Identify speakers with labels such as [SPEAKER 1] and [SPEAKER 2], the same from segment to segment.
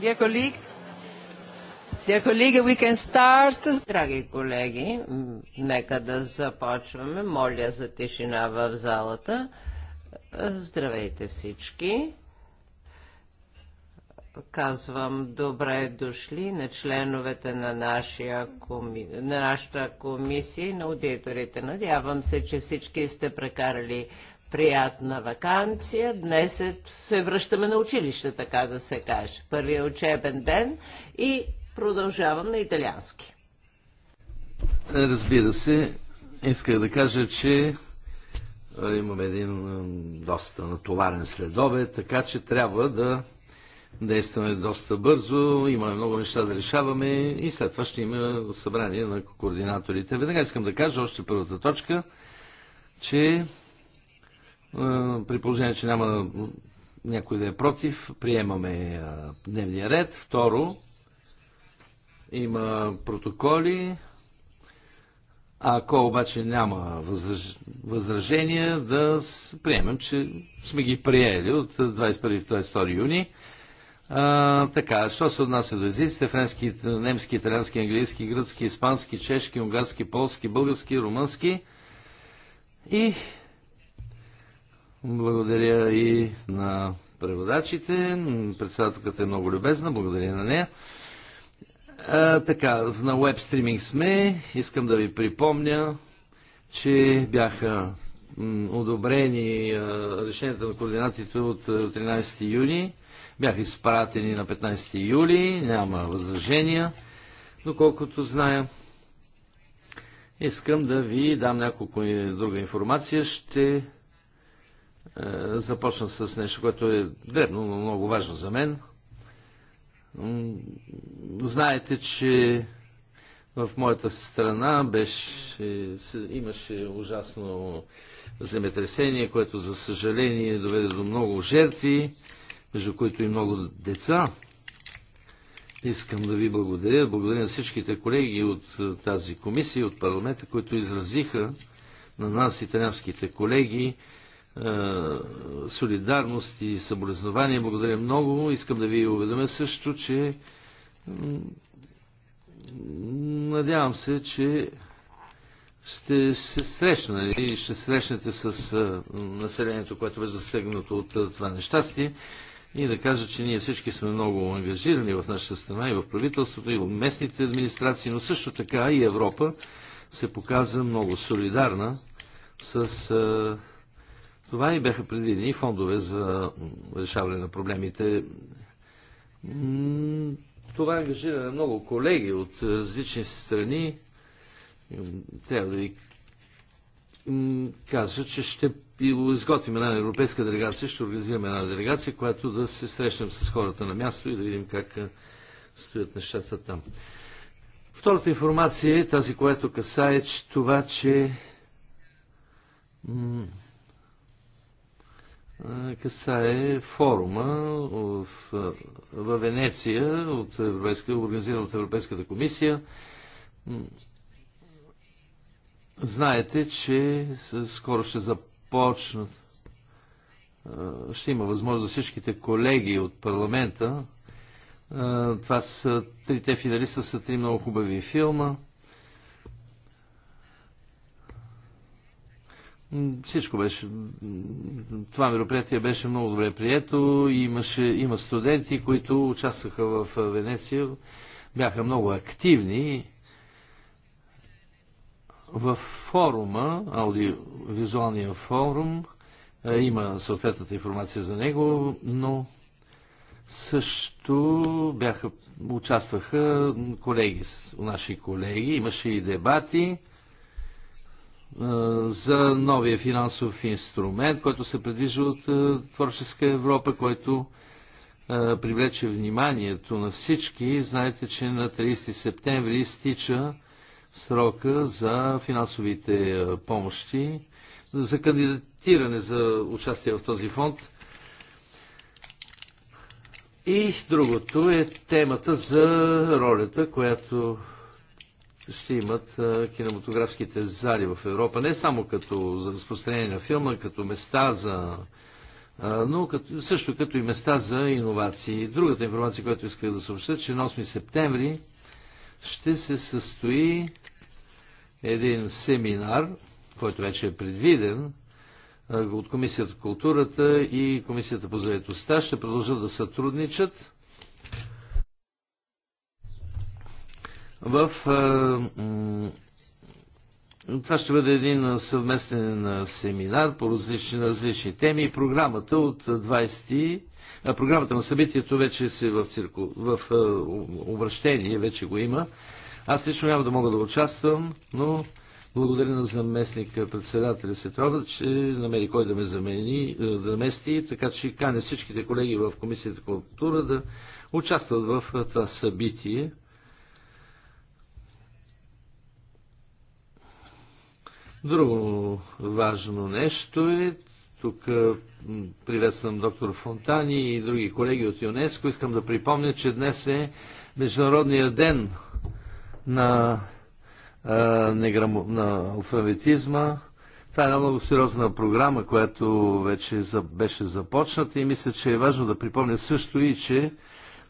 [SPEAKER 1] Dear colleague, dear colleague, we can start. Драги колеги, нека да започваме. Моля за тишина в залата. Здравейте всички. Казвам добре дошли на членовете на, нашия коми... на нашата комисия и на аудиторите. Надявам се, че всички сте прекарали приятна вакансия. Днес се, се връщаме на училище, така да се каже. Първият учебен ден и продължавам на италиански.
[SPEAKER 2] Е, разбира се, исках да кажа, че е, имаме един е, доста натоварен следове, така че трябва да действаме доста бързо, имаме много неща да решаваме и след това ще има събрание на координаторите. Веднага искам да кажа още първата точка, че е, при положение, че няма някой да е против, приемаме е, дневния ред. Второ, има протоколи. Ако обаче няма възраж... възражения, да приемем, че сме ги приели от 21-22 юни. А, така, що се отнася до езиците? Френски, немски, италиански, английски, гръцки, испански, чешки, унгарски, полски, български, румънски. И благодаря и на преводачите. Председателката е много любезна. Благодаря на нея. А, така, на веб стриминг сме. Искам да ви припомня, че бяха одобрени решенията на координатите от 13 юни. Бяха изпратени на 15 юли. Няма възражения, доколкото зная. Искам да ви дам няколко е, друга информация. Ще е, започна с нещо, което е дребно, но много важно за мен. Знаете, че в моята страна беше, имаше ужасно земетресение, което за съжаление доведе до много жертви, между които и много деца. Искам да ви благодаря. Благодаря на всичките колеги от е, тази комисия, от парламента, които изразиха на нас, италянските колеги, е, солидарност и съболезнование. Благодаря много. Искам да ви уведомя също, че надявам се, че ще се срещна и ще срещнете с е, населението, което бе засегнато от е, това нещастие и да кажа, че ние всички сме много ангажирани в нашата страна и в правителството, и в местните администрации, но също така и Европа се показа много солидарна с това и бяха предвидени фондове за решаване на проблемите. Това ангажира на много колеги от различни страни. Трябва да ви кажа, че ще изготвим една европейска делегация, ще организираме една делегация, която да се срещнем с хората на място и да видим как стоят нещата там. Втората информация е тази, която касае че това, че касае форума в, в Венеция, от Европейска, организиран от Европейската комисия. Знаете, че скоро ще започнат, ще има възможност за всичките колеги от парламента. Това са трите финалиста, са три много хубави филма. Всичко беше... Това мероприятие беше много добре прието. Имаше, има студенти, които участваха в Венеция, бяха много активни. В форума, аудиовизуалния форум, има съответната информация за него, но също бяха, участваха колеги, наши колеги, имаше и дебати за новия финансов инструмент, който се предвижда от Творческа Европа, който привлече вниманието на всички. Знаете, че на 30 септември изтича срока за финансовите помощи, за кандидатиране за участие в този фонд. И другото е темата за ролята, която ще имат кинематографските зали в Европа, не само като за разпространение на филма, като места за но като, също като и места за иновации. Другата информация, която исках да съобща, че на 8 септември ще се състои един семинар, който вече е предвиден от Комисията по културата и Комисията по заедостта. Ще продължат да сътрудничат В е, това ще бъде един съвместен семинар по различни, различни теми и програмата от 20 а, програмата на събитието вече се в, цирку, в а, е, обращение, вече го има. Аз лично няма да мога да участвам, но благодаря на заместника председателя Сетрова, че намери кой да ме замени, е, да мести, така че каня всичките колеги в Комисията култура да участват в това събитие. Друго важно нещо е, тук приветствам доктор Фонтани и други колеги от ЮНЕСКО. Искам да припомня, че днес е Международния ден на, на алфавитизма. Това е една много сериозна програма, която вече беше започната и мисля, че е важно да припомня също и, че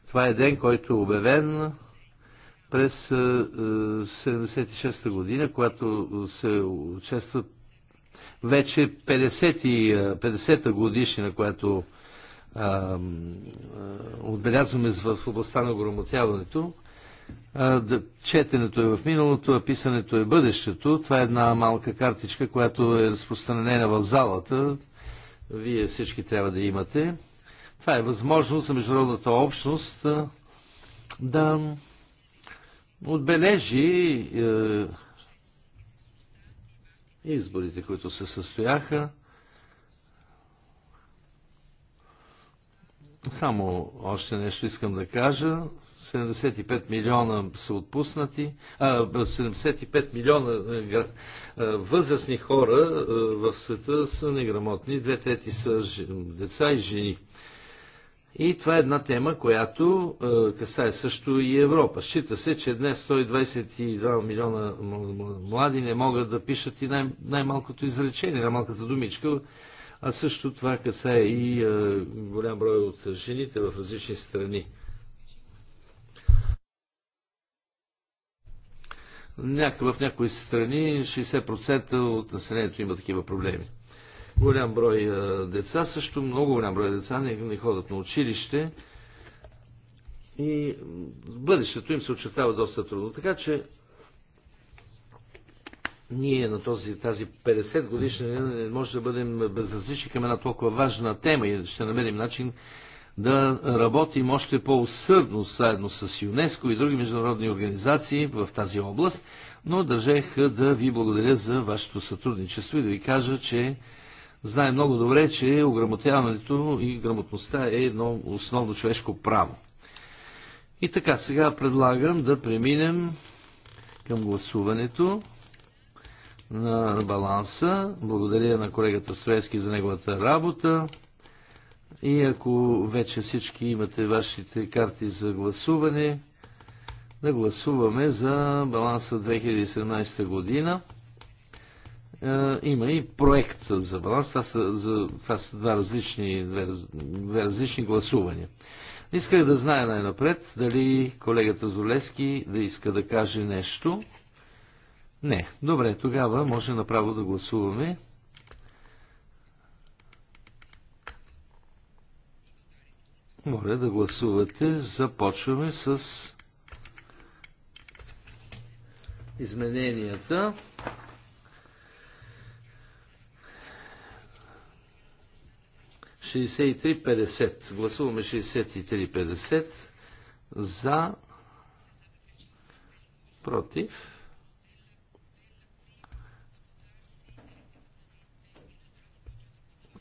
[SPEAKER 2] това е ден, който е обявен през 1976 е, е, година, която се чества вече 50-та е, 50 годишнина, която а, отбелязваме в областта на грамотяването, четенето е в миналото, а писането е бъдещето. Това е една малка картичка, която е разпространена в залата. Вие всички трябва да имате. Това е възможност за международната общност да отбележи е, изборите, които се състояха. Само още нещо искам да кажа. 75 милиона са отпуснати, а, 75 милиона е, е, възрастни хора е, в света са неграмотни, две трети са деца и жени. И това е една тема, която е, касае също и Европа. Счита се, че днес 122 милиона млади не могат да пишат и най- най-малкото изречение, най-малката думичка, а също това касае и е, голям брой от жените в различни страни. Няк- в някои страни 60% от населението има такива проблеми. Голям брой деца, също много голям брой деца не, не ходят на училище и бъдещето им се очертава доста трудно. Така че ние на този, тази 50 годишна не може да бъдем безразлични към една толкова важна тема и ще намерим начин да работим още по-усърдно заедно с ЮНЕСКО и други международни организации в тази област, но държех да ви благодаря за вашето сътрудничество и да ви кажа, че Знае много добре, че ограмотяването и грамотността е едно основно човешко право. И така, сега предлагам да преминем към гласуването на баланса. Благодаря на колегата Строевски за неговата работа. И ако вече всички имате вашите карти за гласуване, да гласуваме за баланса 2017 година. Е, има и проект за баланс. Това са, за, това са два, различни, две, две различни гласувания. Исках да знае най-напред дали колегата Золески да иска да каже нещо. Не. Добре, тогава може направо да гласуваме. Моля да гласувате. Започваме с измененията. 63-50. Гласуваме 63-50 за против.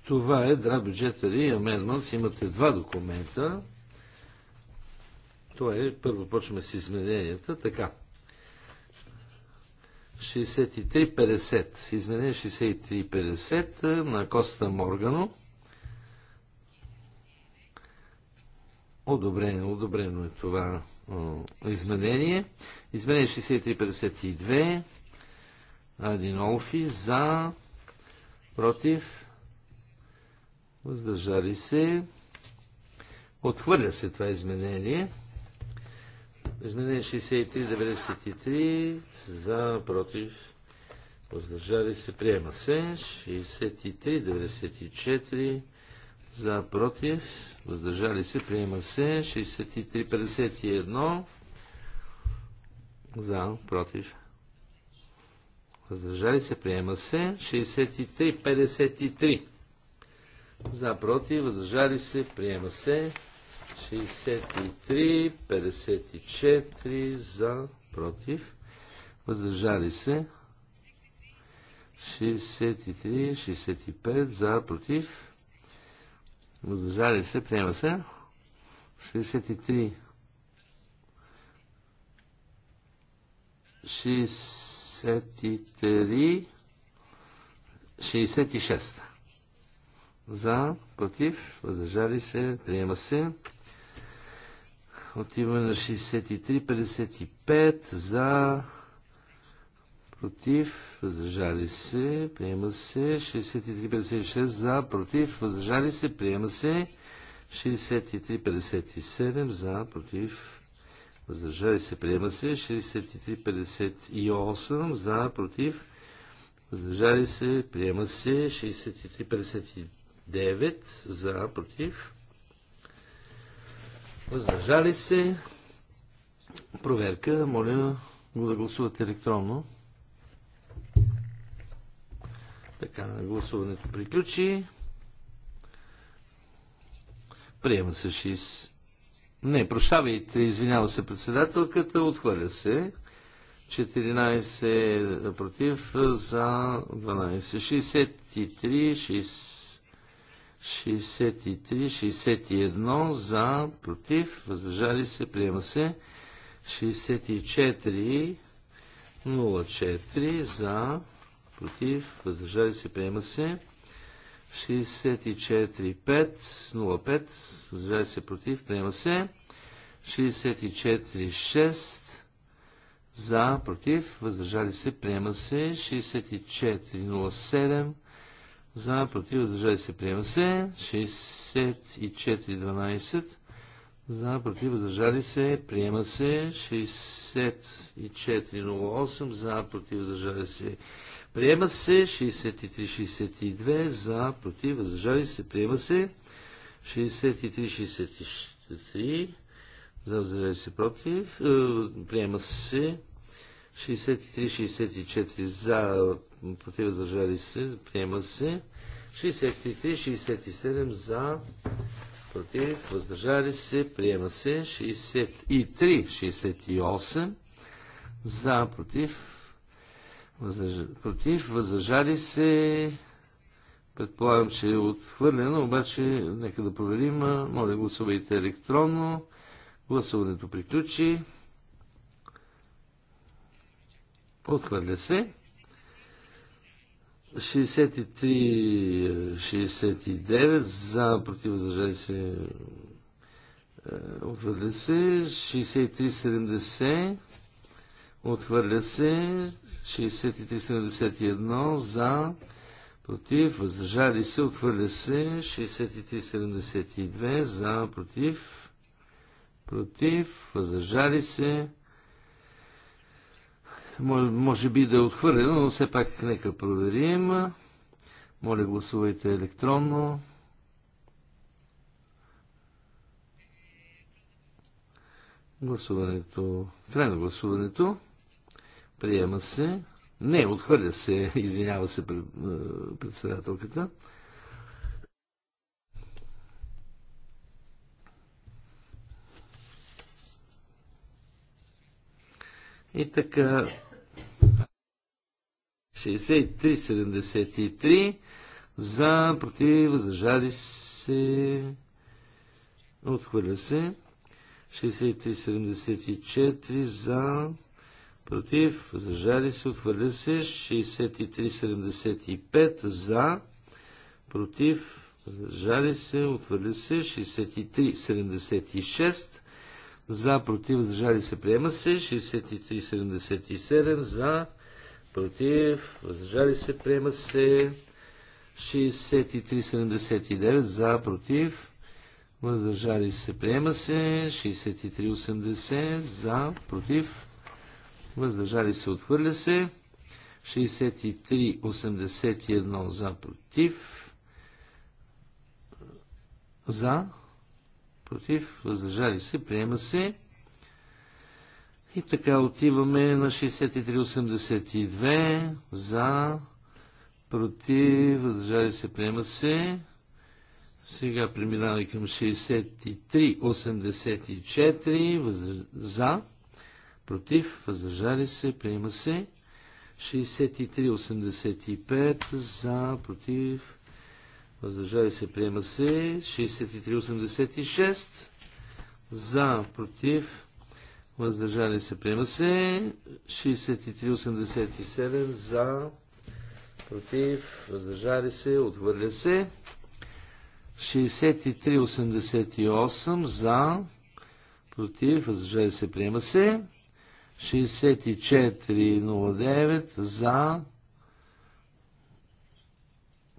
[SPEAKER 2] Това е Дра бюджетари и Аменманс. Имате два документа. Това е, първо почваме с измененията. Така. 63-50. Изменение 63-50 на Коста Моргано. Одобрено, одобрено е това изменение. Изменение 6352. Олфи за, против, въздържали се. Отхвърля се това изменение. Изменение 6393 за, против, въздържали се. Приема се. 6394 за, против, въздържали се, приема се. 63-51 за, против, въздържали се, приема се. 63-53 за, против, въздържали се, приема се. 63-54 за, против, въздържали се. 63-65 за, против, Въздържали се, приема се. 63. 63. 66. За, против, въздържали се, приема се. Отиваме на 63, 55 за, против, въздържали се, приема се, 63-56 за, против, въздържали се, приема се, 63-57 за, против, въздържали се, приема се, 63-58 за, против, въздържали се, приема се, 63-59 за, против, въздържали се, проверка, моля го да гласувате електронно. Така, гласуването приключи. Приема се 6. Не, прощавайте, извинява се председателката, отхвърля се. 14 против за 12. 63, 63, 61 за против, въздържали се, приема се. 64, 04 за против, въздържали се, приема се. 64-5-05, въздържали се, против, приема се. 64-6, за, против, въздържали се, приема се. 64-07, за, против, въздържали се, приема се. 64-12, за, против, въздържали се, приема се. 64-08, за, против, въздържали се, приема се. Приема се 63-62 за, против, въздържали се. Приема се 63-63 за, въздържали се против. Приема се 63-64 за, против, въздържали се. Приема се 63-67 за, против, въздържали се. Приема се 63-68 за, против, Въздърж... против, въздържали се. Предполагам, че е отхвърлено, обаче нека да проверим. Моля, гласувайте електронно. Гласуването приключи. Отхвърля се. 63-69 за против въздържали се е, отвърля се 63-70 Отхвърля се 6371 за, против, въздържали се, отхвърля се 6372 за, против, против, въздържали се. Може би да е отхвърлено, но все пак нека проверим. Моля, гласувайте електронно. Гласуването. Край на гласуването. Приема се. Не, отхвърля се, извинява се е, председателката. И така, 63-73 за, против, въздържали се, отхвърля се. 63-74 за, против, въздържали се, отхвърля се 63-75 за, против, въздържали се, отхвърля се 63-76 за, против, въздържали се, приема се 63-77 за, против, въздържали се, приема се 63-79 за, против, въздържали се, приема се 63-80 за, против, въздържали се, отхвърля се. 63-81 за против. За, против, въздържали се, приема се. И така отиваме на 63-82 за, против, въздържали се, приема се. Сега преминаваме към 63-84 за, против, въздържали се, приема се. 6385 за, против, въздържали се, приема се. 6386 за, против, въздържали се, приема се. 6387 за, против, въздържали се, отвърля се. 6388 за, против, въздържали се, приема се. 6409 за,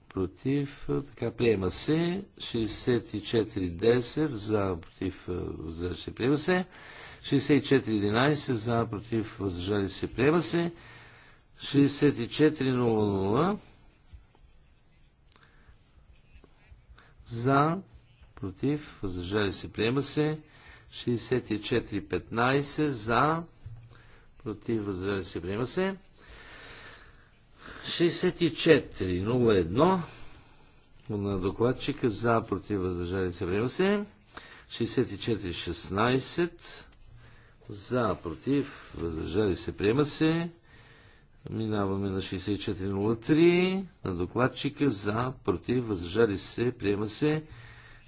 [SPEAKER 2] против, така приема се, 6410 за, против, въздържали се, приема се, 6411 за, против, въздържали се, приема се, 6400 за, против, въздържали се, приема се, 6415 за, против, въздържали се, приема се. 64.01 на докладчика за, против, въздържали се, приема се. 64.16 за, против, въздържали се, приема се. Минаваме на 64.03 на докладчика за, против, въздържали се, приема се.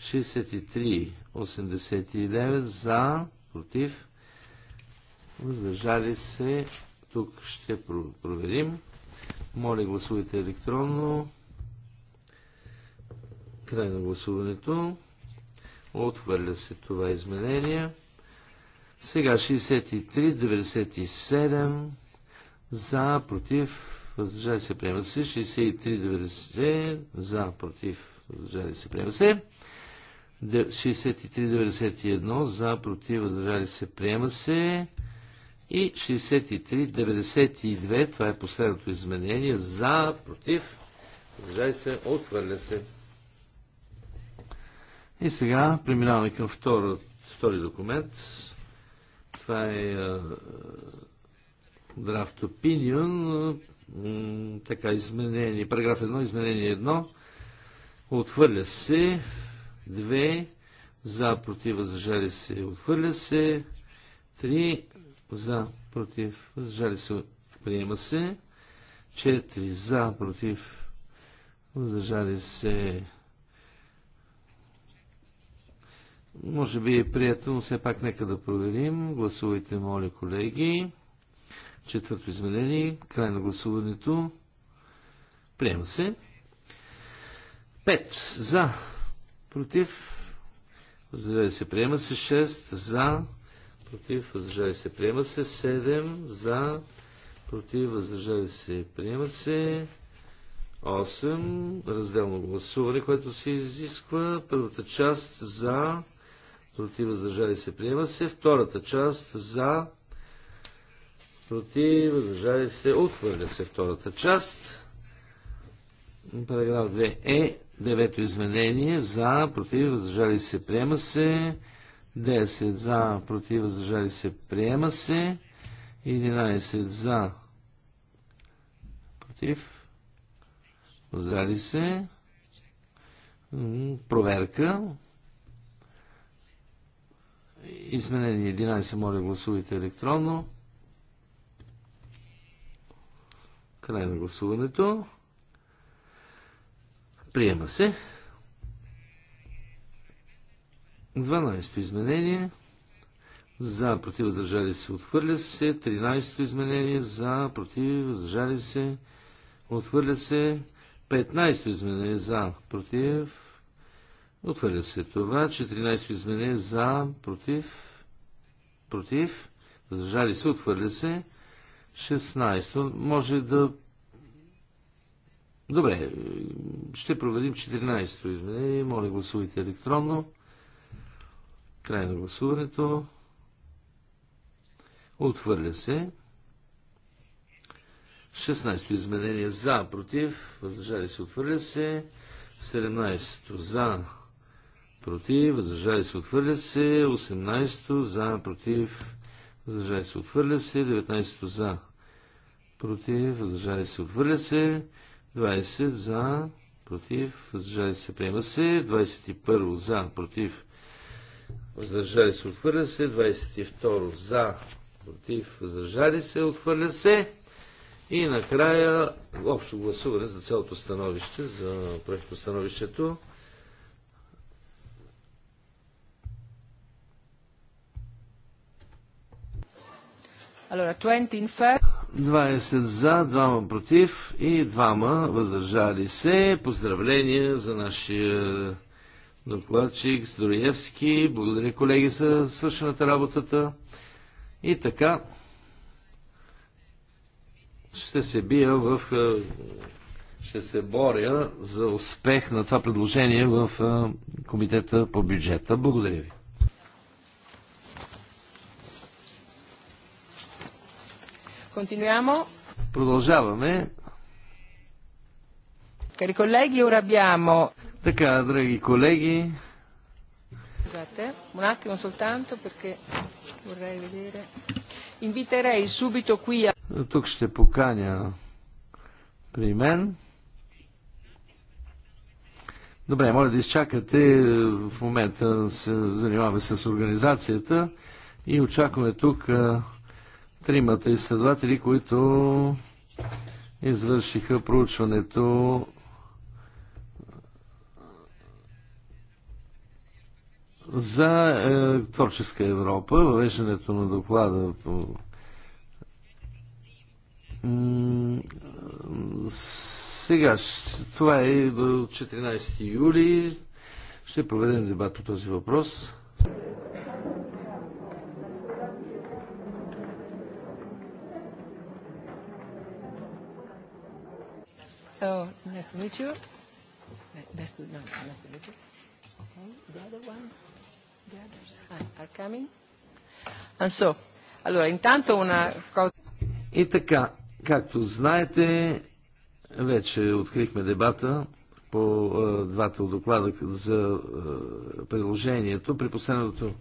[SPEAKER 2] 63.89 за, против, въздържали се. Тук ще проверим. Моля, гласувайте електронно. Край на гласуването. Отхвърля се това изменение. Сега 63-97 за, против, въздържали се, приема се. 63-90 за, против, въздържали се, приема се. 63-91 за, против, въздържали се, приема се. И 63-92, това е последното изменение, за, против, въздържали се, отвърля се. И сега преминаваме към втора, втори документ. Това е Draft Opinion, така изменение, параграф 1, изменение 1, отхвърля се, 2, за, против, въздържали се, отхвърля се, 3, за, против, въздържали се, приема се. 4 за, против, въздържали се. Може би е приятно, но все пак нека да проверим. Гласувайте, моля, колеги. Четвърто изменение. Край на гласуването. Приема се. 5 за, против, въздържали се, приема се. 6 за, против, въздържали се, приема се. 7 за, против, въздържали се, приема се. 8. Разделно гласуване, което се изисква. Първата част за, против, въздържали се, приема се. Втората част за, против, въздържали се, отхвърля се втората част. Параграф 2 е девето изменение за, против, въздържали се, приема се. 10 за, против, въздържали се, приема се. 11 за, против, въздържали се. Проверка. Изменени 11, моля гласувайте електронно. Край на гласуването. Приема се. 12 то изменение за, против, въздържали се, отхвърля се. 13 то изменение за, против, въздържали се, отхвърля се. 15 изменение за, против, отхвърля се това. 14 изменение за, против, против, въздържали се, отхвърля се. 16 може да Добре, ще проведим 14-то изменение. Моля, гласувайте електронно. Край на гласуването. Отхвърля се. 16-то изменение за, против, въздържали се, отхвърля се. 17-то за, против, въздържали се, отхвърля се. 18-то за, против, въздържали се, отхвърля се. 19-то за, против, въздържали се, отхвърля се. 20 за, против, въздържали се, приема се. 21 за, против, въздържали се, отхвърля се. 22 за, против, въздържали се, отхвърля се. И накрая общо гласуване за цялото становище, за проекто становището.
[SPEAKER 1] Allora, 20
[SPEAKER 2] за, 2 против и 2 въздържали се. Поздравления за нашия докладчик Здороевски, Благодаря, колеги, за свършената работата. И така, ще се бия в... Е, ще се боря за успех на това предложение в е, Комитета по бюджета. Благодаря ви. Continuiamo. Продължаваме.
[SPEAKER 1] Cari colleghi, ora abbiamo
[SPEAKER 2] така, драги колеги.
[SPEAKER 1] Un attimo soltanto perché vorrei vedere. Inviterei subito qui a...
[SPEAKER 2] Тук ще поканя при мен. Добре, моля да изчакате. В момента се занимаваме с организацията и очакваме тук тримата изследователи, които извършиха проучването за е, творческа Европа, въвеждането на доклада по сега, това е 14 е, юли. Ще проведем дебат по този въпрос.
[SPEAKER 1] Oh, nice to meet you.
[SPEAKER 3] Nice to, nice to
[SPEAKER 1] meet you.
[SPEAKER 2] И така, както знаете, вече открихме дебата по а, двата доклада за а, При последното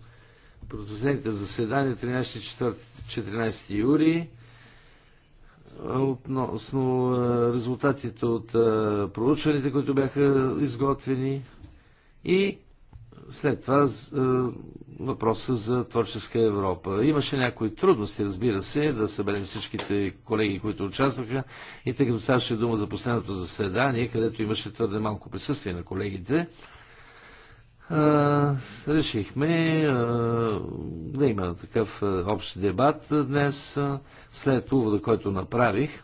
[SPEAKER 2] последните заседания 13-14 юри. относно резултатите от проучваните, които бяха изготвени и след това е, въпроса за творческа Европа. Имаше някои трудности, разбира се, да съберем всичките колеги, които участваха. И тъй като ставаше дума за последното заседание, където имаше твърде малко присъствие на колегите, е, решихме е, да има такъв общ дебат днес след увода, който направих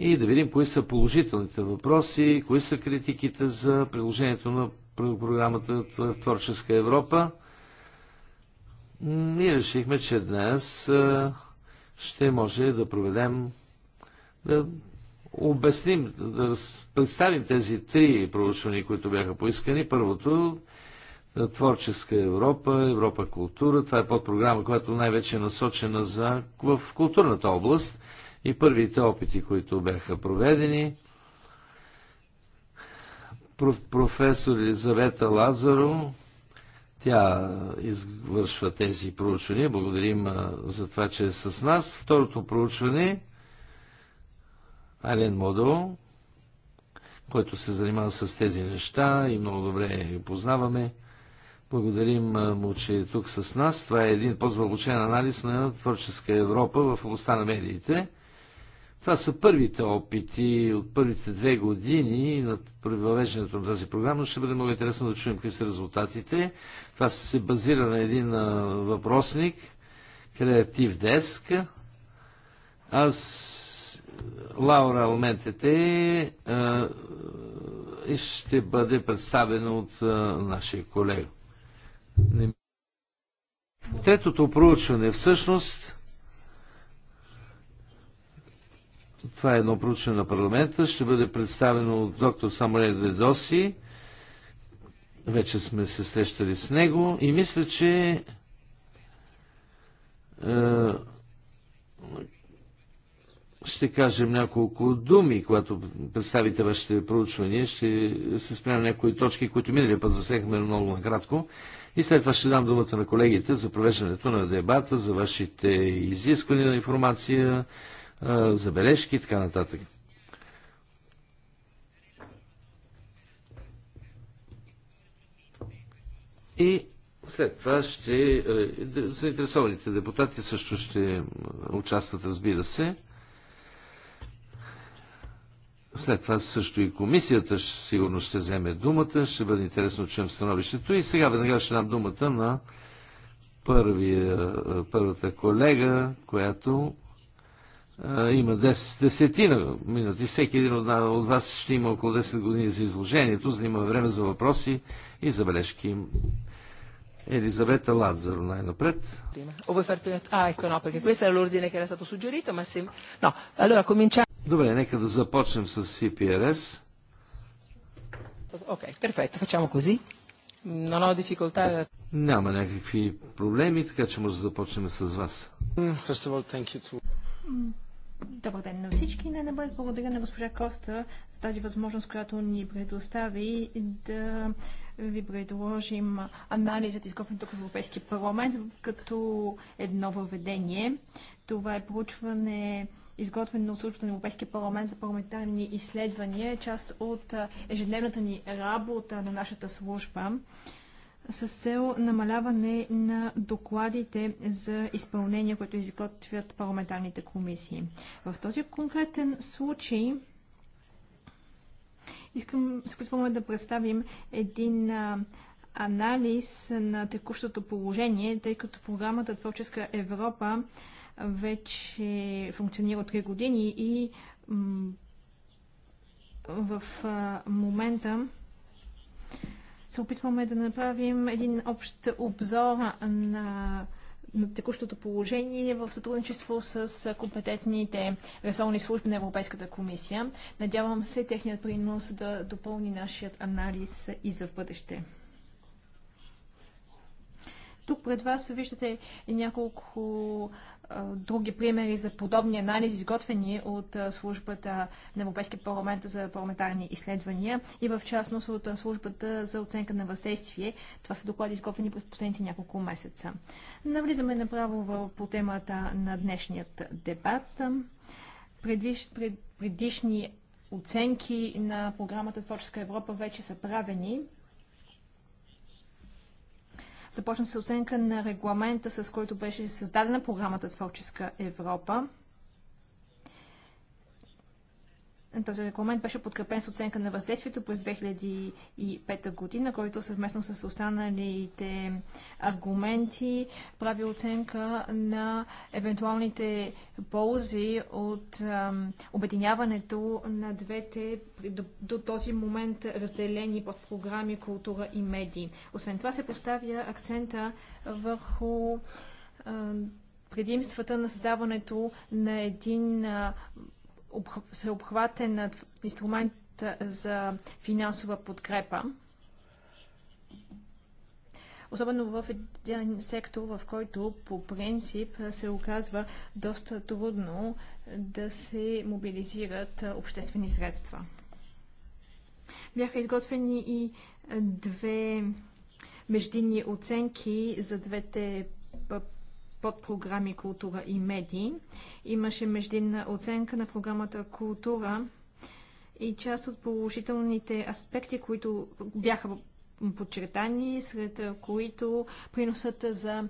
[SPEAKER 2] и да видим кои са положителните въпроси, кои са критиките за приложението на програмата Творческа Европа. Ние решихме, че днес ще може да проведем, да обясним, да представим тези три проучвания, които бяха поискани. Първото Творческа Европа, Европа култура. Това е подпрограма, която най-вече е насочена за, в културната област – и първите опити, които бяха проведени. Професор Елизавета Лазаро, тя извършва тези проучвания. Благодарим за това, че е с нас. Второто проучване Ален Модо, който се занимава с тези неща и много добре я познаваме. Благодарим му, че е тук с нас. Това е един по-задълбочен анализ на творческа Европа в областта на медиите. Това са първите опити от първите две години на въвеждането на тази програма. Ще бъде много интересно да чуем какви са резултатите. Това се базира на един въпросник, Креатив Деск. Аз, Лаура Алментете, ще бъде представена от нашия колега. Третото проучване всъщност Това е едно проучване на парламента. Ще бъде представено от доктор Самуел Ведоси. Вече сме се срещали с него и мисля, че е, ще кажем няколко думи, когато представите вашите проучвания. Ще се спрям някои точки, които миналия път засехме много накратко. И след това ще дам думата на колегите за провеждането на дебата, за вашите изисквания на информация, забележки и така нататък. И след това ще... Заинтересованите депутати също ще участват, разбира се. След това също и комисията сигурно ще вземе думата. Ще бъде интересно да чуем становището. И сега веднага ще дам думата на първия, първата колега, която има 10, десетина минути. Всеки един от, от вас ще има около 10 години за изложението, за да има време за въпроси и забележки. Елизавета Лазаро, най-напред. Добре, нека да започнем с CPRS.
[SPEAKER 3] facciamo così. Non ho difficoltà...
[SPEAKER 2] Няма някакви проблеми, така че може да започнем с вас. First of all, thank you to...
[SPEAKER 3] Добър ден на всички. Не набърт благодаря на госпожа Коста за тази възможност, която ни предостави да ви предложим анализът, изготвен тук в Европейския парламент, като едно въведение. Това е проучване изготвено от службата на Европейския парламент за парламентарни изследвания, част от ежедневната ни работа на нашата служба с цел намаляване на докладите за изпълнение, които изготвят парламентарните комисии. В този конкретен случай искам който опитваме да представим един анализ на текущото положение, тъй като програмата Творческа Европа вече функционира 3 години и в момента се опитваме да направим един общ обзор на на текущото положение в сътрудничество с компетентните ресорни служби на Европейската комисия. Надявам се техният принос да допълни нашият анализ и за в бъдеще. Тук пред вас виждате няколко а, други примери за подобни анализи, изготвени от а, службата на Европейския парламент за парламентарни изследвания и в частност от а, службата за оценка на въздействие. Това са доклади, изготвени през последните няколко месеца. Навлизаме направо в, по темата на днешният дебат. Предвиж, пред, предишни оценки на програмата Творческа Европа вече са правени. Започна се оценка на регламента, с който беше създадена програмата Творческа Европа. този документ беше подкрепен с оценка на въздействието през 2005 година, който съвместно с останалите аргументи прави оценка на евентуалните ползи от ам, обединяването на двете до, до този момент разделени под програми култура и медии. Освен това се поставя акцента върху ам, предимствата на създаването на един а, всеобхватен инструмент за финансова подкрепа. Особено в един сектор, в който по принцип се оказва доста трудно да се мобилизират обществени средства. Бяха изготвени и две междинни оценки за двете подпрограми култура и медии. Имаше междинна оценка на програмата култура и част от положителните аспекти, които бяха подчертани, сред които приносът за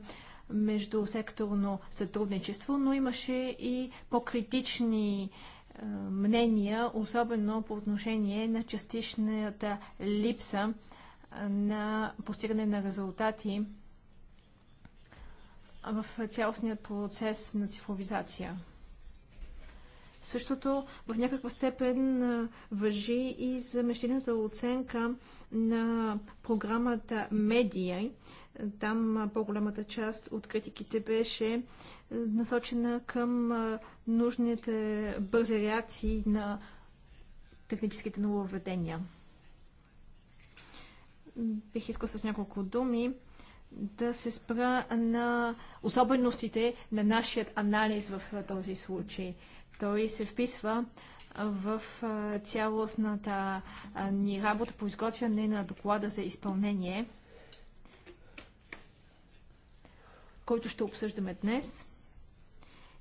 [SPEAKER 3] междусекторно сътрудничество, но имаше и по-критични е, мнения, особено по отношение на частичната липса е, на постигане на резултати в цялостният процес на цифровизация. Същото в някаква степен въжи и за мещината оценка на програмата Медия. Там по-голямата част от критиките беше насочена към нужните бързи реакции на техническите нововведения. Бих искал с няколко думи да се спра на особеностите на нашия анализ в този случай. Той се вписва в цялостната ни работа по изготвяне на доклада за изпълнение, който ще обсъждаме днес.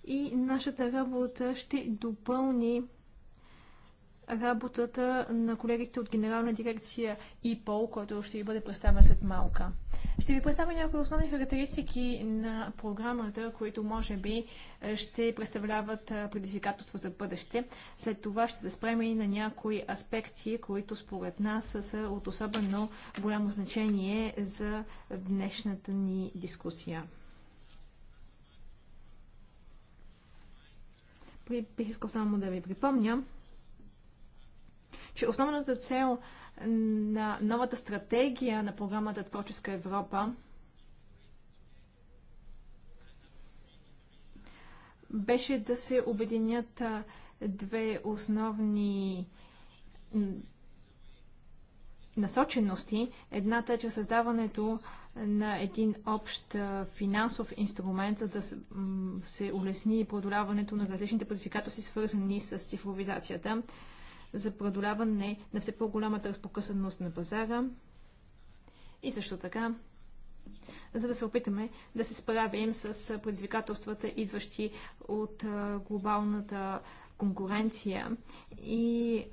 [SPEAKER 3] И нашата работа ще допълни работата на колегите от Генерална дирекция ИПОЛ, който ще ви бъде представен след малка. Ще ви представя някои основни характеристики на програмата, които може би е, ще представляват е, предизвикателство за бъдеще. След това ще се спреме и на някои аспекти, които според нас са от особено голямо значение за днешната ни дискусия. Бих искал само да ви припомня, че основната цел на новата стратегия на програмата Творческа Европа беше да се обединят две основни насочености. Едната е че създаването на един общ финансов инструмент, за да се улесни преодоляването на различните предизвикателства, свързани с цифровизацията за преодоляване на все по-голямата разпокъсаност на пазара и също така за да се опитаме да се справим с предизвикателствата, идващи от глобалната конкуренция и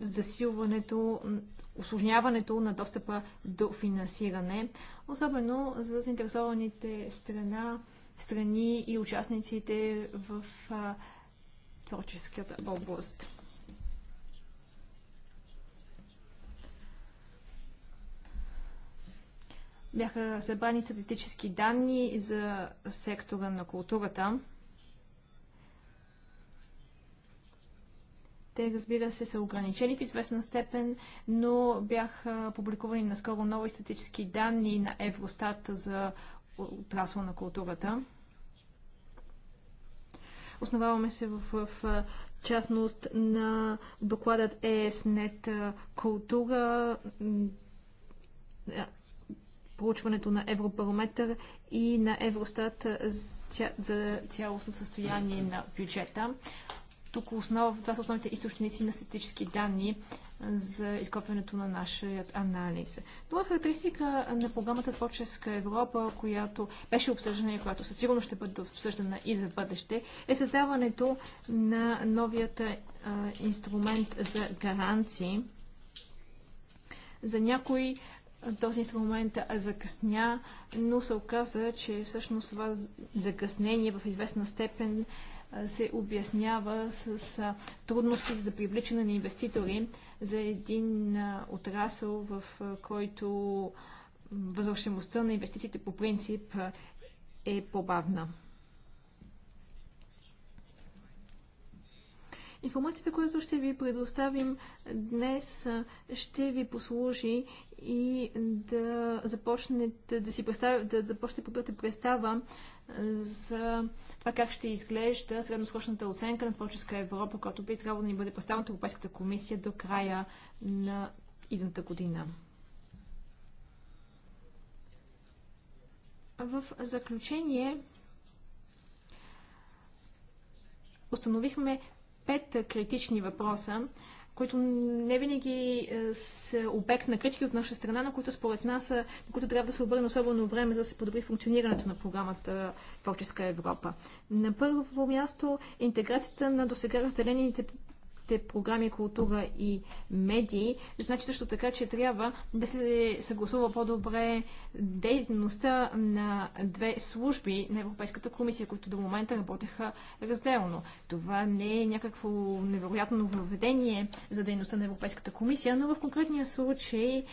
[SPEAKER 3] засилването, осложняването на достъпа до финансиране, особено за заинтересованите страна, страни и участниците в творческата област. Бяха събрани статистически данни за сектора на културата. Те, разбира се, са ограничени в известна степен, но бяха публикувани наскоро нови статически данни на Евростат за отрасъл на културата. Основаваме се в, в, в частност на докладът ESNet е култура проучването на Европарометър и на Евростат за цялостно състояние на бюджета. Тук основ, това са основните източници на статически данни за изкопването на нашия анализ. е характеристика на програмата Творческа Европа, която беше обсъждана и която със сигурност ще бъде обсъждана и за бъдеще, е създаването на новият инструмент за гаранции за някои този инструмент закъсня, но се оказа, че всъщност това закъснение в известна степен се обяснява с трудности за привличане на инвеститори за един отрасъл, в който възвръщаемостта на инвестициите по принцип е по-бавна. Информацията, която ще ви предоставим днес, ще ви послужи и да започнете да си представя, да започнете да представа за това как ще изглежда средносрочната оценка на творческа Европа, която би трябвало да ни бъде представена от Европейската комисия до края на идната година. В заключение установихме пет критични въпроса, които не винаги е, са обект на критики от наша страна, но които според нас, на които трябва да се обърне особено време, за да се подобри функционирането на програмата Творческа Европа. На първо място, интеграцията на досега разделените сте програми култура и медии, значи също така, че трябва да се съгласува по-добре дейността на две служби на Европейската комисия, които до момента работеха разделно. Това не е някакво невероятно въведение за дейността на Европейската комисия, но в конкретния случай е,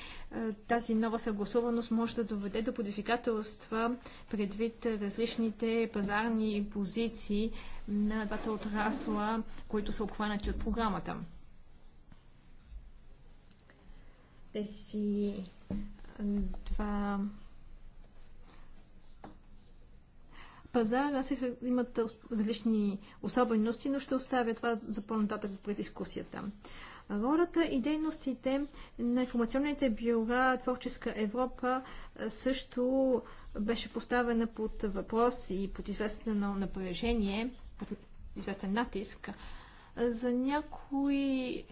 [SPEAKER 3] тази нова съгласуваност може да доведе до подификателства предвид различните пазарни позиции на двата отрасла, които са обхванати от програмата. Тези два пазара имат различни особености, но ще оставя това за по-нататък пред дискусията. Ролята и дейностите на информационните бюра Творческа Европа също беше поставена под въпрос и под известно напрежение известен натиск. За някои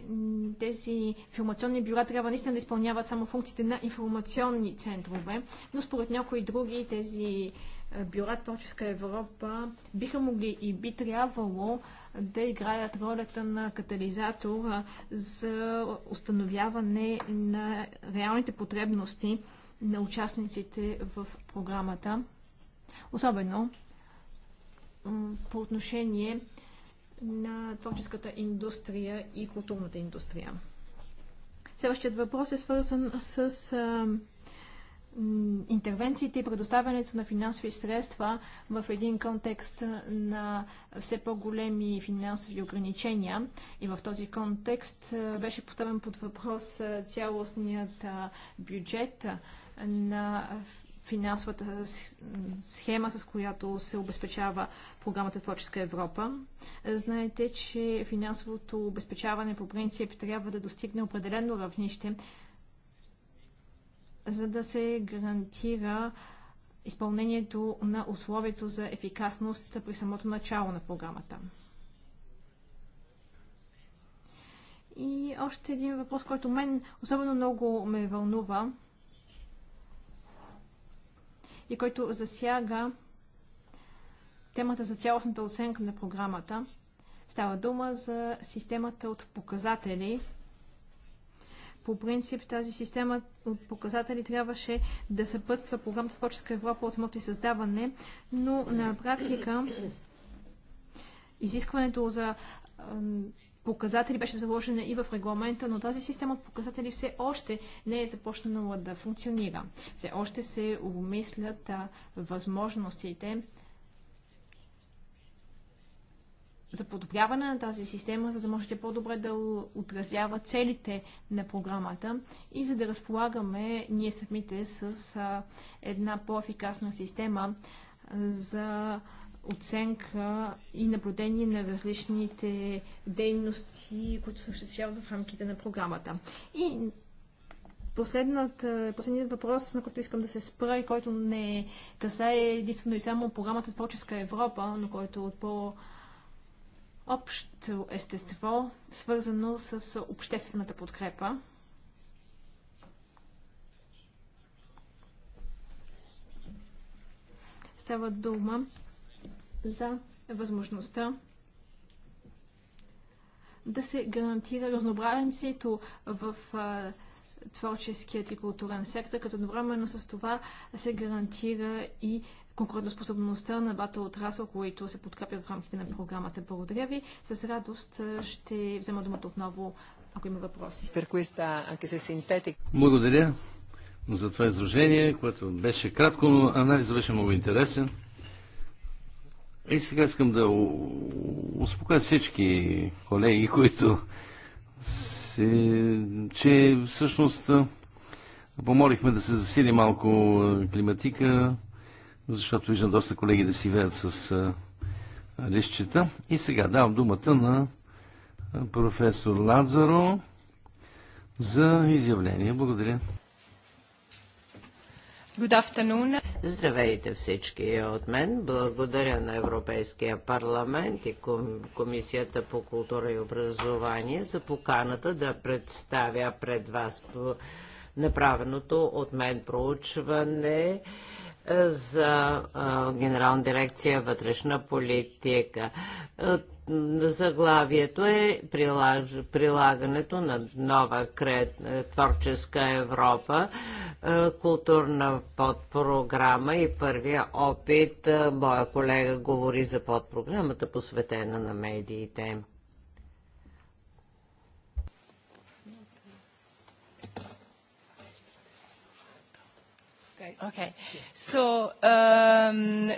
[SPEAKER 3] тези информационни бюра трябва наистина да изпълняват само функциите на информационни центрове, но според някои други тези е, бюра Творческа Европа биха могли и би трябвало да играят ролята на катализатор е, за установяване на реалните потребности на участниците в програмата. Особено по отношение на творческата индустрия и културната индустрия. Следващият въпрос е свързан с а, интервенциите и предоставянето на финансови средства в един контекст на все по-големи финансови ограничения. И в този контекст беше поставен под въпрос цялостният бюджет на финансовата схема, с която се обезпечава програмата Творческа Европа. Знаете, че финансовото обезпечаване по принцип трябва да достигне определено равнище, за да се гарантира изпълнението на условието за ефикасност при самото начало на програмата. И още един въпрос, който мен особено много ме вълнува – и който засяга темата за цялостната оценка на програмата. Става дума за системата от показатели. По принцип тази система от показатели трябваше да съпътства програмата Творческа Европа от самото и създаване, но на практика изискването за показатели беше заложена и в регламента, но тази система от показатели все още не е започнала да функционира. Все още се обмислят възможностите за подобряване на тази система, за да можете по-добре да отразява целите на програмата и за да разполагаме ние самите с една по-ефикасна система за оценка и наблюдение на различните дейности, които се осъществяват в рамките на програмата. И последният въпрос, на който искам да се спра и който не касае единствено и само програмата Творческа Европа, но който е от по- общо естество, свързано с обществената подкрепа. Става дума за възможността да се гарантира разнообразието в творческият и културен сектор, като едновременно с това се гарантира и конкурентоспособността на двата отрасъл, които се подкрепят в рамките на програмата. Благодаря ви. С радост ще взема думата отново, ако има въпроси.
[SPEAKER 2] Благодаря за това изложение, което беше кратко, но анализът беше много интересен. И сега искам да успокоя всички колеги, които се, че всъщност помолихме да се засили малко климатика, защото виждам доста колеги да си веят с листчета. И сега давам думата на професор Лазаро за изявление. Благодаря.
[SPEAKER 1] Здравейте всички от мен. Благодаря на Европейския парламент и Комисията по култура и образование за поканата да представя пред вас направеното от мен проучване за Генерална дирекция вътрешна политика. Е, заглавието е прилагането на нова е, творческа Европа, е, културна подпрограма и първия опит. Моя колега говори за подпрограмата, посветена на медиите. okay. So, um...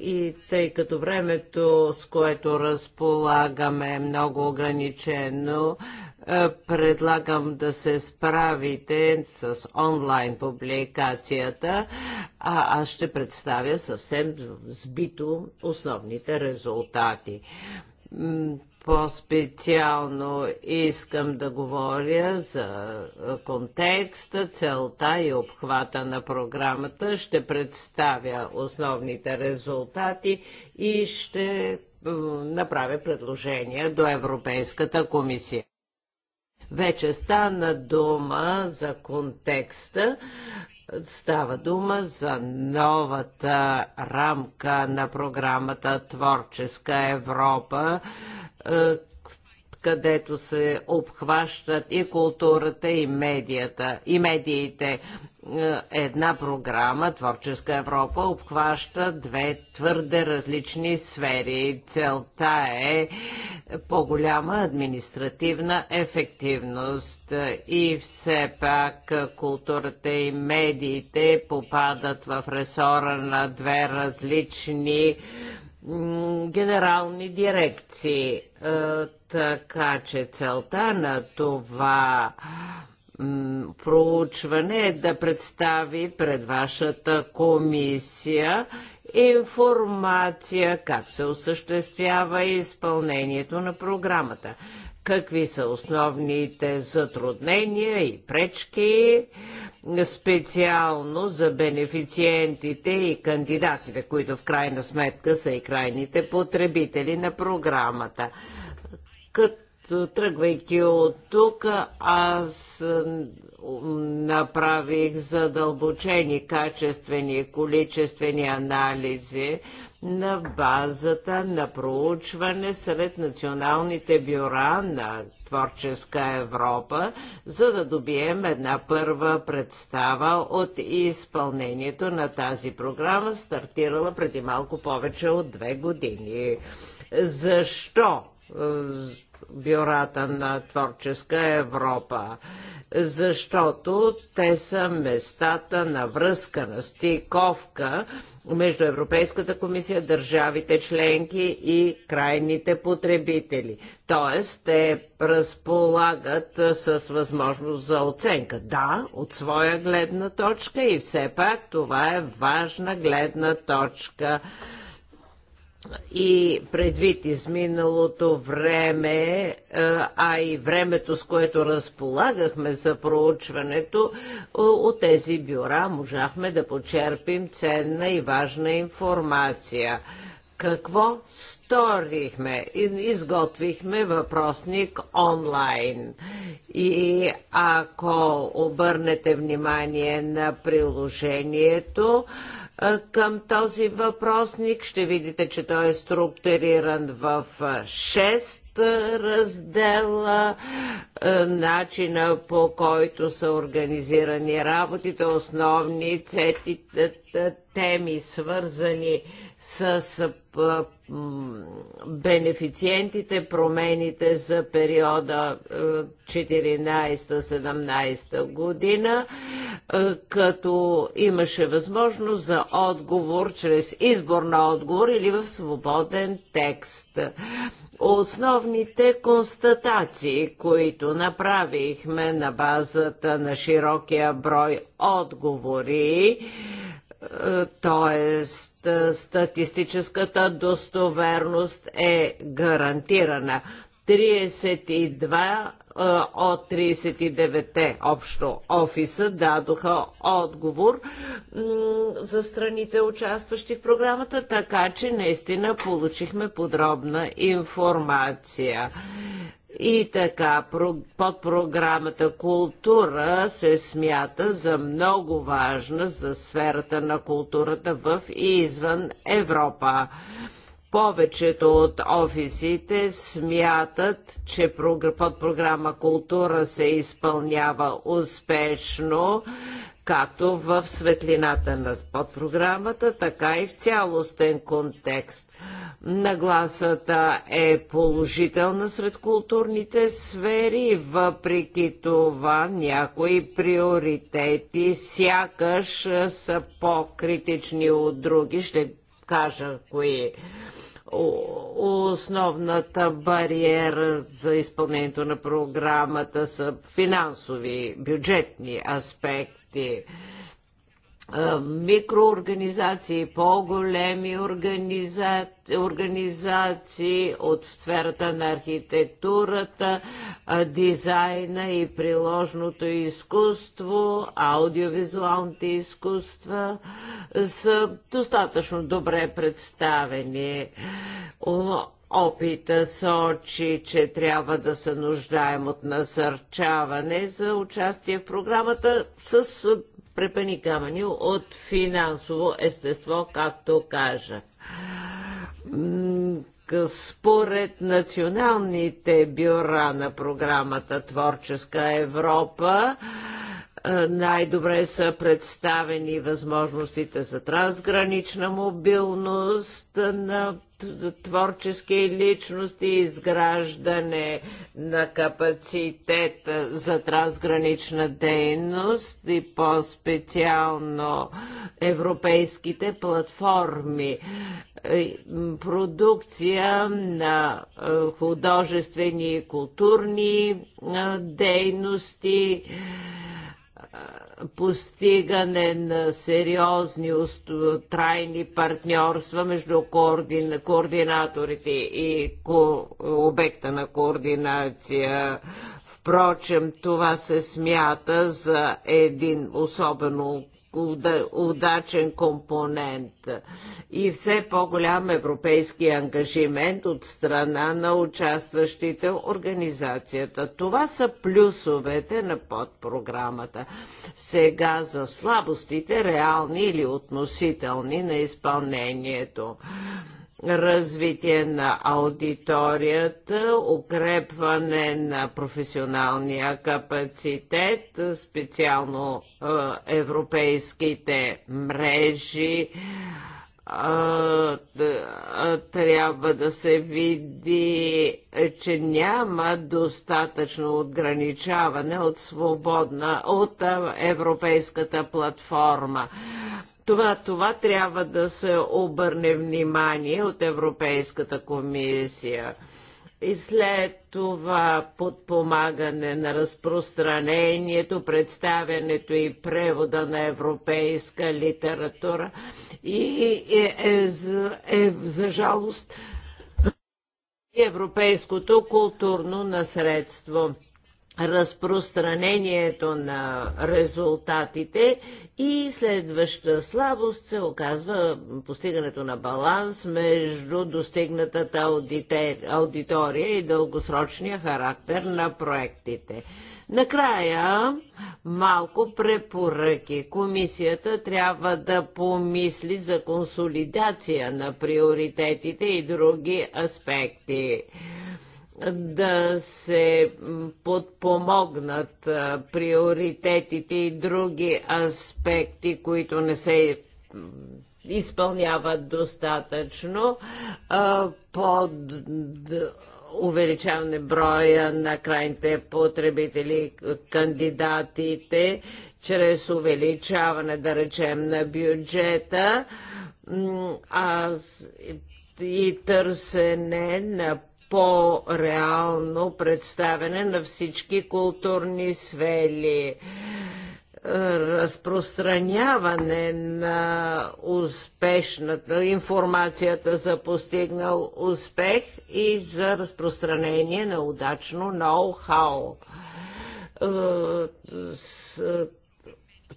[SPEAKER 1] и тъй като времето, с което разполагаме, е много ограничено, е, предлагам да се справите с онлайн публикацията, а аз ще представя съвсем сбито основните резултати по-специално искам да говоря за контекста, целта и обхвата на програмата. Ще представя основните резултати и ще направя предложения до Европейската комисия. Вече стана дума за контекста, Става дума за новата рамка на програмата Творческа Европа е, където се обхващат и културата, и медията, и медиите. Е, една програма, Творческа Европа, обхваща две твърде различни сфери. Целта е по-голяма административна ефективност и все пак културата и медиите попадат в ресора на две различни генерални дирекции. Е, така че целта на това проучване е да представи пред вашата комисия информация как се осъществява изпълнението на програмата какви са основните затруднения и пречки, специално за бенефициентите и кандидатите, които в крайна сметка са и крайните потребители на програмата. Като тръгвайки от тук, аз направих задълбочени качествени и количествени анализи на базата на проучване сред националните бюра на творческа Европа, за да добием една първа представа от изпълнението на тази програма, стартирала преди малко повече от две години. Защо е, бюрата на творческа Европа, защото те са местата на връзка, на стиковка между Европейската комисия, държавите членки и крайните потребители. Тоест, те разполагат с възможност за оценка. Да, от своя гледна точка и все пак това е важна гледна точка и предвид изминалото време, а и времето, с което разполагахме за проучването, от тези бюра можахме да почерпим ценна и важна информация. Какво сторихме? Изготвихме въпросник онлайн. И ако обърнете внимание на приложението, към този въпросник. Ще видите, че той е структуриран в 6 раздела, начина по който са организирани работите, основни цети, теми, свързани с бенефициентите, промените за периода 14-17 година, като имаше възможност за отговор чрез избор на отговор или в свободен текст. Основните констатации, които направихме на базата на широкия брой отговори, т.е. статистическата достоверност е гарантирана. 32 от 39-те общо офиса дадоха отговор за страните участващи в програмата, така че наистина получихме подробна информация. И така, под програмата култура се смята за много важна за сферата на културата в и извън Европа. Повечето от офисите смятат, че под програма култура се изпълнява успешно както в светлината на подпрограмата, така и в цялостен контекст. Нагласата е положителна сред културните сфери, въпреки това някои приоритети сякаш са по-критични от други. Ще кажа кои. Основната бариера за изпълнението на програмата са финансови, бюджетни аспекти микроорганизации, по-големи организации от сферата на архитектурата, дизайна и приложното изкуство, аудиовизуалните изкуства са достатъчно добре представени опита сочи, че трябва да се нуждаем от насърчаване за участие в програмата с препани камъни от финансово естество, както кажа. Според националните бюра на програмата Творческа Европа, най-добре са представени възможностите за трансгранична мобилност на творчески личности, изграждане на капацитет за трансгранична дейност и по-специално европейските платформи. Продукция на художествени и културни дейности, постигане на сериозни трайни партньорства между координаторите и обекта на координация. Впрочем, това се смята за един особено удачен компонент и все по-голям европейски ангажимент от страна на участващите организацията. Това са плюсовете на подпрограмата. Сега за слабостите, реални или относителни на изпълнението развитие на аудиторията, укрепване на професионалния капацитет, специално европейските мрежи, трябва да се види, че няма достатъчно ограничаване от свободна, от европейската платформа. Това, това трябва да се обърне внимание от Европейската комисия и след това подпомагане на разпространението, представянето и превода на европейска литература и е, е, е, за жалост европейското културно наследство разпространението на резултатите и следваща слабост се оказва постигането на баланс между достигнатата аудитория и дългосрочния характер на проектите. Накрая, малко препоръки. Комисията трябва да помисли за консолидация на приоритетите и други аспекти да се подпомогнат приоритетите и други аспекти, които не се изпълняват достатъчно под увеличаване броя на крайните потребители, кандидатите, чрез увеличаване, да речем, на бюджета а, и търсене на по-реално представяне на всички културни сфери, е, разпространяване на успешната информацията за постигнал успех и за разпространение на удачно ноу-хау е,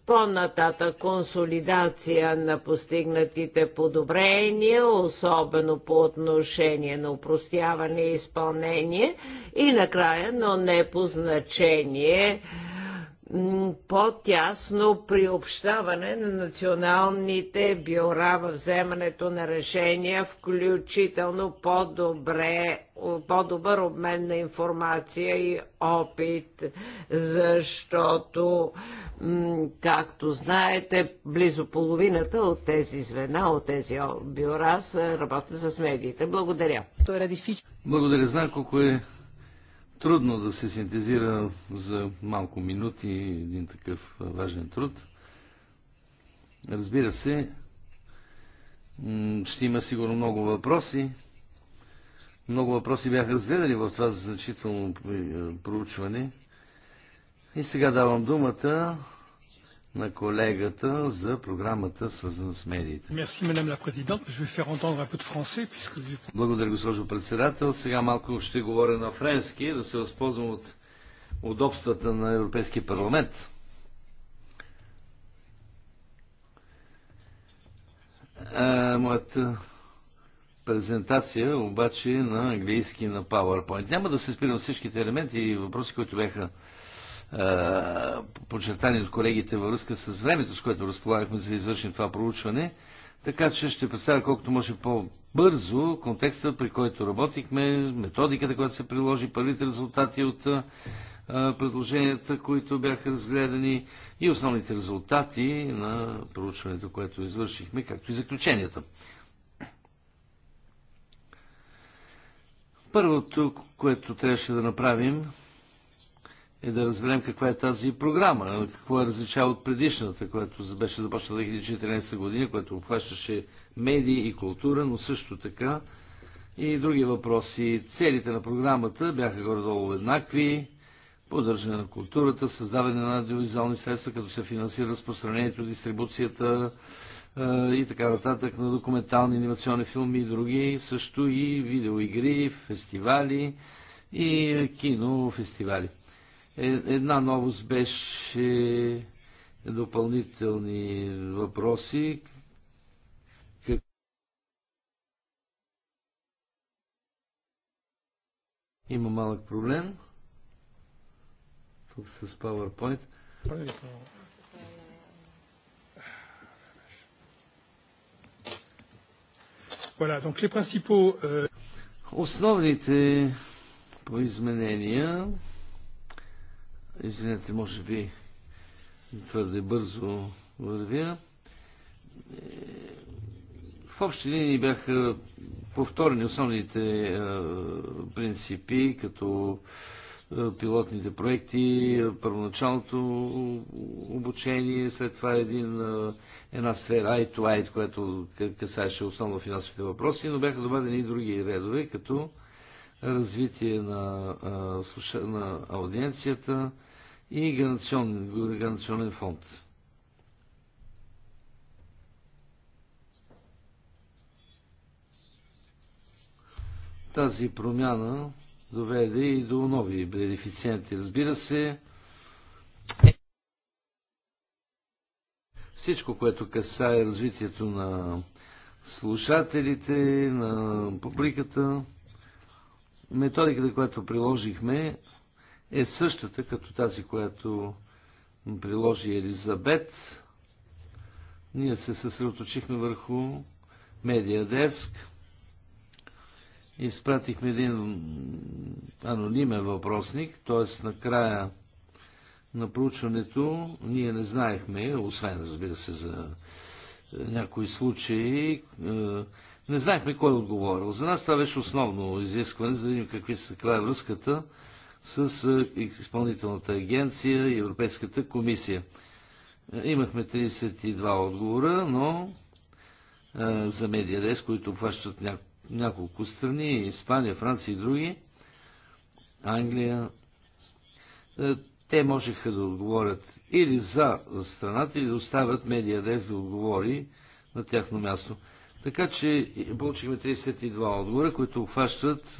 [SPEAKER 1] по-нататък консолидация на постигнатите подобрения, особено по отношение на упростяване и изпълнение и накрая, но не по значение, по-тясно приобщаване на националните бюра в вземането на решения, включително по-добре, по-добър обмен на информация и опит, защото, както знаете, близо половината от тези звена, от тези бюра са работят с медиите. Благодаря. Е
[SPEAKER 2] Благодаря. Знам колко е Трудно да се синтезира за малко минути един такъв важен труд. Разбира се, ще има сигурно много въпроси. Много въпроси бяха разгледани в това значително проучване. И сега давам думата на колегата за програмата, свързана с медиите. Благодаря, госпожо председател. Сега малко ще говоря на френски, да се възползвам от удобствата на Европейския парламент. А, моята презентация обаче е на английски на PowerPoint. Няма да се спирам всичките елементи и въпроси, които бяха е, подчертани от колегите във връзка с времето, с което разполагахме за да извършим това проучване. Така че ще представя колкото може по-бързо контекста, при който работихме, методиката, която се приложи, първите резултати от е, предложенията, които бяха разгледани и основните резултати на проучването, което извършихме, както и заключенията. Първото, което трябваше да направим, е да разберем каква е тази програма, какво е различава от предишната, която беше започнала 2014 година, която обхващаше медии и култура, но също така и други въпроси. Целите на програмата бяха горе-долу еднакви, поддържане на културата, създаване на аудиовизуални средства, като се финансира разпространението, дистрибуцията е, и така нататък на документални анимационни филми и други, също и видеоигри, фестивали и кинофестивали. Е, една новост беше допълнителни въпроси, Има малък проблем. Тук с PowerPoint.
[SPEAKER 4] Voilà, donc les principaux... Euh,
[SPEAKER 2] Основните по изменения Извинете, може би твърде бързо вървя. Е, в общи линии бяха повторени основните е, принципи, като е, пилотните проекти, първоначалното обучение, след това един, една сфера eye to eye, която касаеше основно финансовите въпроси, но бяха добавени и други редове, като развитие на, а, на аудиенцията и гаранционен, гаранционен фонд. Тази промяна доведе и до нови бенефициенти. Разбира се, всичко, което касае развитието на слушателите, на публиката, Методиката, която приложихме, е същата като тази, която приложи Елизабет. Ние се съсредоточихме върху Медиадеск. Изпратихме един анонимен въпросник, т.е. накрая на проучването ние не знаехме, освен разбира се за някои случаи, е, не знаехме кой е отговорил. За нас това беше основно изискване, за да видим какви са, каква е връзката с изпълнителната агенция и Европейската комисия. Имахме 32 отговора, но е, за Медиадес, които обхващат ня... няколко страни, Испания, Франция и други, Англия, е, те можеха да отговорят или за страната, или да оставят Медиадес да отговори на тяхно място. Така че получихме 32 отговора, които обхващат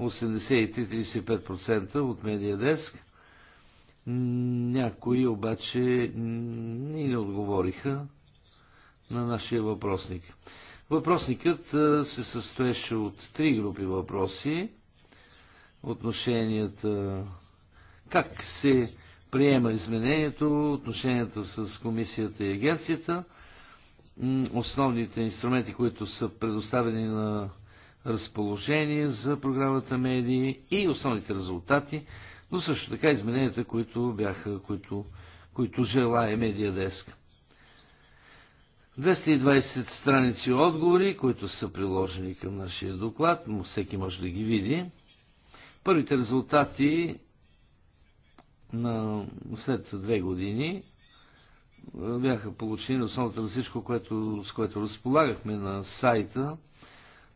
[SPEAKER 2] 83-35% от медиа деск. Някои обаче ни не отговориха на нашия въпросник. Въпросникът се състоеше от три групи въпроси. Отношенията, как се приема изменението, отношенията с комисията и агенцията – основните инструменти, които са предоставени на разположение за програмата медии и основните резултати, но също така измененията, които бяха, които, които желая медия деск. 220 страници отговори, които са приложени към нашия доклад, но всеки може да ги види. Първите резултати на след две години бяха получени на основата на всичко, което, с което разполагахме на сайта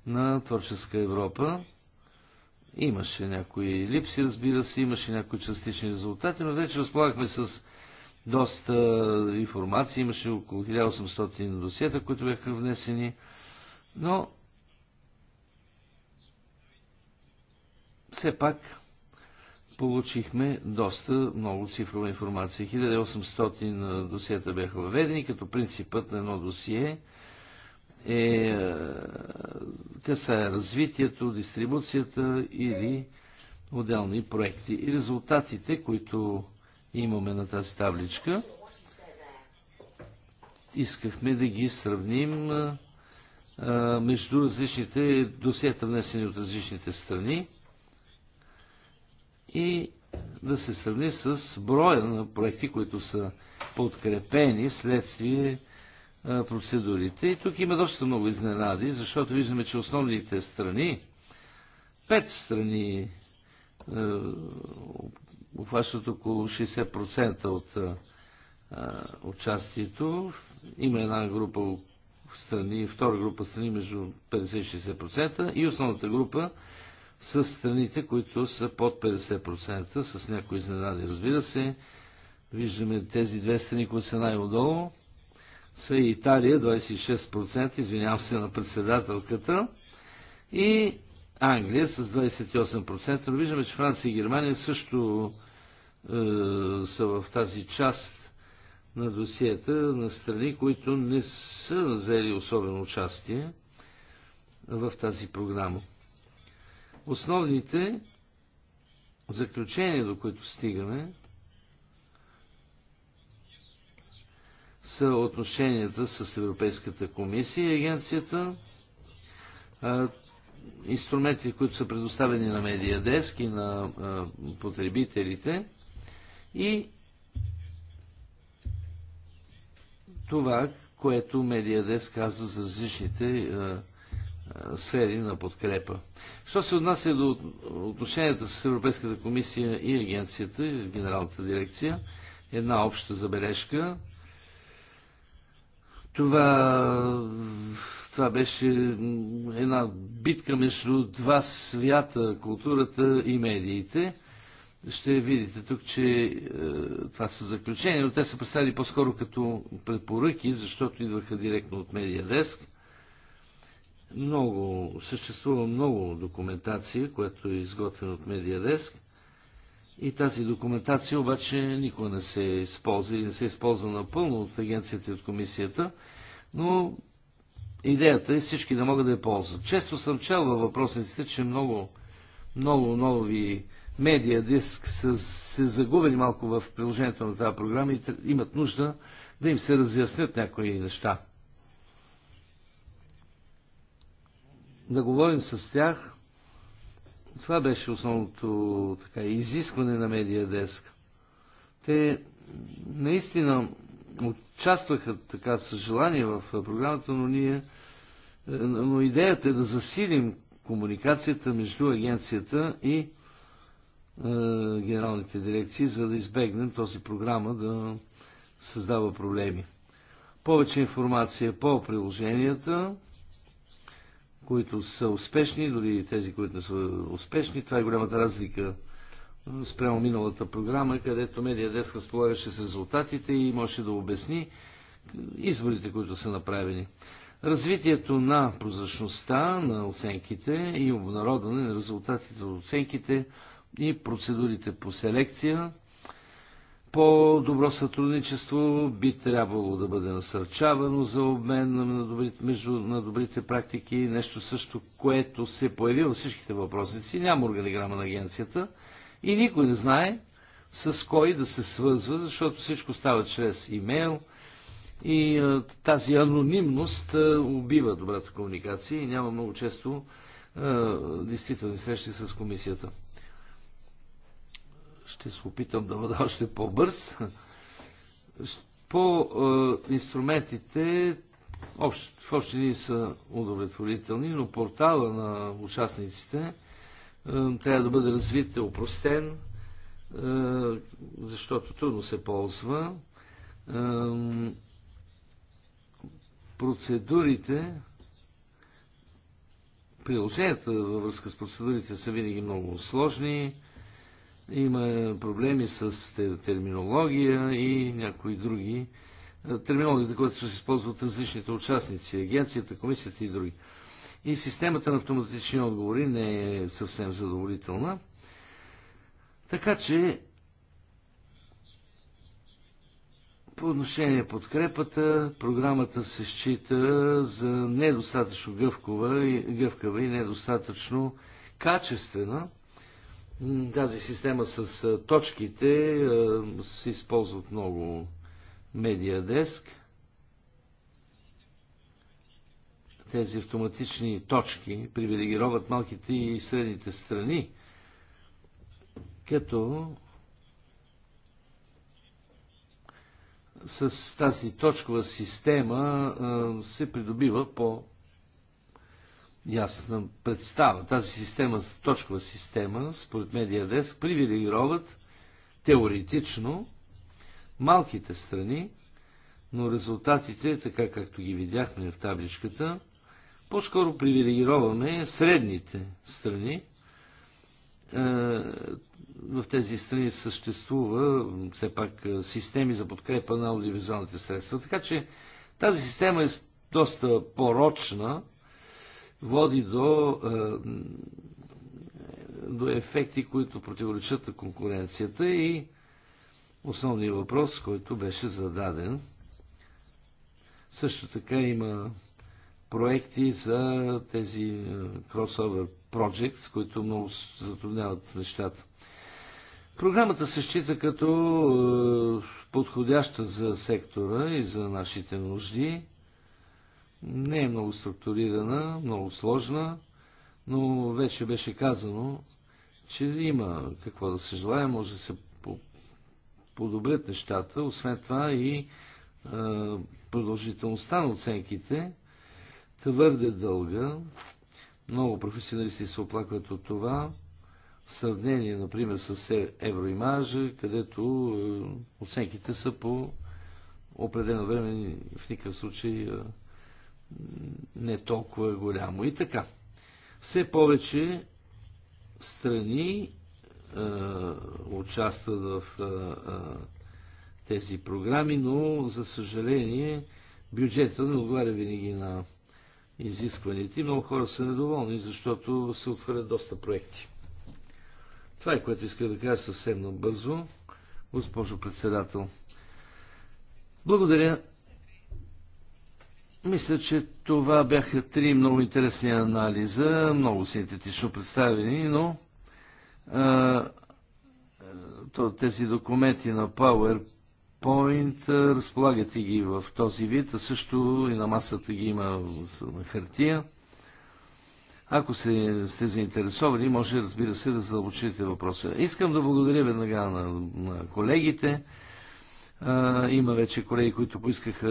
[SPEAKER 2] на Творческа Европа. Имаше някои липси, разбира се, имаше някои частични резултати, но вече разполагахме с доста информация. Имаше около 1800 досиета, които бяха внесени. Но все пак получихме доста много цифрова информация. 1800 досиета бяха въведени, като принципът на едно досие е, касае развитието, дистрибуцията или отделни проекти. И резултатите, които имаме на тази табличка, искахме да ги сравним а, между различните досиета, внесени от различните страни и да се сравни с броя на проекти, които са подкрепени вследствие процедурите. И тук има доста много изненади, защото виждаме, че основните страни, пет страни, обхващат около 60% от участието. Има една група страни, втора група страни между 50 и 60% и основната група с страните, които са под 50%, с някои изненади, разбира се. Виждаме тези две страни, които са най-отдолу. Са и Италия, 26%, извинявам се на председателката. И Англия с 28%. Но виждаме, че Франция и Германия също е, са в тази част на досиета на страни, които не са взели особено участие в тази програма. Основните заключения, до които стигаме, са отношенията с Европейската комисия и агенцията, инструменти, които са предоставени на Медиадеск и на потребителите и това, което МедиаДеск казва за различните сфери на подкрепа. Що се отнася до отношенията с Европейската комисия и агенцията, и генералната дирекция, една обща забележка. Това, това беше една битка между два свята, културата и медиите. Ще видите тук, че е, това са заключения, но те са представили по-скоро като препоръки, защото идваха директно от медиадеск много, съществува много документация, която е изготвена от Медиадеск. И тази документация обаче никога не се използва и не се използва напълно от агенцията и от комисията, но идеята е всички да могат да я ползват. Често съм чел във въпросниците, че много, много нови медиа диск са се загубени малко в приложението на тази програма и имат нужда да им се разяснят някои неща. да говорим с тях. Това беше основното така, изискване на Медиа Деск. Те наистина участваха така с желание в програмата, но ние е, но идеята е да засилим комуникацията между агенцията и е, генералните дирекции, за да избегнем този програма да създава проблеми. Повече информация по приложенията, които са успешни, дори и тези, които не са успешни. Това е голямата разлика спрямо миналата програма, където Медиа Деск разполагаше с резултатите и можеше да обясни изводите, които са направени. Развитието на прозрачността на оценките и обнародване на резултатите от оценките и процедурите по селекция по-добро сътрудничество би трябвало да бъде насърчавано за обмен на добрите, между, на добрите практики, нещо също, което се появи във всичките въпросници. Няма органиграма на агенцията и никой не знае с кой да се свързва, защото всичко става чрез имейл и а, тази анонимност а, убива добрата комуникация и няма много често а, действителни срещи с комисията. Ще се опитам да бъда още по-бърз. По е, инструментите общ, в общи линии са удовлетворителни, но портала на участниците е, трябва да бъде развит и е упростен, е, защото трудно се ползва. Е, процедурите, приложенията във връзка с процедурите са винаги много сложни. Има проблеми с терминология и някои други. Терминологията, която се използва от различните участници, агенцията, комисията и други. И системата на автоматични отговори не е съвсем задоволителна. Така че По отношение подкрепата, програмата се счита за недостатъчно гъвкава и недостатъчно качествена тази система с точките се използват много медиадеск. Тези автоматични точки привилегироват малките и средните страни, като с тази точкова система се придобива по ясна представа. Тази система, точкова система, според Медиадес, привилегироват теоретично малките страни, но резултатите, така както ги видяхме в табличката, по-скоро привилегироваме средните страни. Е, в тези страни съществува все пак е, системи за подкрепа на аудиовизуалните средства. Така че тази система е доста порочна, води до, е, до ефекти, които противоречат на конкуренцията и основният въпрос, който беше зададен. Също така има проекти за тези е, crossover projects, които много затрудняват нещата. Програмата се счита като е, подходяща за сектора и за нашите нужди не е много структурирана, много сложна, но вече беше казано, че има какво да се желая, може да се подобрят нещата. Освен това и е, продължителността на оценките твърде дълга. Много професионалисти се оплакват от това. В сравнение, например, с е- евроимажа, където е, оценките са по определено време, в никакъв случай е, не толкова голямо. И така, все повече страни е, участват в е, тези програми, но за съжаление бюджета не отговаря винаги на изискваните. много хора са недоволни, защото се отхвърлят доста проекти. Това е което иска да кажа съвсем набързо, госпожо председател. Благодаря мисля, че това бяха три много интересни анализа, много синтетично представени, но а, то, тези документи на PowerPoint разполагате ги в този вид, а също и на масата ги има на хартия. Ако се, сте заинтересовани, може, разбира се, да задълбочите въпроса. Искам да благодаря веднага на, на колегите а, има вече колеги, които поискаха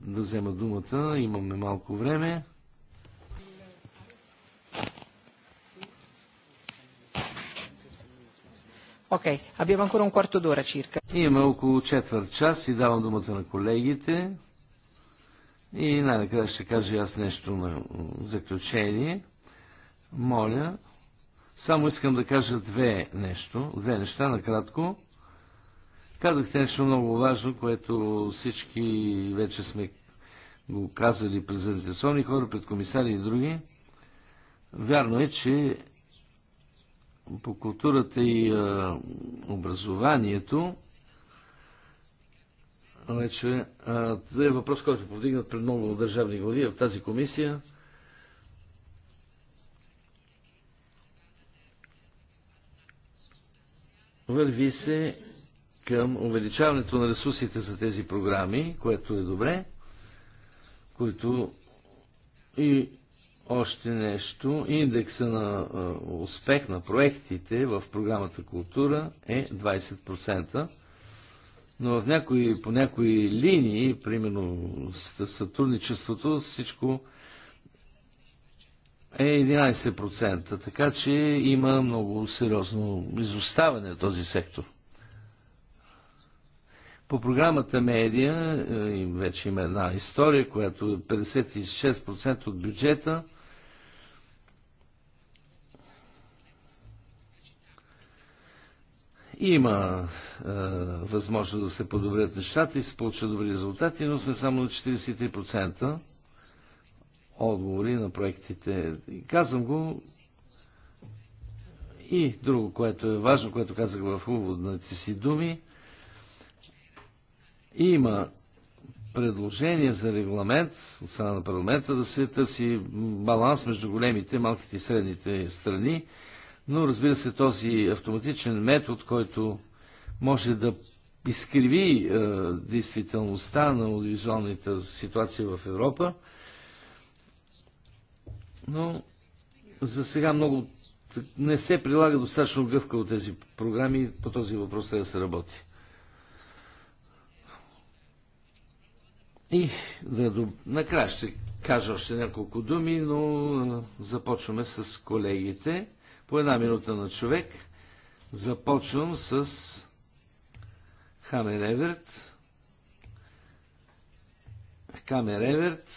[SPEAKER 2] да вземат думата. Имаме малко време. Окей, okay. abbiamo ancora un quarto d'ora circa. Имаме около четвърт час и давам думата на колегите. И най-накрая ще кажа аз нещо на заключение. Моля, само искам да кажа две нещо, две неща накратко. Казахте нещо много важно, което всички вече сме го казали през заинтересовани хора, пред комисари и други. Вярно е, че по културата и а, образованието вече а, е въпрос, който е повдигнат пред много държавни глави в тази комисия. Върви се към увеличаването на ресурсите за тези програми, което е добре, които и още нещо. Индекса на успех на проектите в програмата Култура е 20%, но в някои, по някои линии, примерно сътрудничеството, всичко е 11%, така че има много сериозно изоставане в този сектор. По програмата Медия е, вече има една история, която 56% е от бюджета Има е, възможност да се подобрят нещата и се получат добри резултати, но сме само на 43% отговори на проектите. Казвам го и друго, което е важно, което казах в уводните си думи. Има предложение за регламент от страна на парламента да се търси баланс между големите, малките и средните страни, но разбира се този автоматичен метод, който може да изкриви е, действителността на аудиовизуалната ситуация в Европа. Но за сега много не се прилага достатъчно гъвка от тези програми. По този въпрос трябва да се работи. И да, до... накрая ще кажа още няколко думи, но започваме с колегите. По една минута на човек. Започвам с Хамер Еверт. Хамер Еверт.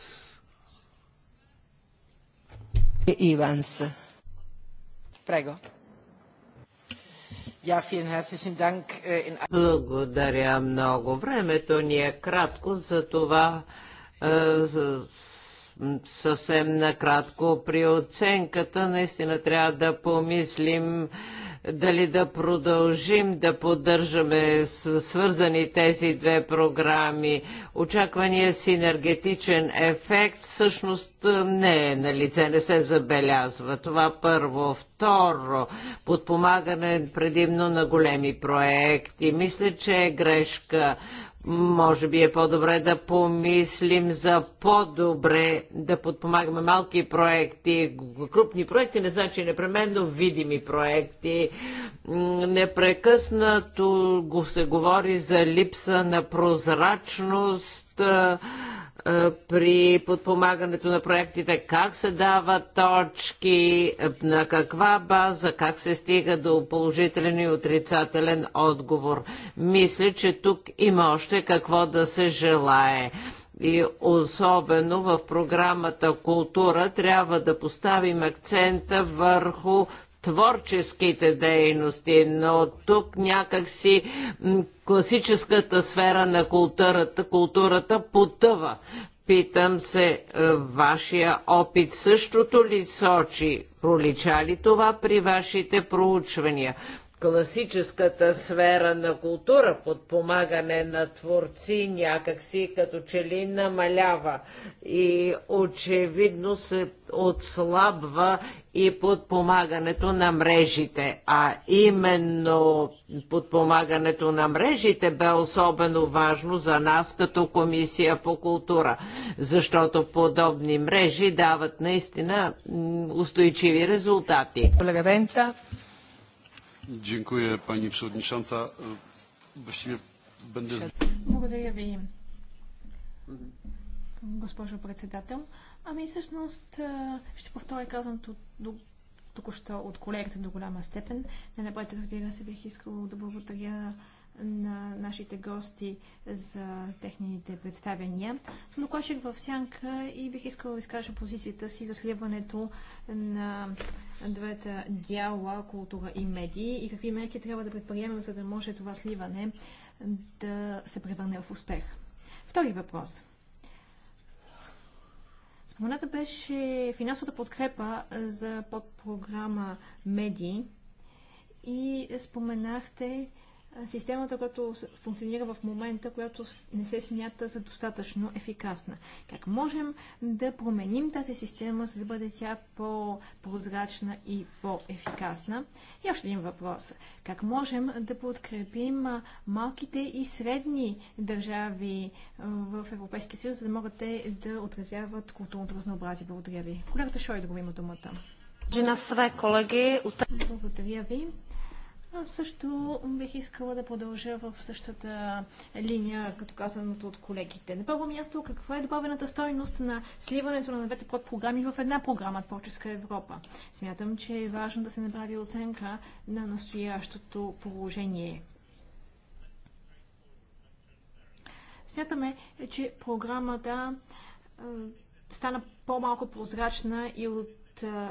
[SPEAKER 1] Иванс. Прего. Äh, Благодаря много. Времето ни е кратко, затова е, съвсем накратко при оценката наистина трябва да помислим дали да продължим да поддържаме свързани тези две програми. Очаквания синергетичен ефект всъщност е, не е на лице, не се забелязва. Това първо. Второ, подпомагане предимно на големи проекти. Мисля, че е грешка. Може би е по-добре да помислим за по-добре да подпомагаме малки проекти, крупни проекти, не значи непременно видими проекти. Непрекъснато го се говори за липса на прозрачност, при подпомагането на проектите, как се дават точки, на каква база, как се стига до положителен и отрицателен отговор. Мисля, че тук има още какво да се желае. И особено в програмата Култура трябва да поставим акцента върху творческите дейности, но тук някакси класическата сфера на културата, културата потъва. Питам се, е, вашия опит същото ли сочи? Пролича ли това при вашите проучвания? класическата сфера на култура, подпомагане на творци някакси като че ли намалява и очевидно се отслабва и подпомагането на мрежите. А именно подпомагането на мрежите бе особено важно за нас като Комисия по култура, защото подобни мрежи дават наистина устойчиви резултати.
[SPEAKER 2] Dziękuję pani przewodnicząca. Właściwie będę...
[SPEAKER 3] Благодаря ви, госпожо председател. Ами всъщност ще повторя казаното току-що от колегата до голяма степен. Не напред, разбира се, бих искала да благодаря на нашите гости за техните представяния. Съм докладчик в Сянка и бих искала да изкажа позицията си за сливането на двете дяла култура и медии и какви мерки трябва да предприемем, за да може това сливане да се превърне в успех. Втори въпрос. Спомената беше финансовата подкрепа за подпрограма Меди и споменахте системата, която функционира в момента, която не се смята за достатъчно ефикасна. Как можем да променим тази система, за да бъде тя по-прозрачна и по-ефикасна? И още един въпрос. Как можем да подкрепим малките и средни държави в Европейския съюз, за да могат те да отразяват културното разнообразие? Благодаря ви. Колегата Шойдо има думата. Благодаря ви. Аз също бих искала да продължа в същата линия, като казаното от колегите. На първо място, каква е добавената стойност на сливането на двете подпрограми в една програма Творческа Европа? Смятам, че е важно да се направи оценка на настоящото положение. Смятаме, че програмата стана по-малко прозрачна и от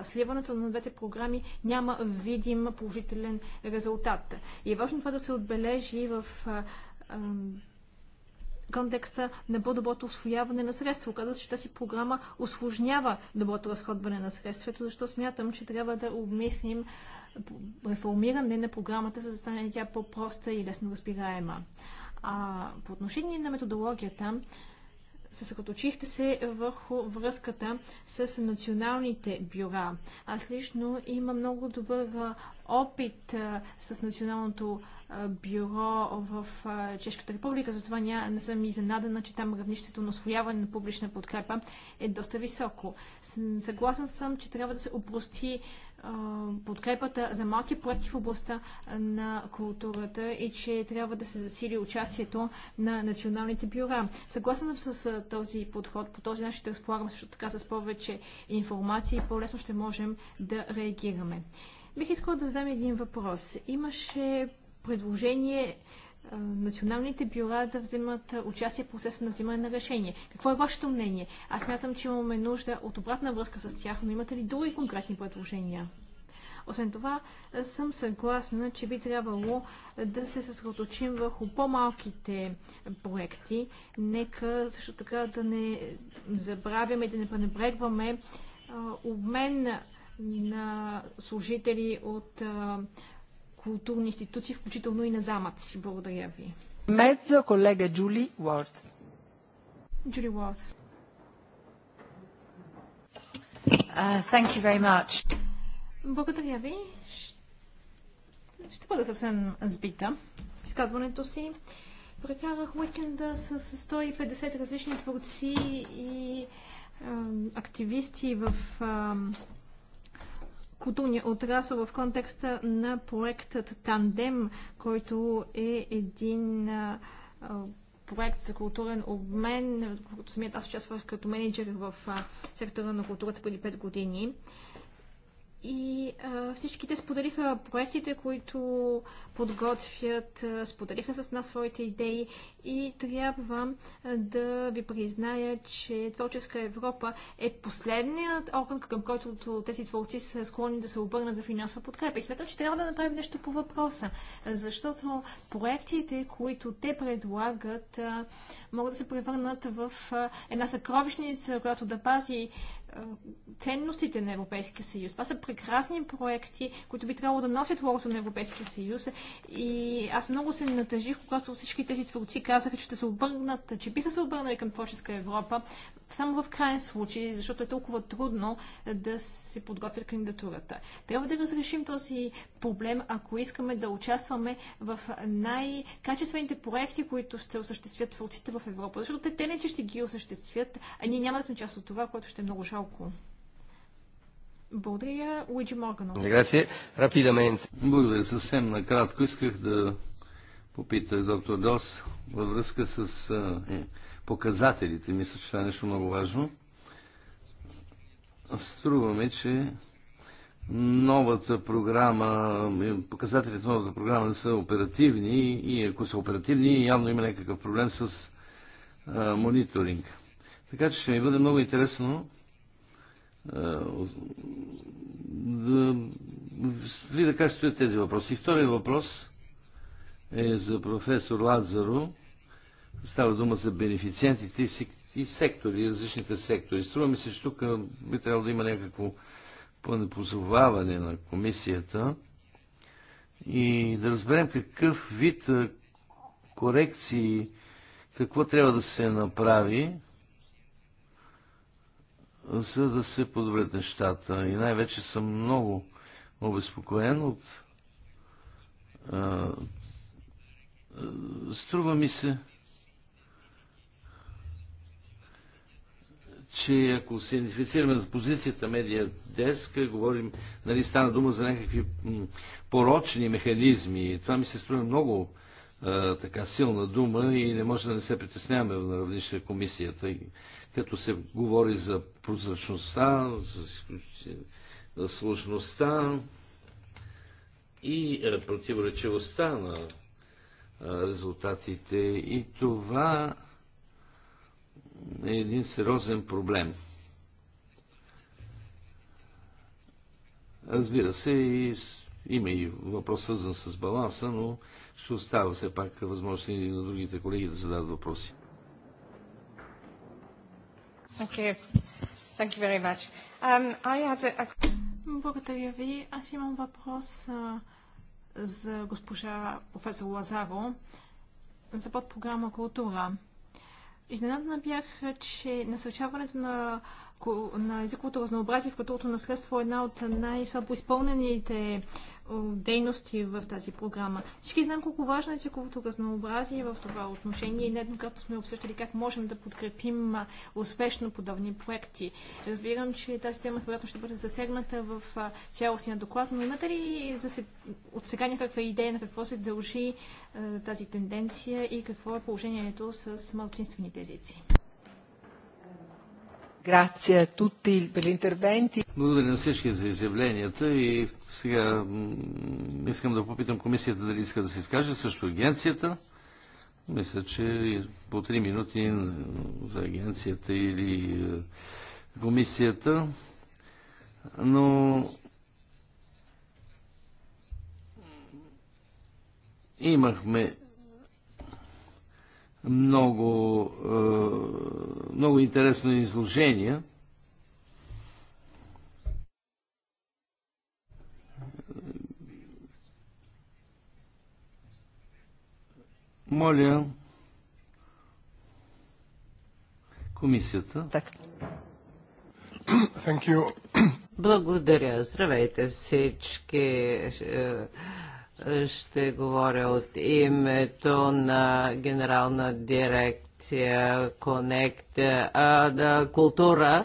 [SPEAKER 3] сливането на двете програми няма видим положителен резултат. И е важно това да се отбележи в контекста на по-доброто освояване на средства. Оказва се, че тази програма осложнява доброто разходване на средството, защото смятам, че трябва да обмислим реформиране на програмата, за да стане тя по-проста и лесно разбираема. А по отношение на методологията, съсредоточихте се върху връзката с националните бюра. Аз лично имам много добър опит с Националното бюро в Чешката република, затова не съм изненадана, че там равнището на освояване на публична подкрепа е доста високо. Съгласен съм, че трябва да се опрости подкрепата за малки проекти в областта на културата и че трябва да се засили участието на националните бюра. Съгласен съм с този подход. По този начин ще разполагам също така с повече информация и по-лесно ще можем да реагираме. Бих искала да задам един въпрос. Имаше предложение националните бюра да вземат участие в процеса на взимане на решение. Какво е вашето мнение? Аз смятам, че имаме нужда от обратна връзка с тях, но имате ли други конкретни предложения? Освен това, съм съгласна, че би трябвало да се съсредоточим върху по-малките проекти. Нека също така да не забравяме и да не пренебрегваме обмен на служители от културни институции, включително и на замъци. Благодаря ви.
[SPEAKER 1] Медзо колега Джули Уорд.
[SPEAKER 3] Джули Уорд. thank you very much. Благодаря ви. Ще бъда съвсем сбита в изказването си. Прекарах уикенда с 150 различни творци и активисти в културния отрасъл в контекста на проектът Тандем, който е един проект за културен обмен, който самият аз участвах като менеджер в сектора на културата преди 5 години. И а, всичките споделиха проектите, които подготвят, споделиха с нас своите идеи и трябва да ви призная, че Творческа Европа е последният орган, към който тези творци са склонни да се обърнат за финансова подкрепа. И смятам, че трябва да направим нещо по въпроса, защото проектите, които те предлагат, могат да се превърнат в една съкровищница, която да пази ценностите на Европейския съюз. Това са прекрасни проекти, които би трябвало да носят логото на Европейския съюз. И аз много се натъжих, когато всички тези творци казаха, че ще се обърнат, че биха се обърнали към творческа Европа, само в крайен случай, защото е толкова трудно е, да се подготвят кандидатурата. Трябва да разрешим този проблем, ако искаме да участваме в най-качествените проекти, които ще осъществят творците в Европа, защото те, те не че ще ги осъществят, а ние няма да сме част от това, което ще е много жалко. Благодаря, Уиджи Морганов. Благодаря.
[SPEAKER 2] Съвсем накратко исках да попитах доктор Дос във връзка с е, показателите. Мисля, че това е нещо много важно. Струваме, че новата програма, е, показателите на новата програма не са оперативни и ако са оперативни, явно има някакъв проблем с а, мониторинг. Така че ще ми бъде много интересно а, да ви да кажете тези въпроси. И втория въпрос е за професор Лазаро. Става дума за бенефициентите и сектори, различните сектори. Струва ми се, че тук би трябвало да има някакво позоваване на комисията и да разберем какъв вид корекции, какво трябва да се направи, за да се подобрят нещата. И най-вече съм много обезпокоен от... А, струва ми се, че ако се идентифицираме на позицията медиа деск, говорим, нали, стана дума за някакви порочни механизми. Това ми се струва много а, така силна дума и не може да не се притесняваме на равнище комисията. И, като се говори за прозрачността, за сложността и е, противоречивостта на резултатите. И това е един сериозен проблем. Разбира се, и, има и въпрос свързан с баланса, но ще остава все пак възможност и на другите колеги да зададат въпроси.
[SPEAKER 3] Okay. Um, a... Благодаря ви. Аз имам въпрос а, за госпожа професор Лазаро за подпрограма Култура. Изненадана бях, че насърчаването на, на езиковото разнообразие в културното наследство е една от най-слабо изпълнените дейности в тази програма. Всички знаем колко важно е циковото разнообразие в това отношение и нееднократно сме обсъждали как можем да подкрепим успешно подобни проекти. Разбирам, че тази тема вероятно ще бъде засегната в цялостния доклад, но имате ли за се... от сега някаква идея на какво се дължи тази тенденция и какво е положението с малцинствените езици?
[SPEAKER 2] Благодаря на всички за изявленията и сега искам да попитам комисията дали иска да се изкаже, също агенцията. Мисля, че по 3 минути за агенцията или е, комисията. Но имахме много, е, много интересно изложение. Моля комисията. Так. Thank you.
[SPEAKER 1] Благодаря. Здравейте всички. Е, ще говоря от името на генерална директ Connect да, култура,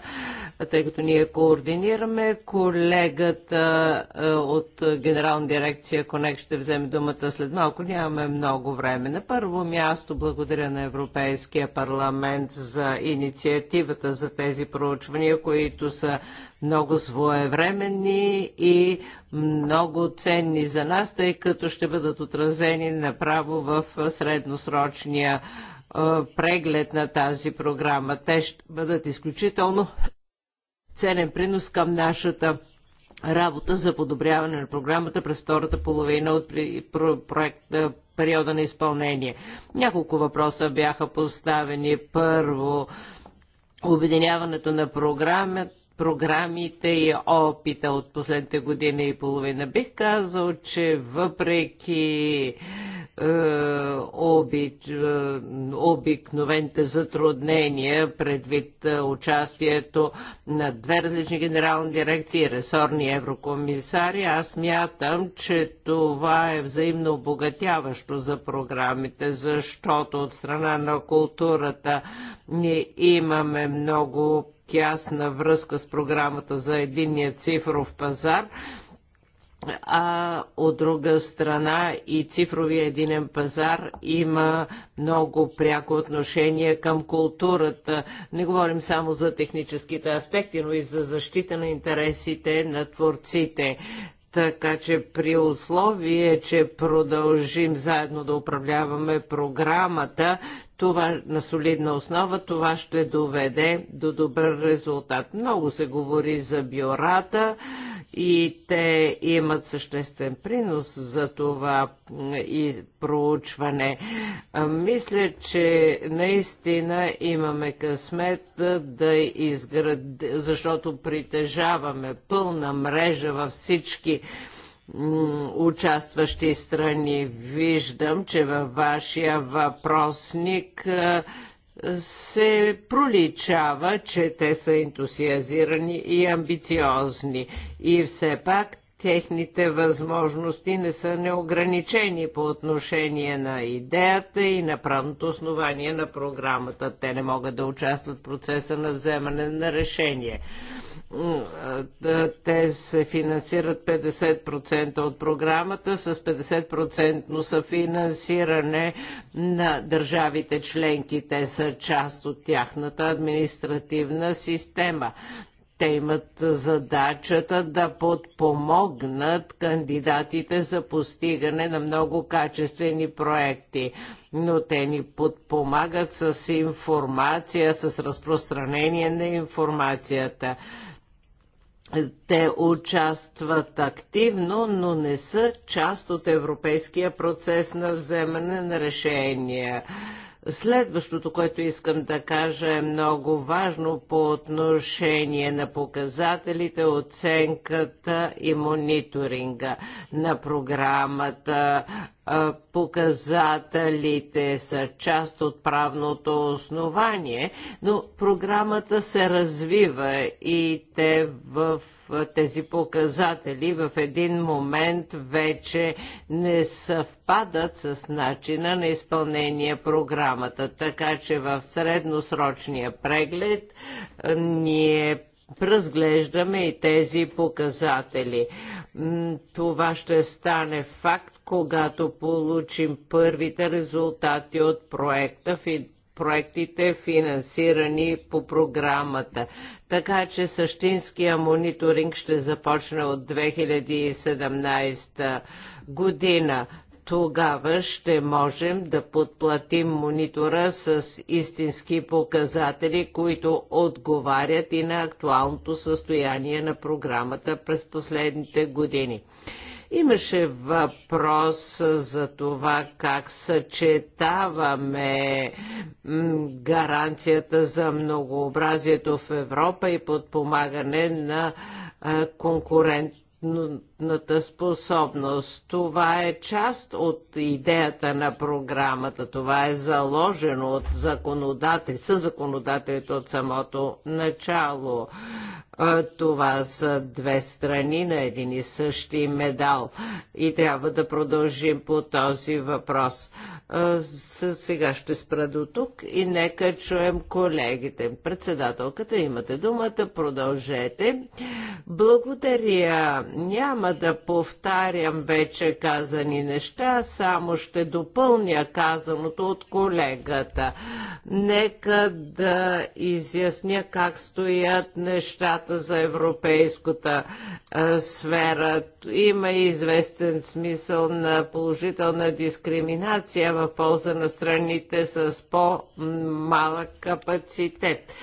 [SPEAKER 1] тъй като ние координираме. Колегата а, от Генерална дирекция Connect ще вземе думата след малко. Нямаме много време. На първо място благодаря на Европейския парламент за инициативата за тези проучвания, които са много своевременни и много ценни за нас, тъй като ще бъдат отразени направо в средносрочния преглед на тази програма. Те ще бъдат изключително ценен принос към нашата работа за подобряване на програмата през втората половина от проекта периода на изпълнение. Няколко въпроса бяха поставени. Първо, обединяването на програмата програмите и опита от последните години и половина. Бих казал, че въпреки е, е, обикновените затруднения предвид е, участието на две различни генерални дирекции и ресорни еврокомисари, аз мятам, че това е взаимно обогатяващо за програмите, защото от страна на културата ние имаме много тясна връзка с програмата за единния цифров пазар, а от друга страна и цифровия единен пазар има много пряко отношение към културата. Не говорим само за техническите аспекти, но и за защита на интересите на творците. Така че при условие, че продължим заедно да управляваме програмата, това на солидна основа това ще доведе до добър резултат. Много се говори за бюрата и те имат съществен принос за това и проучване. Мисля, че наистина имаме късмет да изградим, защото притежаваме пълна мрежа във всички участващи страни. Виждам, че във вашия въпросник се проличава, че те са ентусиазирани и амбициозни. И все пак техните възможности не са неограничени по отношение на идеята и на правното основание на програмата. Те не могат да участват в процеса на вземане на решение те се финансират 50% от програмата с 50% съфинансиране на държавите членки. Те са част от тяхната административна система. Те имат задачата да подпомогнат кандидатите за постигане на много качествени проекти но те ни подпомагат с информация, с разпространение на информацията те участват активно, но не са част от европейския процес на вземане на решения. Следващото, което искам да кажа е много важно по отношение на показателите, оценката и мониторинга на програмата показателите са част от правното основание, но програмата се развива и те в тези показатели в един момент вече не съвпадат с начина на изпълнение програмата. Така че в средносрочния преглед ние разглеждаме и тези показатели. Това ще стане факт когато получим първите резултати от проекта проектите, финансирани по програмата. Така че същинския мониторинг ще започне от 2017 година. Тогава ще можем да подплатим монитора с истински показатели, които отговарят и на актуалното състояние на програмата през последните години. Имаше въпрос за това как съчетаваме гаранцията за многообразието в Европа и подпомагане на конкурентно покупната способност. Това е част от идеята на програмата. Това е заложено от законодател, със законодателите от самото начало. Това са две страни на един и същи медал. И трябва да продължим по този въпрос. Сега ще спра до тук и нека чуем колегите. Председателката, имате думата, продължете. Благодаря. Няма няма да повтарям вече казани неща, само ще допълня казаното от колегата. Нека да изясня как стоят нещата за европейската сфера. Има известен смисъл на положителна дискриминация в полза на страните с по-малък капацитет.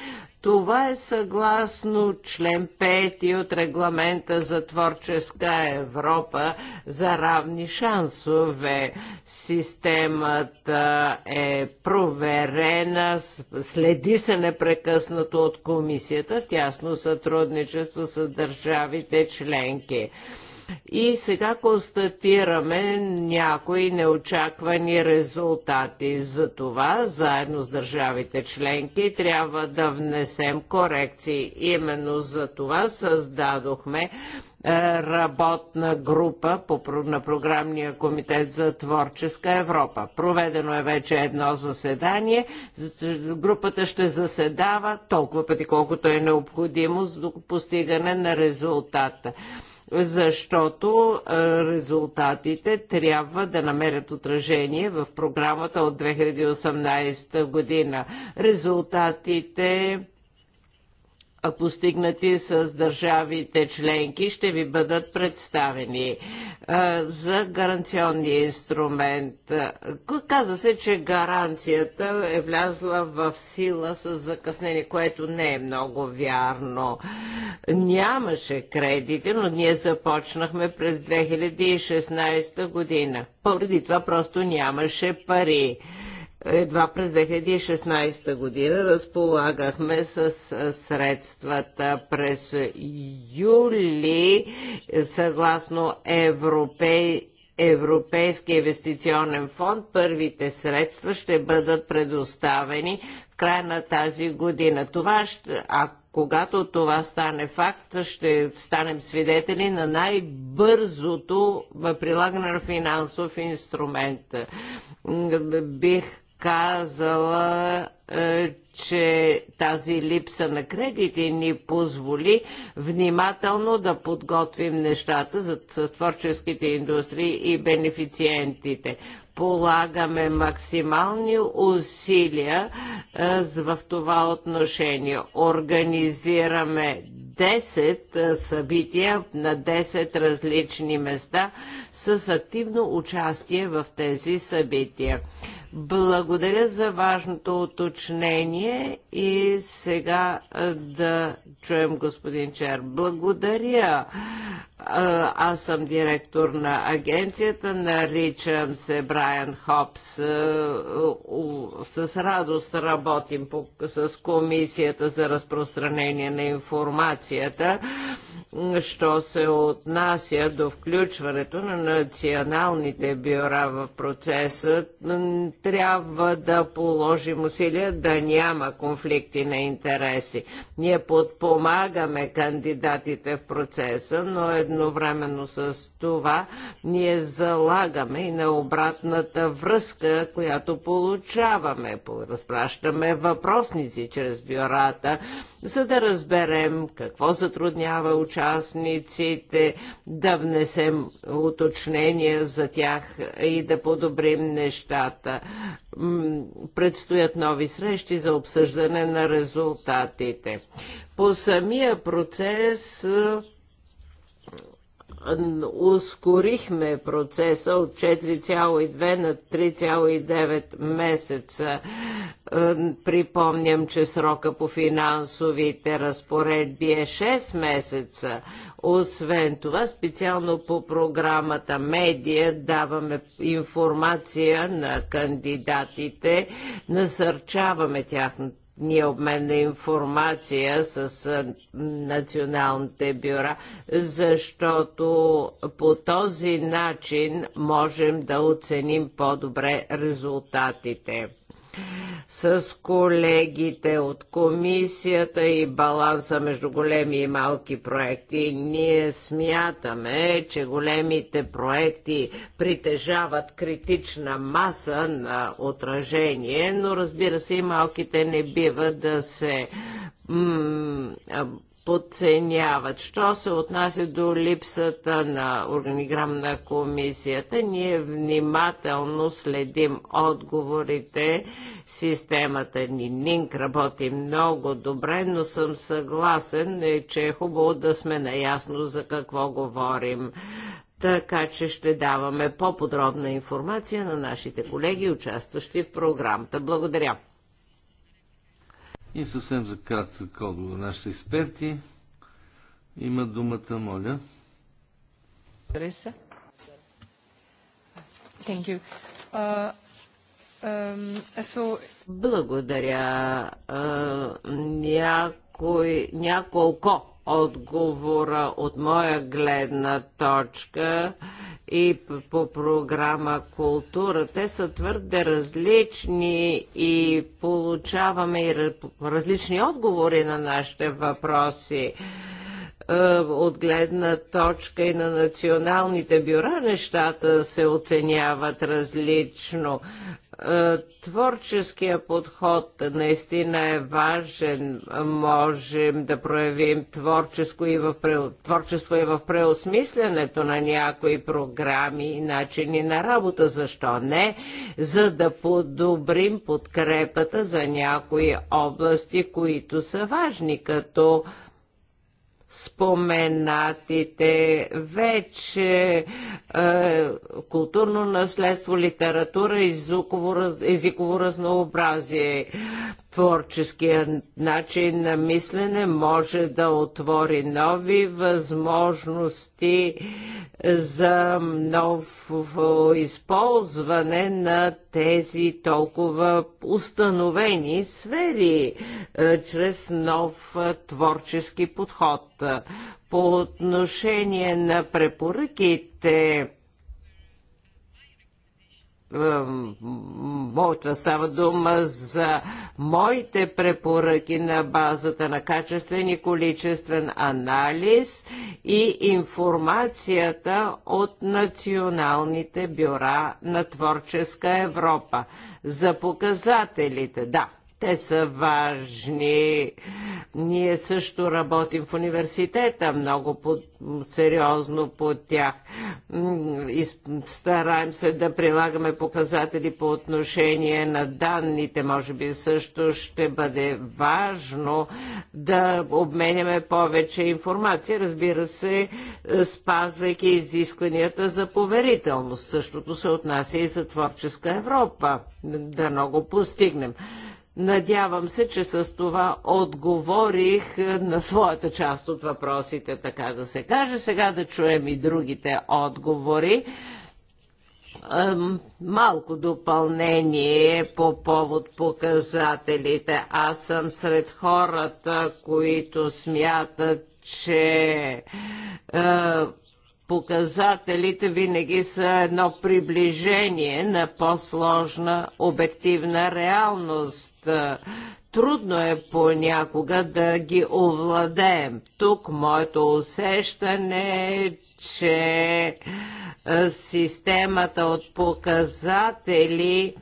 [SPEAKER 1] Това е съгласно член 5 от регламента за творческа Европа за равни шансове. Системата е проверена, следи се непрекъснато от комисията в тясно сътрудничество с държавите членки. И сега констатираме някои неочаквани резултати. За това, заедно с държавите членки, трябва да внесем корекции. Именно за това създадохме е, работна група на програмния комитет за творческа Европа. Проведено е вече едно заседание. Групата ще заседава толкова пъти, колкото е необходимо за постигане на резултата защото резултатите трябва да намерят отражение в програмата от 2018 година. Резултатите постигнати с държавите членки, ще ви бъдат представени за гаранционния инструмент. Каза се, че гаранцията е влязла в сила с закъснение, което не е много вярно. Нямаше кредити, но ние започнахме през 2016 година. Поради това просто нямаше пари едва през 2016 година разполагахме с средствата през юли съгласно Европей Европейския инвестиционен фонд. Първите средства ще бъдат предоставени в края на тази година. Това ще, а когато това стане факт, ще станем свидетели на най-бързото прилагане на финансов инструмент. Бих казала, е, че тази липса на кредити ни позволи внимателно да подготвим нещата за, творческите индустрии и бенефициентите. Полагаме максимални усилия е, в това отношение. Организираме 10 е, събития на 10 различни места с активно участие в тези събития. Благодаря за важното уточнение и сега да чуем господин Чер. Благодаря. Аз съм директор на агенцията, наричам се Брайан Хопс. С радост работим с Комисията за разпространение на информацията, що се отнася до включването на националните бюра в процеса трябва да положим усилия да няма конфликти на интереси. Ние подпомагаме кандидатите в процеса, но едновременно с това ние залагаме и на обратната връзка, която получаваме. Разпращаме въпросници чрез бюрата, за да разберем какво затруднява участниците, да внесем уточнения за тях и да подобрим нещата. Предстоят нови срещи за обсъждане на резултатите. По самия процес ускорихме процеса от 4,2 на 3,9 месеца. Е, припомням, че срока по финансовите разпоредби е 6 месеца. Освен това, специално по програмата Медия даваме информация на кандидатите, насърчаваме тяхното ние обмен на информация с националните бюра, защото по този начин можем да оценим по-добре резултатите. С колегите от комисията и баланса между големи и малки проекти, ние смятаме, че големите проекти притежават критична маса на отражение, но разбира се и малките не бива да се подценяват. Що се отнася до липсата на органиграм на комисията, ние внимателно следим отговорите. Системата ни НИНК работи много добре, но съм съгласен, е, че е хубаво да сме наясно за какво говорим. Така че ще даваме по-подробна информация на нашите колеги, участващи в програмата. Благодаря.
[SPEAKER 2] И съвсем за кратък отговор. Нашите експерти имат думата, моля.
[SPEAKER 1] Реса. Thank you. Uh, Благодаря. няколко отговора от моя гледна точка и по програма Култура. Те са твърде различни и получаваме и различни отговори на нашите въпроси е, от гледна точка и на националните бюра нещата се оценяват различно. Е, творческия подход наистина е важен. Можем да проявим творческо и в, творчество и в преосмислянето на някои програми и начини на работа. Защо не? За да подобрим подкрепата за някои области, които са важни, като споменатите вече е, културно наследство, литература, езиково, езиково разнообразие. Творческия начин на мислене може да отвори нови възможности за ново използване на тези толкова установени сфери е, чрез нов е, творчески подход. По отношение на препоръките, да става дума за моите препоръки на базата на качествен и количествен анализ и информацията от националните бюра на Творческа Европа. За показателите, да, те са важни. Ние също работим в университета много по, сериозно по тях. И стараем се да прилагаме показатели по отношение на данните. Може би също ще бъде важно да обменяме повече информация, разбира се, спазвайки изискванията за поверителност. Същото се отнася и за творческа Европа. Да много постигнем. Надявам се, че с това отговорих е, на своята част от въпросите, така да се каже. Сега да чуем и другите отговори. Малко допълнение по повод показателите. Аз съм сред хората, които смятат, че е, показателите винаги са едно приближение на по-сложна обективна реалност. Трудно е понякога да ги овладеем. Тук моето усещане е, че системата от показатели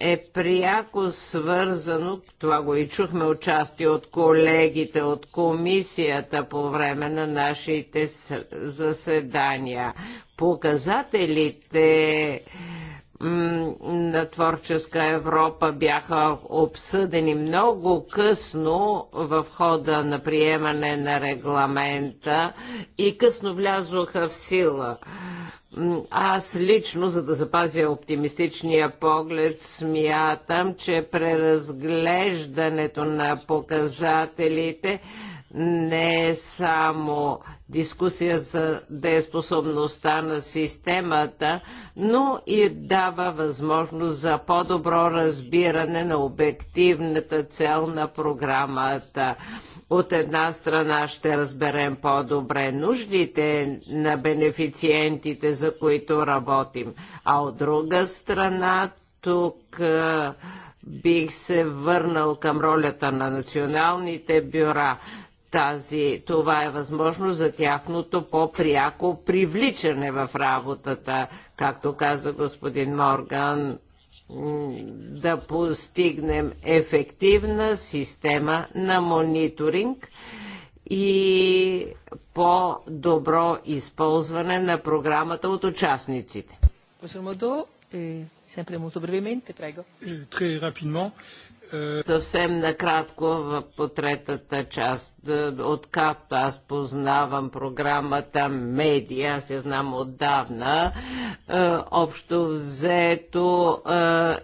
[SPEAKER 1] е пряко свързано, това го и чухме участие от колегите от комисията по време на нашите заседания. Показателите на творческа Европа бяха обсъдени много късно в хода на приемане на регламента и късно влязоха в сила. Аз лично, за да запазя оптимистичния поглед, смятам, че преразглеждането на показателите не е само дискусия за дееспособността на системата, но и дава възможност за по-добро разбиране на обективната цел на програмата. От една страна ще разберем по-добре нуждите на бенефициентите, за които работим, а от друга страна тук бих се върнал към ролята на националните бюра тази, това е възможно за тяхното по-пряко привличане в работата, както каза господин Морган, да постигнем ефективна система на мониторинг и по-добро използване на програмата от участниците. Eh, eh, Съвсем накратко по третата част откакто аз познавам програмата Медиа, аз я знам отдавна, е, общо взето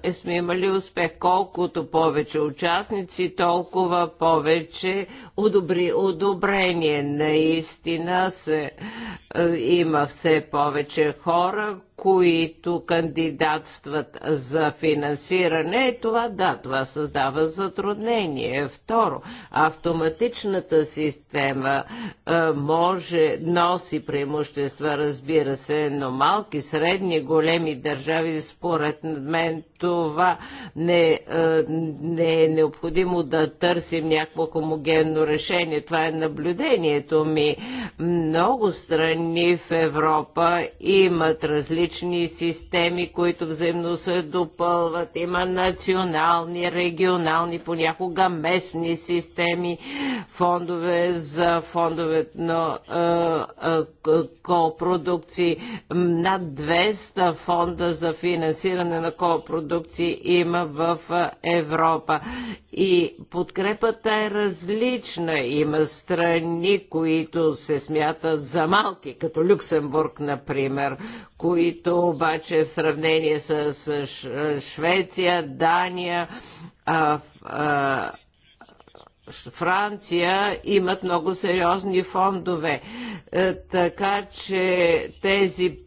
[SPEAKER 1] е, е, сме имали успех. Колкото повече участници, толкова повече одобри, одобрение. Наистина се, е, има все повече хора, които кандидатстват за финансиране. Това да, това създава затруднение. Второ, автоматичната Банковата система може, носи преимущества, разбира се, но малки, средни, големи държави, според мен това не, не е необходимо да търсим някакво хомогенно решение. Това е наблюдението ми. Много страни в Европа имат различни системи, които взаимно се допълват. Има национални, регионални, понякога местни системи, фонд фондове, за фондове на копродукции. Над 200 фонда за финансиране на копродукции има в Европа. И подкрепата е различна. Има страни, които се смятат за малки, като Люксембург, например, които обаче в сравнение с Швеция, Дания, Франция имат много сериозни фондове. Е, така че тези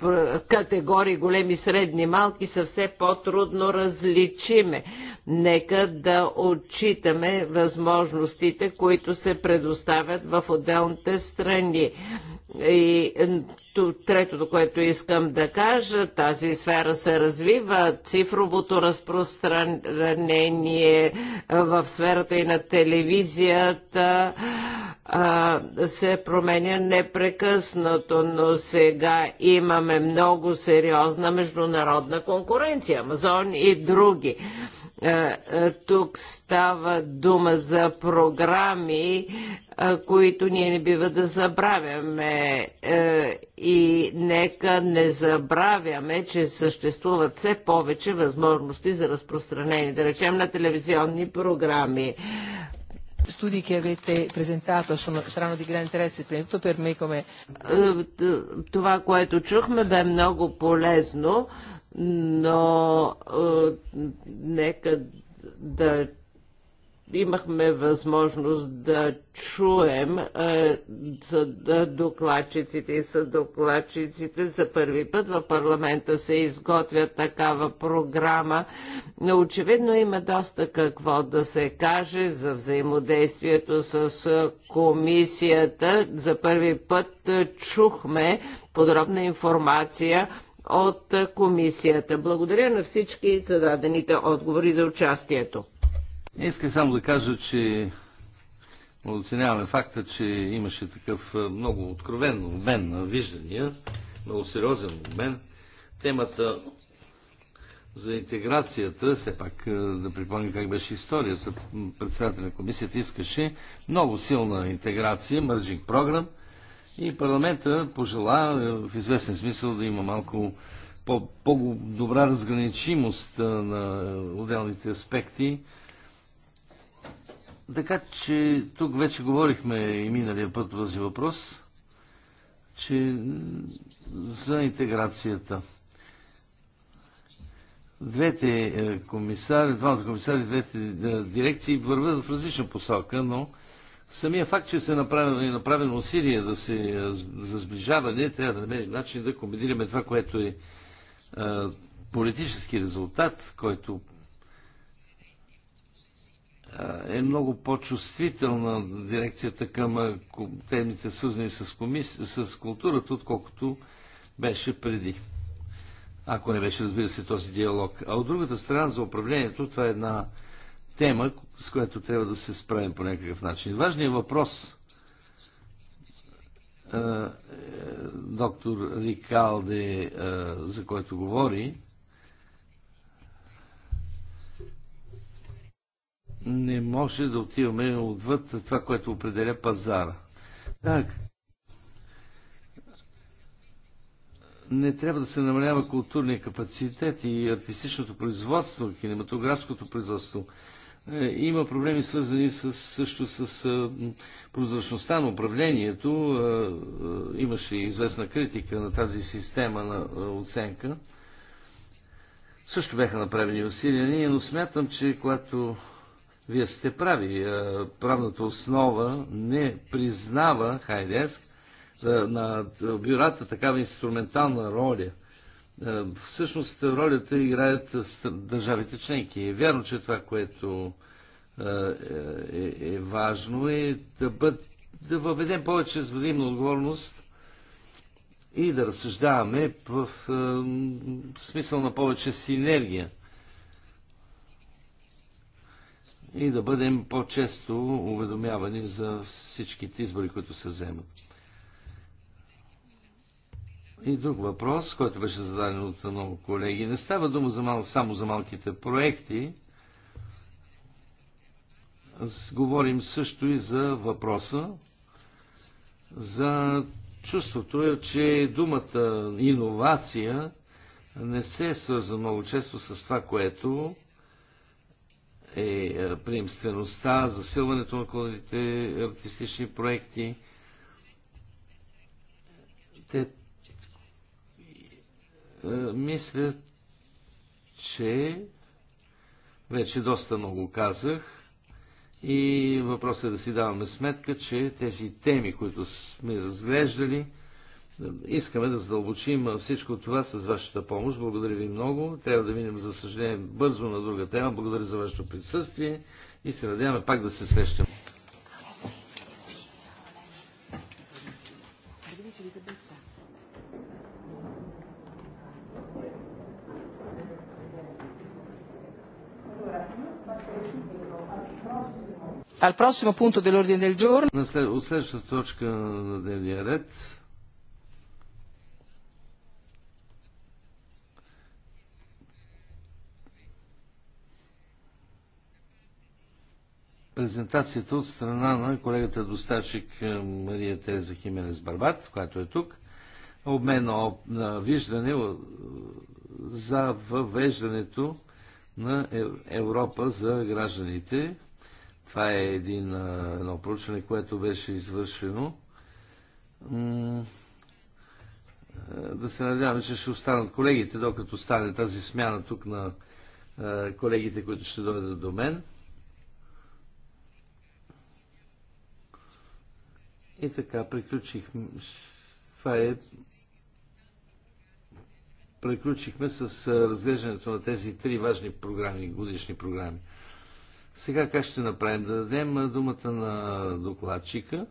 [SPEAKER 1] категории, големи, средни, малки, са все по-трудно различиме. Нека да отчитаме възможностите, които се предоставят в отделните страни. И третото, което искам да кажа, тази сфера се развива, цифровото разпространение в сферата и на телевизията се променя непрекъснато, но сега имаме много сериозна международна конкуренция, Амазон и други. Е, е, тук става дума за програми, е, които ние не бива да забравяме. И нека не забравяме, че съществуват все повече възможности за разпространение, да речем, на телевизионни програми studi che avete presentato sono, saranno di grande interesse, prima di tutto per me come... Това, което чухме, бе много полезно но е, нека да имахме възможност да чуем е, за да докладчиците и докладчиците За първи път в парламента се изготвя такава програма. Но очевидно има доста какво да се каже за взаимодействието с комисията. За първи път е, чухме подробна информация от комисията. Благодаря на всички за дадените отговори за участието.
[SPEAKER 2] Иска само да кажа, че оценяваме факта, че имаше такъв много откровен обмен на виждания, много сериозен обмен. Темата за интеграцията, все пак да припомня как беше историята, председател на комисията искаше много силна интеграция, мърджинг програм – и парламента пожела е, в известен смисъл да има малко по-добра -по разграничимост на е, отделните аспекти. Така че тук вече говорихме и миналия път този въпрос, че за интеграцията. Двете е, комисари, двамата комисари, двете дирекции върват в различна посока, но Самия факт, че се направено и е направено усилие да се, за сближаване, трябва да намерим начин да комбинираме това, което е а, политически резултат, който а, е много по-чувствителна дирекцията към темите, свързани с, комис... с културата, отколкото беше преди. Ако не беше, разбира се, този диалог. А от другата страна, за управлението, това е една тема, с която трябва да се справим по някакъв начин. Важният въпрос, е, доктор Рикалде, за който говори, не може да отиваме отвъд това, което определя пазара. Так. Не трябва да се намалява културния капацитет и артистичното производство, кинематографското производство. Е, има проблеми свързани с, също с прозрачността на управлението. Е, е, имаше известна критика на тази система на оценка. Също бяха направени усилия, но смятам, че когато вие сте прави, правната основа не признава Хайдеск на бюрата такава инструментална роля – е, всъщност ролята играят държавите членки. Е вярно, че това, което е, е, е, важно е да, бъд, да въведем повече взаимна отговорност и да разсъждаваме в смисъл на повече синергия. И да бъдем по-често уведомявани за всичките избори, които се вземат. И друг въпрос, който беше зададен от много колеги. Не става дума за мал, само за малките проекти. говорим също и за въпроса за чувството, е, че думата иновация не се е свързва много често с това, което е, е приемствеността, засилването на културните артистични проекти. Те е, мисля, че вече доста много казах и въпросът е да си даваме сметка, че тези теми, които сме разглеждали, искаме да задълбочим всичко това с вашата помощ. Благодаря ви много. Трябва да минем, за съжаление, бързо на друга тема. Благодаря за вашето присъствие и се надяваме пак да се срещаме. al prossimo punto dell'ordine del giorno. следващата точка на дневния ред. презентацията от страна на колегата доставчик е, Мария Тереза Хименес Барбат, която е тук. Обмен на виждане за въвеждането на е- Европа за гражданите това е един, едно проучване, което беше извършено. Да се надяваме, че ще останат колегите, докато стане тази смяна тук на колегите, които ще дойдат до мен. И така, приключихме. Това е. Приключихме с разглеждането на тези три важни програми, годишни програми. Сега как ще направим? Да дадем думата на докладчика,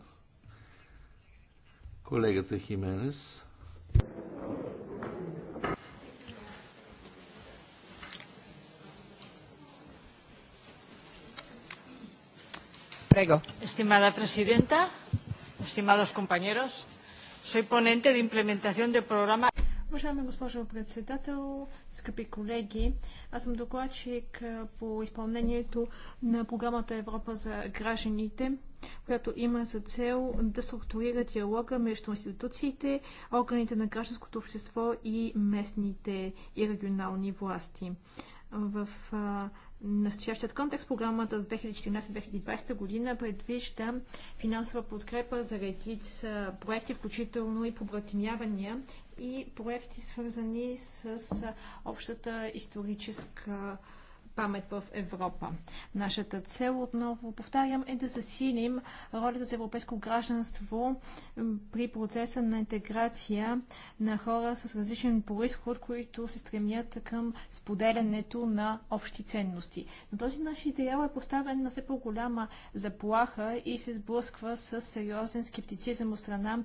[SPEAKER 2] колегата Хименес.
[SPEAKER 3] Prego. Estimada presidenta, estimados compañeros, soy ponente de implementación del programa. Уважаема госпожо председател, скъпи колеги, аз съм докладчик по изпълнението на програмата Европа за гражданите, която има за цел да структурира диалога между институциите, органите на гражданското общество и местните и регионални власти. В настоящият контекст програмата за 2014-2020 година предвижда финансова подкрепа за редица проекти, включително и побратимявания и проекти свързани с общата историческа памет в Европа. Нашата цел, отново повтарям, е да засилим ролята за европейско гражданство при процеса на интеграция на хора с различен происход, които се стремят към споделянето на общи ценности. Но този наш идеал е поставен на все по-голяма заплаха и се сблъсква с сериозен скептицизъм от страна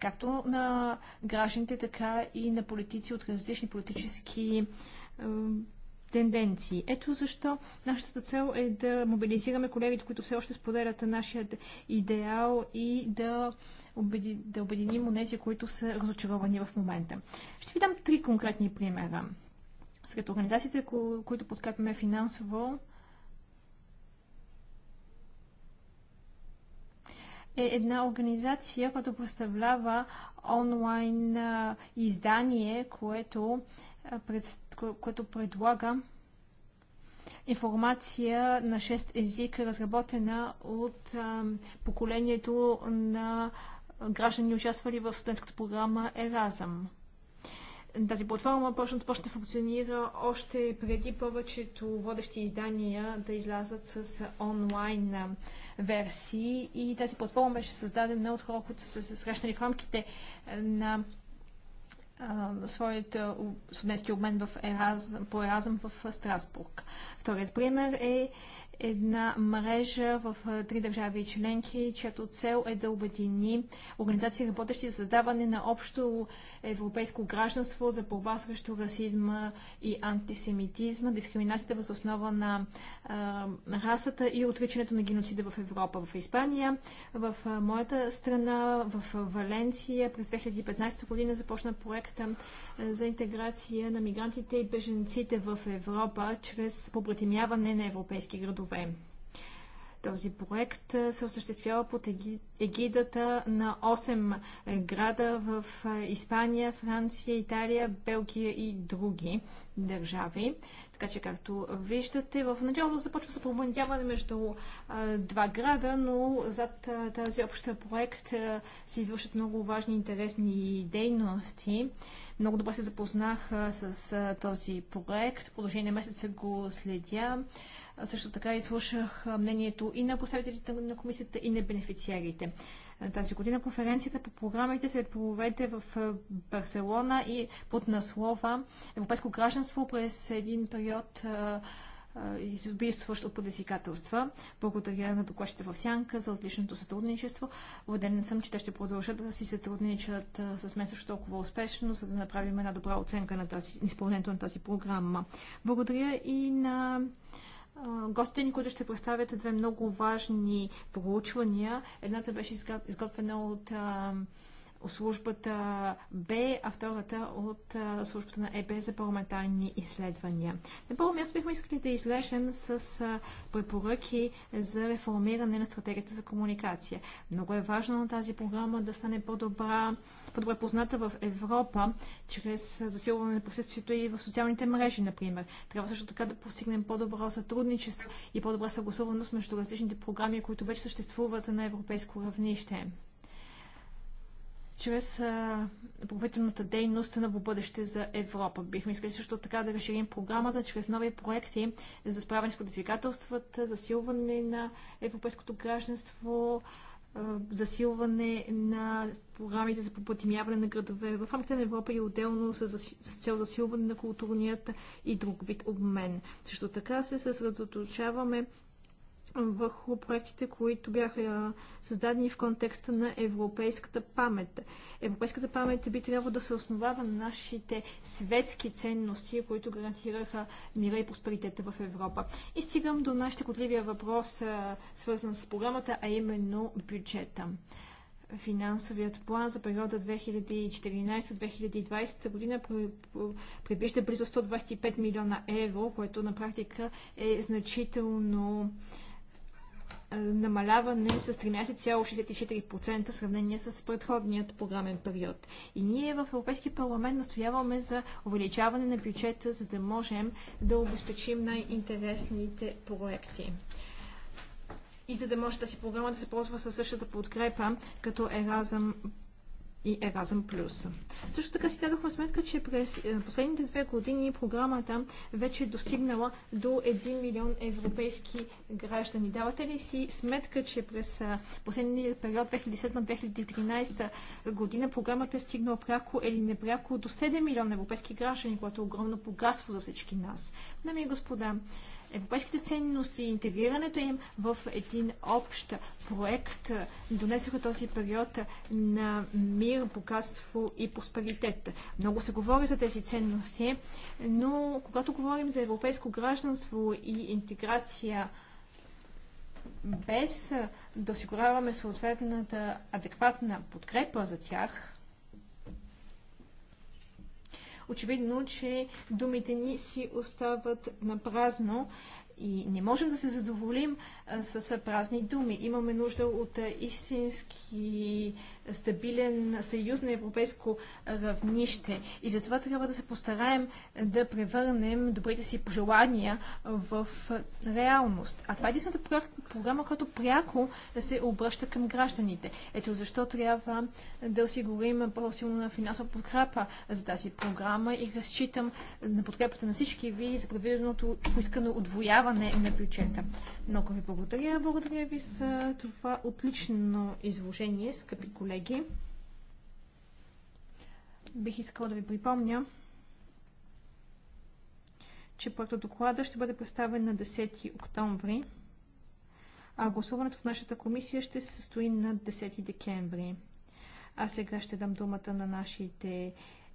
[SPEAKER 3] както на гражданите, така и на политици от различни политически тенденции. Ето защо нашата цел е да мобилизираме колегите, които все още споделят нашият идеал и да да обединим онези, които са разочаровани в момента. Ще ви дам три конкретни примера. Сред организациите, които подкрепяме финансово, е една организация, която представлява онлайн издание, което което предлага информация на 6 език, разработена от поколението на граждани, участвали в студентската програма Еразъм. Тази платформа почна да почне да функционира още преди повечето водещи издания да излязат с онлайн версии и тази платформа беше създадена от хора, които са се срещнали в рамките на своят студентски обмен в Еразъм, по Еразъм в Страсбург. Вторият пример е една мрежа в три държави и членки, чиято цел е да обедини организации, работещи за създаване на общо европейско гражданство за борба срещу расизма и антисемитизма, дискриминацията въз основа на а, расата и отричането на геноцида в Европа, в Испания. В а, моята страна, в Валенция, през 2015 година започна проекта за интеграция на мигрантите и беженците в Европа чрез побратимяване на европейски градове членове. Този проект се осъществява под егидата на 8 града в Испания, Франция, Италия, Белгия и други държави. Така че, както виждате, в началото започва с между два града, но зад тази обща проект се извършат много важни интересни дейности. Много добре се запознах с този проект. В продължение на месеца го следя. Също така изслушах мнението и на представителите на комисията и на бенефициарите. Тази година конференцията по програмите се проведе в Барселона и под наслова Европейско гражданство през един период избивстващ от предизвикателства. Благодаря на докладчите в Сянка за отличното сътрудничество. Убеден съм, че те ще продължат да си сътрудничат с мен също толкова успешно, за да направим една добра оценка на тази, изпълнението на тази програма. Благодаря и на гостите ни, които ще представят две много важни проучвания. Едната беше изготвена от службата Б, а втората от службата на ЕБ за парламентарни изследвания. На първо място бихме искали да излежем с препоръки за реформиране на стратегията за комуникация. Много е важно на тази програма да стане по-добра, по-добре позната в Европа, чрез засилване на присъствието и в социалните мрежи, например. Трябва също така да постигнем по-добро сътрудничество и по-добра съгласуваност между различните програми, които вече съществуват на европейско равнище чрез правителната дейност на бъдеще за Европа. Бихме искали също така да разширим програмата чрез нови проекти за справяне с предизвикателствата, засилване на европейското гражданство, засилване на програмите за попътимяване на градове в рамките на Европа и отделно с, с цел засилване на културният и друг вид обмен. Също така се съсредоточаваме върху проектите, които бяха създадени в контекста на европейската памет. Европейската памет би трябвало да се основава на нашите светски ценности, които гарантираха мира и просперитета в Европа. И стигам до нашите котливия въпрос, свързан с програмата, а именно бюджета финансовият план за периода 2014-2020 година предвижда близо 125 милиона евро, което на практика е значително е, намаляване с 13,64% в сравнение с предходният програмен период. И ние в Европейския парламент настояваме за увеличаване на бюджета, за да можем да обезпечим най-интересните проекти. И за да може тази програма да се ползва със същата подкрепа като Еразъм и Еразъм Плюс. Също така си дадохме сметка, че през е, последните две години програмата вече е достигнала до 1 милион европейски граждани. Давате ли си сметка, че през е, последния период 2007-2013 година програмата е стигнала пряко или непряко до 7 милиона европейски граждани, което е огромно богатство за всички нас? Дами и господа, европейските ценности и интегрирането им в един общ проект донесоха този период на мир, богатство и просперитет. Много се говори за тези ценности, но когато говорим за европейско гражданство и интеграция, без да осигуряваме съответната адекватна подкрепа за тях, очевидно, че думите ни си остават на празно и не можем да се задоволим с празни думи. Имаме нужда от истински стабилен съюз на европейско равнище. И затова трябва да се постараем да превърнем добрите си пожелания в реалност. А това е единствената програма, която пряко се обръща към гражданите. Ето защо трябва да осигурим по-силна финансова подкрепа за тази програма и разчитам на подкрепата на всички ви за предвиденото поискано отвояване на бюджета. Много ви благодаря. Благодаря ви за това отлично изложение, скъпи колеги колеги. Бих искала да ви припомня, че доклада ще бъде представен на 10 октомври, а гласуването в нашата комисия ще се състои на 10 декември. А сега ще дам думата на нашите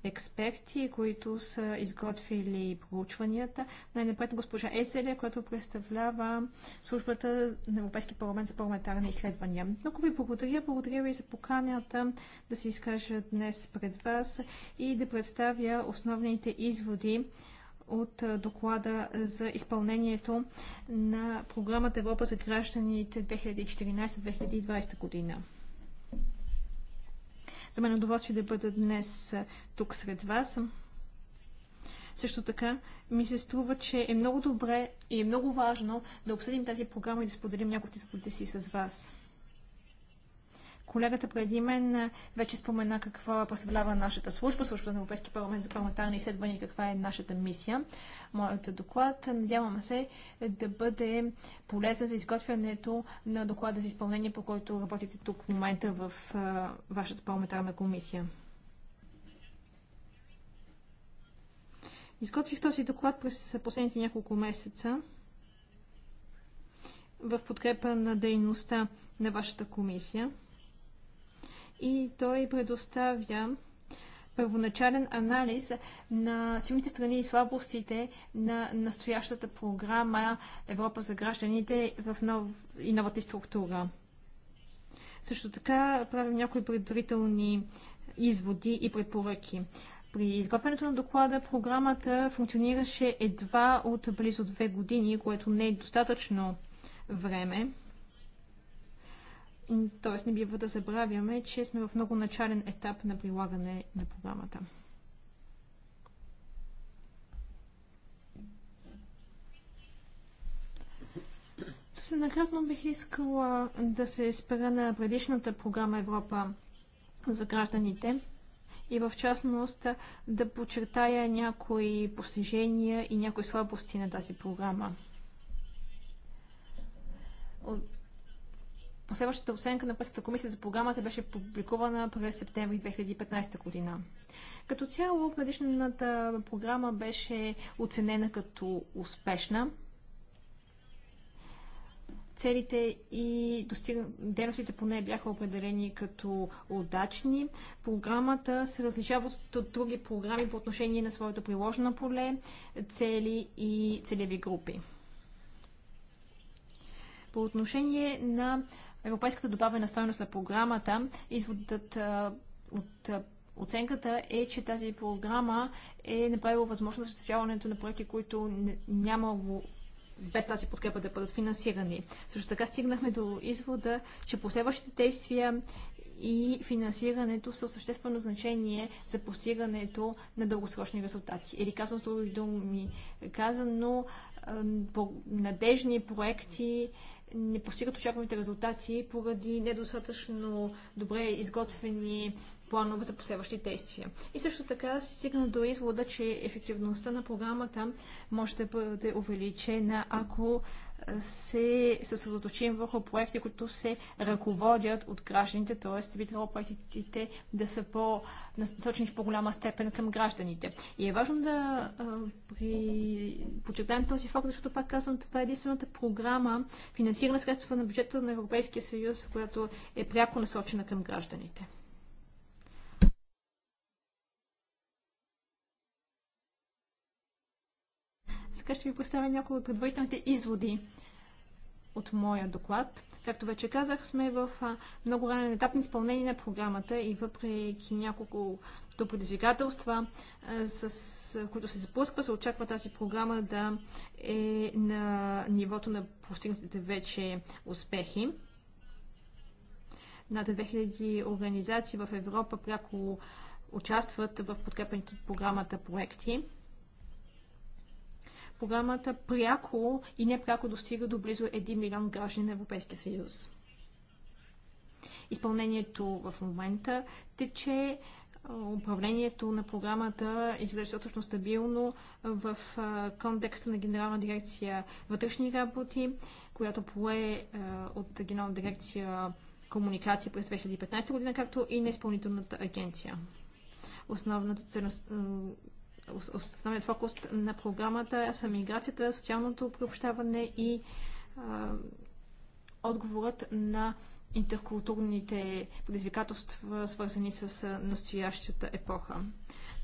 [SPEAKER 3] експерти, които са изготвили проучванията. Най-напред госпожа Еселя, която представлява службата на Европейски парламент за парламентарни изследвания. Много ви благодаря. Благодаря ви за поканята да се изкажа днес пред вас и да представя основните изводи от доклада за изпълнението на програмата Европа за гражданите 2014-2020 година. За мен е удоволствие да бъда днес тук сред вас. Също така ми се струва, че е много добре и е много важно да обсъдим тази програма и да споделим някои от изводите си с вас. Колегата преди мен вече спомена какво представлява нашата служба, службата на Европейски парламент за парламентарни изследвания, каква е нашата мисия. Моят доклад, надявам се, е да бъде полезен за изготвянето на доклада за изпълнение, по който работите тук в момента в вашата парламентарна комисия. Изготвих този доклад през последните няколко месеца в подкрепа на дейността на вашата комисия и той предоставя първоначален анализ на силните страни и слабостите на настоящата програма Европа за гражданите в нов... и новата структура. Също така правим някои предварителни изводи и препоръки. При изготвянето на доклада програмата функционираше едва от близо две години, което не е достатъчно време. Т.е. не бива да забравяме, че сме в много начален етап на прилагане на програмата. Съвсем накратно бих искала да се спра на предишната програма Европа за гражданите и в частност да подчертая някои постижения и някои слабости на тази програма. От Последващата оценка на Пътната комисия за програмата беше публикувана през септември 2015 година. Като цяло, предишната програма беше оценена като успешна. Целите и достиг... дейностите по нея бяха определени като удачни. Програмата се различава от други програми по отношение на своето приложено поле, цели и целеви групи. По отношение на европейската добавена стойност на програмата. Изводът от оценката е, че тази програма е направила възможно осъществяването на проекти, които няма без тази подкрепа да бъдат финансирани. Също така стигнахме до извода, че последващите действия и финансирането са от съществено значение за постигането на дългосрочни резултати. Или казвам с други думи, казано, надежни проекти не постигат очакваните резултати поради недостатъчно добре изготвени планове за последващи действия. И също така се стигна до извода, че ефективността на програмата може да бъде увеличена, ако се съсредоточим върху проекти, които се ръководят от гражданите, т.е. би трябвало проектите да са по насочени в по-голяма степен към гражданите. И е важно да при... подчертаем този факт, защото пак казвам, това е единствената програма, финансирана средства на бюджета на Европейския съюз, която е пряко насочена към гражданите. Сега ще ви представя някои от предварителните изводи от моя доклад. Както вече казах, сме в много ранен етап на изпълнение на програмата и въпреки няколко до предизвикателства, с които се запусква, се очаква тази програма да е на нивото на постигнатите вече успехи. Над 2000 организации в Европа пряко участват в подкрепените от програмата проекти програмата пряко и непряко достига до близо 1 милион граждани на Европейския съюз. Изпълнението в момента тече управлението на програмата изглежда достатъчно стабилно в контекста на Генерална дирекция вътрешни работи, която пое от Генерална дирекция комуникации през 2015 година, както и на изпълнителната агенция. Основната основният фокус на програмата са миграцията, социалното приобщаване и а, отговорът на интеркултурните предизвикателства, свързани с настоящата епоха.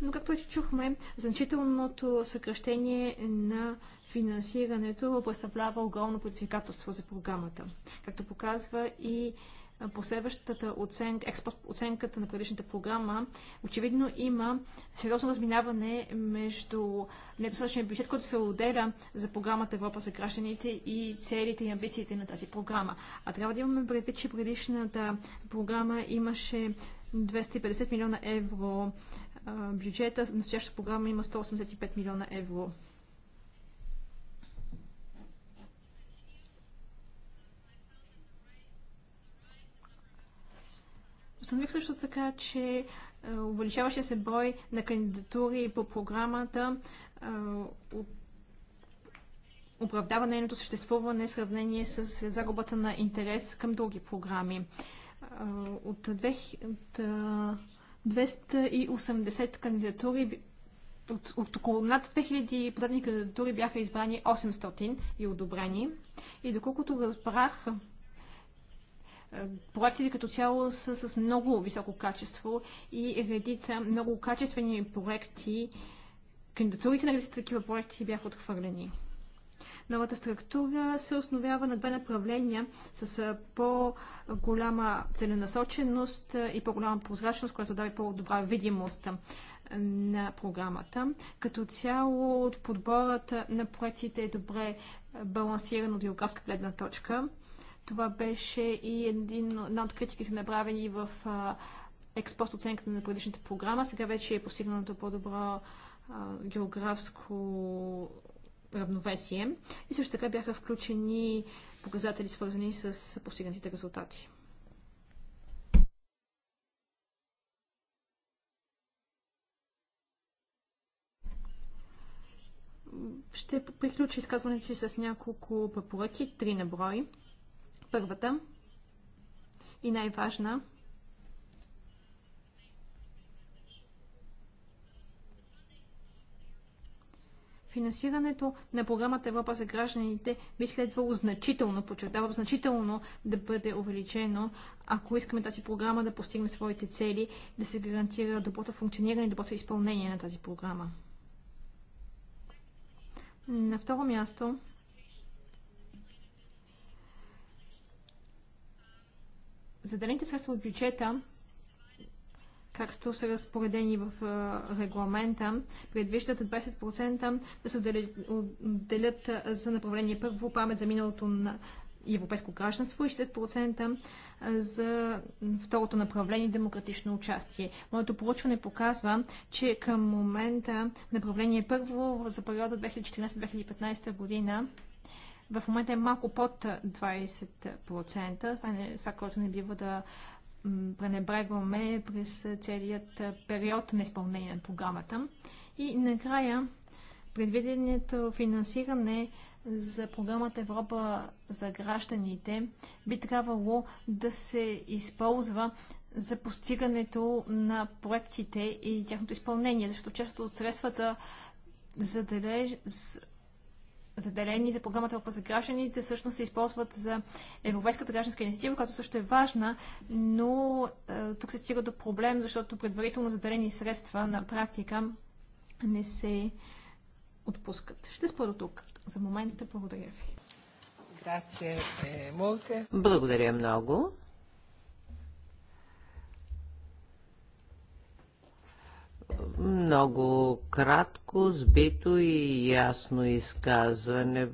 [SPEAKER 3] Но както вече чухме, значителното съкръщение на финансирането представлява огромно предизвикателство за програмата. Както показва и последващата оценка, експорт, оценката на предишната програма, очевидно има сериозно разминаване между недостатъчния бюджет, който се отделя за програмата Европа за гражданите и целите и амбициите на тази програма. А трябва да имаме предвид, че предишната програма имаше 250 милиона евро бюджета, настоящата програма има 185 милиона евро Установих също така, че е, увеличаваше се брой на кандидатури по програмата е, оправдава нейното съществуване в сравнение с загубата на интерес към други програми. Е, от 280 кандидатури от, от около над 2000 подадени кандидатури бяха избрани 800 и одобрени. И доколкото разбрах, проектите като цяло са с много високо качество и редица много качествени проекти. Кандидатурите на редица такива проекти бяха отхвърлени. Новата структура се основява на две направления с по-голяма целенасоченост и по-голяма прозрачност, която дава по-добра видимост на програмата. Като цяло подборът на проектите е добре балансиран от географска гледна точка. Това беше и един, една от критиките направени в експост оценката на предишната програма. Сега вече е постигнато по-добро географско равновесие. И също така бяха включени показатели, свързани с постигнатите резултати. Ще приключи изказването си с няколко препоръки, три на брой. Първата и най-важна финансирането на програмата Европа за гражданите би следвало значително, подчертавам значително, да бъде увеличено, ако искаме тази програма да постигне своите цели, да се гарантира доброто функциониране и доброто изпълнение на тази програма. На второ място, заделените средства от бюджета, както са разпоредени в регламента, предвиждат 20% да се отделят за направление първо памет за миналото на европейско гражданство и 60% за второто направление демократично участие. Моето проучване показва, че към момента направление първо за периода 2014-2015 година в момента е малко под 20%. Това е факт, който не бива да пренебрегваме през целият период на изпълнение на програмата. И накрая, предвиденето финансиране за програмата Европа за гражданите би трябвало да се използва за постигането на проектите и тяхното изпълнение, защото част от средствата заделени за програмата Европа за гражданите, всъщност се използват за Европейската гражданска инициатива, която също е важна, но е, тук се стига до проблем, защото предварително заделени средства на практика не се отпускат. Ще спра до тук. За момента благодаря ви. Е,
[SPEAKER 1] благодаря много. Много кратко, сбито и ясно изказване.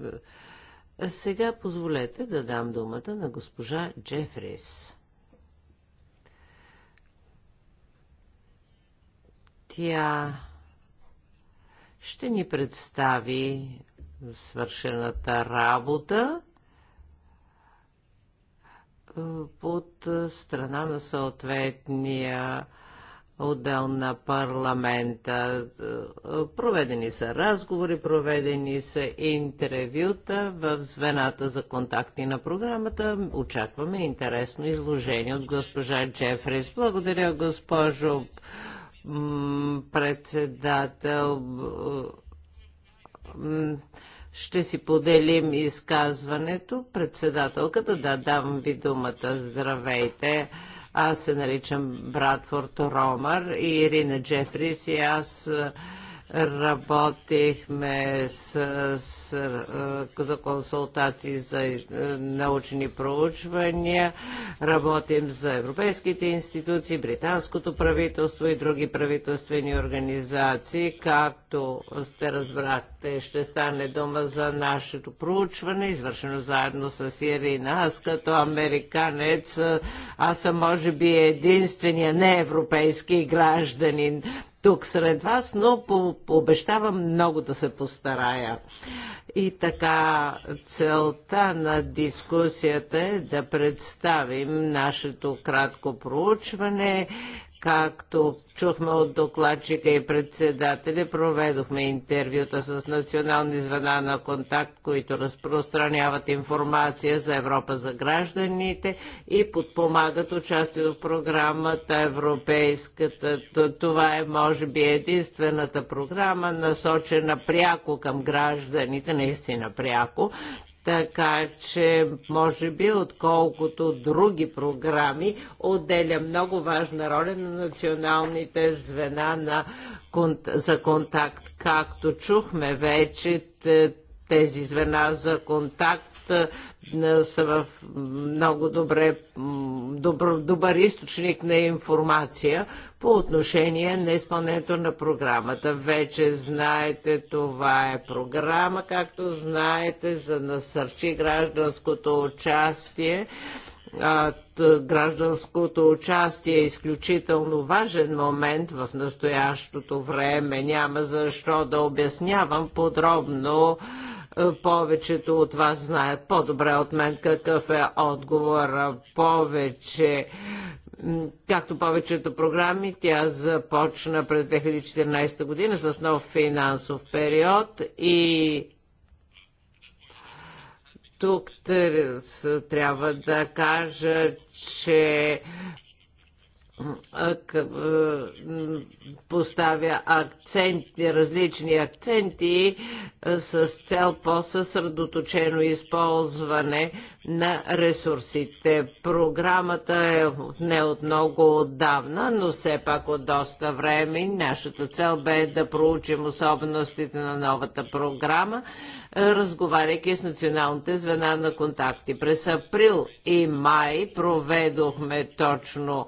[SPEAKER 1] Сега позволете да дам думата на госпожа Джефрис. Тя ще ни представи свършената работа под страна на съответния отдел на парламента. Проведени са разговори, проведени са интервюта в звената за контакти на програмата. Очакваме интересно изложение от госпожа Джефрис. Благодаря, госпожо председател. Ще си поделим изказването. Председателката, да, давам ви думата. Здравейте. Аз се наричам Братфорд Ромар и Ирина Джефрис и аз Работихме с, с, за консултации за научни проучвания, работим за европейските институции, британското правителство и други правителствени организации. Както сте разбрахте, ще стане дума за нашето проучване, извършено заедно с Ирина. Аз като американец, аз съм може би единствения неевропейски гражданин тук сред вас, но по обещавам много да се постарая. И така, целта на дискусията е да представим нашето кратко проучване, Както чухме от докладчика и председателя, проведохме интервюта с национални звена на контакт, които разпространяват информация за Европа за гражданите и подпомагат участието в програмата Европейската. Това е, може би, единствената програма, насочена пряко към гражданите, наистина пряко, така че може би отколкото други програми отделя много важна роля на националните звена на, за контакт. Както чухме вече, тези звена за контакт са в много добре, добър, добър източник на информация по отношение на изпълнението на програмата. Вече знаете, това е програма, както знаете, за насърчи гражданското участие гражданското участие е изключително важен момент в настоящото време. Няма защо да обяснявам подробно. Е, повечето от вас знаят по-добре от мен какъв е отговор. Повече Както повечето програми, тя започна през 2014 година с нов финансов период и тук трябва да кажа, че поставя акценти, различни акценти с цел по-съсредоточено използване на ресурсите. Програмата е не от много отдавна, но все пак от доста време. Нашата цел бе да проучим особеностите на новата програма, е, разговаряйки с националните звена на контакти. През април и май проведохме точно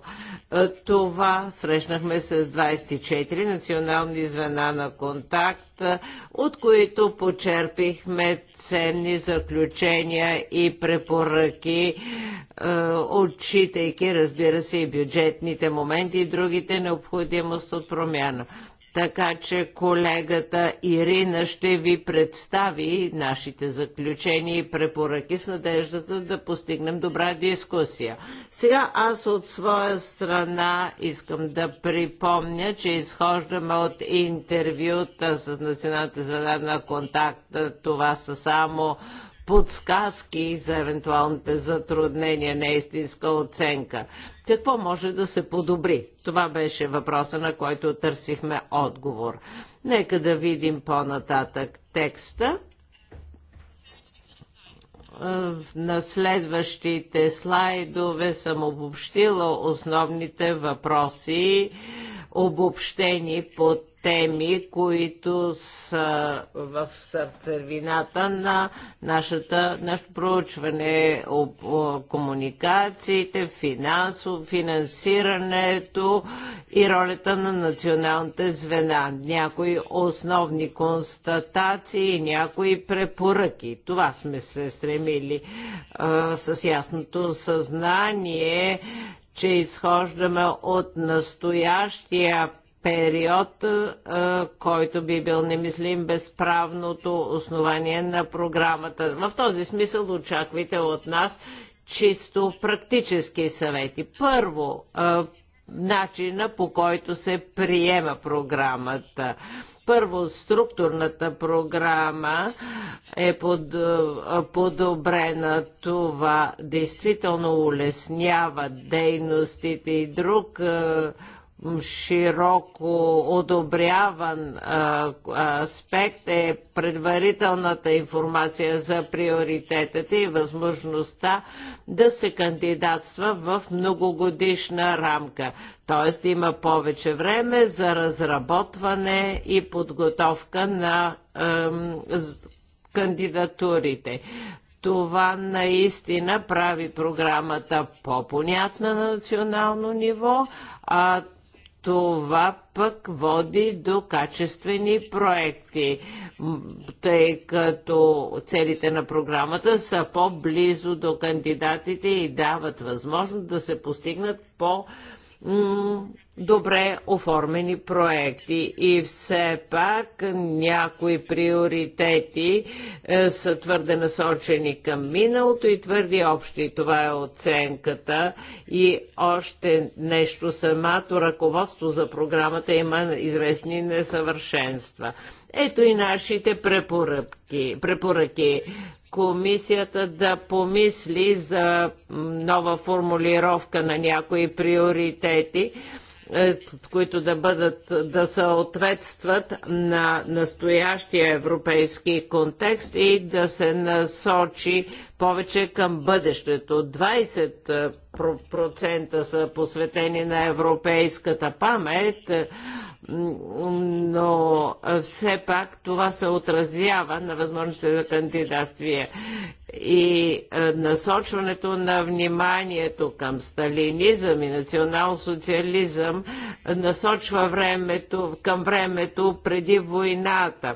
[SPEAKER 1] е, това. Срещнахме с 24 национални звена на контакт от които почерпихме ценни заключения и препоръки, е, отчитайки, разбира се, и бюджетните моменти и другите необходимост от промяна. Така че колегата Ирина ще ви представи нашите заключения и препоръки с надеждата да постигнем добра дискусия. Сега аз от своя страна искам да припомня, че изхождаме от интервюта с Националната звена на контакта. Това са само подсказки за евентуалните затруднения, на е истинска оценка. Какво може да се подобри? Това беше въпроса, на който търсихме отговор. Нека да видим по-нататък текста е, на следващите слайдове съм обобщила основните въпроси, обобщени под теми, които са в сърцевината на нашата, нашето проучване комуникациите, финансово, финансирането и ролята на националните звена. Някои основни констатации и някои препоръки. Това сме се стремили а, с ясното съзнание, че изхождаме от настоящия период, който би бил немислим безправното основание на програмата. В този смисъл очаквайте от нас чисто практически съвети. Първо, начина по който се приема програмата. Първо, структурната програма е под, подобрена. Това действително улеснява дейностите и друг широко одобряван аспект е предварителната информация за приоритетите и възможността да се кандидатства в многогодишна рамка. Тоест има повече време за разработване и подготовка на кандидатурите. Това наистина прави програмата по-понятна на национално ниво, а това пък води до качествени проекти, тъй като целите на програмата са по-близо до кандидатите и дават възможност да се постигнат по- добре оформени проекти и все пак някои приоритети е, са твърде насочени към миналото и твърди общи. Това е оценката и още нещо самото ръководство за програмата има известни несъвършенства. Ето и нашите препоръки. препоръки комисията да помисли за нова формулировка на някои приоритети, е, които да бъдат, да съответстват на настоящия европейски контекст и да се насочи повече към бъдещето. 20% е, са посветени на европейската памет, е, но все пак това се отразява на възможността за кандидатствие и насочването на вниманието към сталинизъм и национал-социализъм насочва времето към времето преди войната.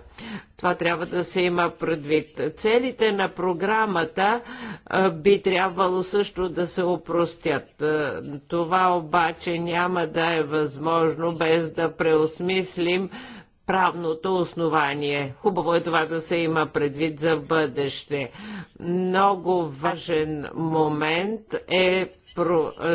[SPEAKER 1] Това трябва да се има предвид. Целите на програмата би трябвало също да се опростят. Това обаче няма да е възможно без да преосмислим правното основание. Хубаво е това да се има предвид за бъдеще. Много важен момент е про, е,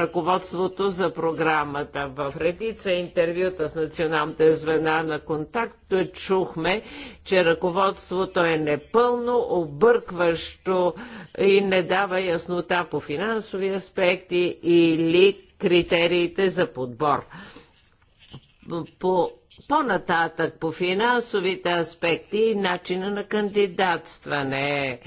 [SPEAKER 1] ръководството за програмата. В редица интервюта с националните звена на контакт чухме, че ръководството е непълно, объркващо и не дава яснота по финансови аспекти или критериите за подбор. По по-нататък по финансовите аспекти и начина на кандидатстване.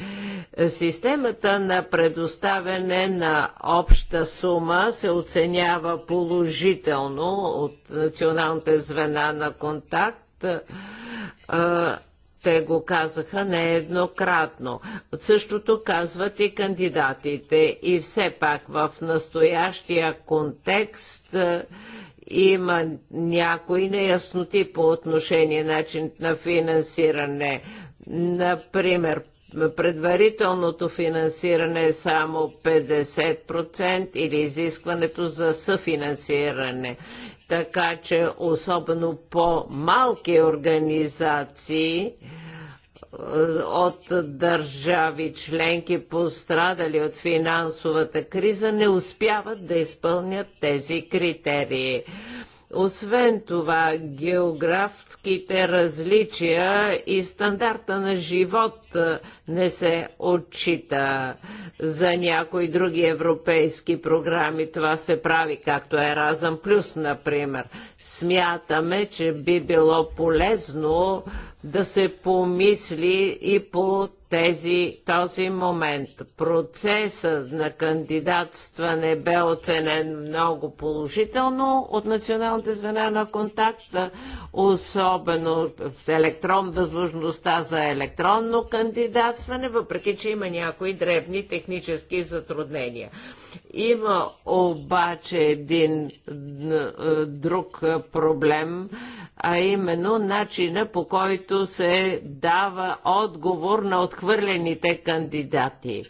[SPEAKER 1] Системата на предоставяне на обща сума се оценява положително от националните звена на контакт те го казаха нееднократно. Същото казват и кандидатите. И все пак в настоящия контекст има някои неясноти по отношение начин на финансиране. Например, предварителното финансиране е само 50% или изискването за съфинансиране. Така че особено по-малки организации от държави членки, пострадали от финансовата криза, не успяват да изпълнят тези критерии. Освен това, географските различия и стандарта на живот не се отчита. За някои други европейски програми това се прави, както Разъм Плюс, например. Смятаме, че би било полезно да се помисли и по тези, този момент. Процесът на кандидатстване бе оценен много положително от националните звена на контакта, особено с електрон, възможността за електронно кандидатстване кандидатстване, въпреки че има някои дребни технически затруднения. Има обаче един друг проблем, а именно начина по който се дава отговор на отхвърлените кандидати.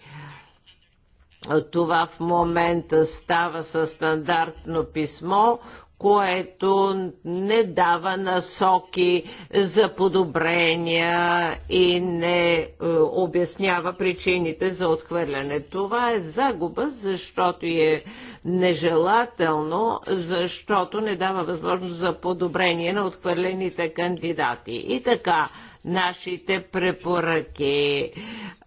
[SPEAKER 1] Това в момента става със стандартно писмо, което не дава насоки за подобрения и не е, обяснява причините за отхвърляне. Това е загуба, защото е нежелателно, защото не дава възможност за подобрение на отхвърлените кандидати. И така, нашите препоръки.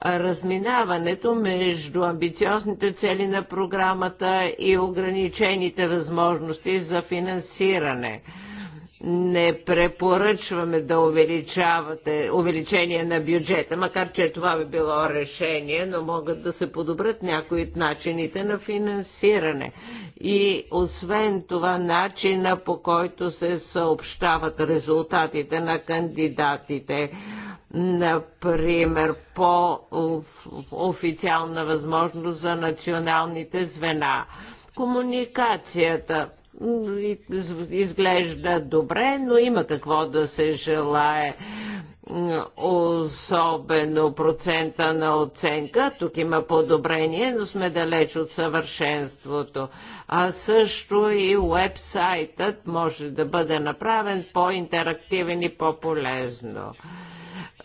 [SPEAKER 1] Разминаването между амбициозните цели на програмата и ограничените възможности за финансиране – не препоръчваме да увеличавате увеличение на бюджета, макар че това би било решение, но могат да се подобрят някои от начините на финансиране. И освен това, начина по който се съобщават резултатите на кандидатите например, по официална възможност за националните звена. Комуникацията изглежда добре, но има какво да се желае. Особено процента на оценка. Тук има подобрение, но сме далеч от съвършенството. А също и уебсайтът може да бъде направен по-интерактивен и по-полезно.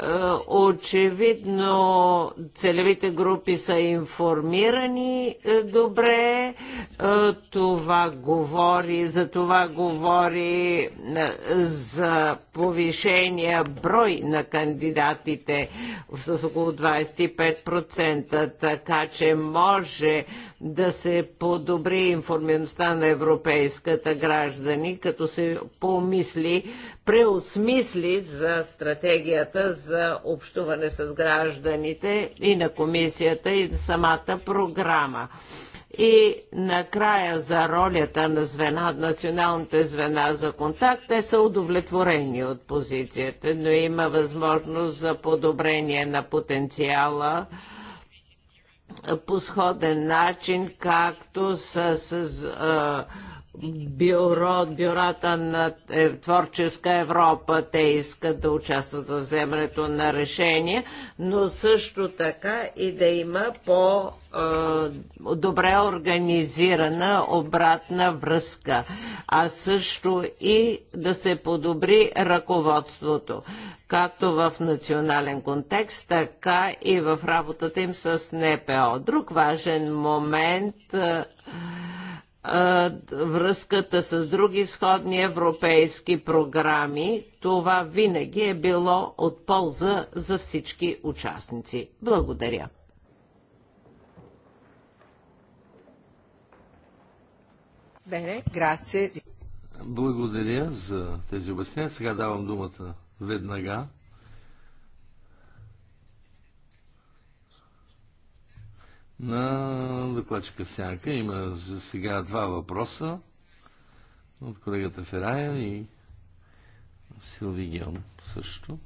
[SPEAKER 1] Е, очевидно целевите групи са информирани е, добре. Е, това говори, за това говори за повишения брой на кандидатите с около 25%, така че може да се подобри информираността на европейската граждани, като се помисли, преосмисли за стратегията за за общуване с гражданите и на комисията и на самата програма. И накрая за ролята на звена, националните звена за контакт, те са удовлетворени от позицията, но има възможност за подобрение на потенциала по сходен начин, както с, с а, бюро, бюрата на е, Творческа Европа. Те искат да участват в вземането на решения, но също така и да има по-добре организирана обратна връзка, а също и да се подобри ръководството както в национален контекст, така и в работата им с НПО. Друг важен момент връзката с други сходни европейски програми. Това винаги е било от полза за всички участници. Благодаря.
[SPEAKER 2] Благодаря за тези обяснения. Сега давам думата веднага на докладчика Сянка. Има за сега два въпроса от колегата Ферая и Силви Геон също.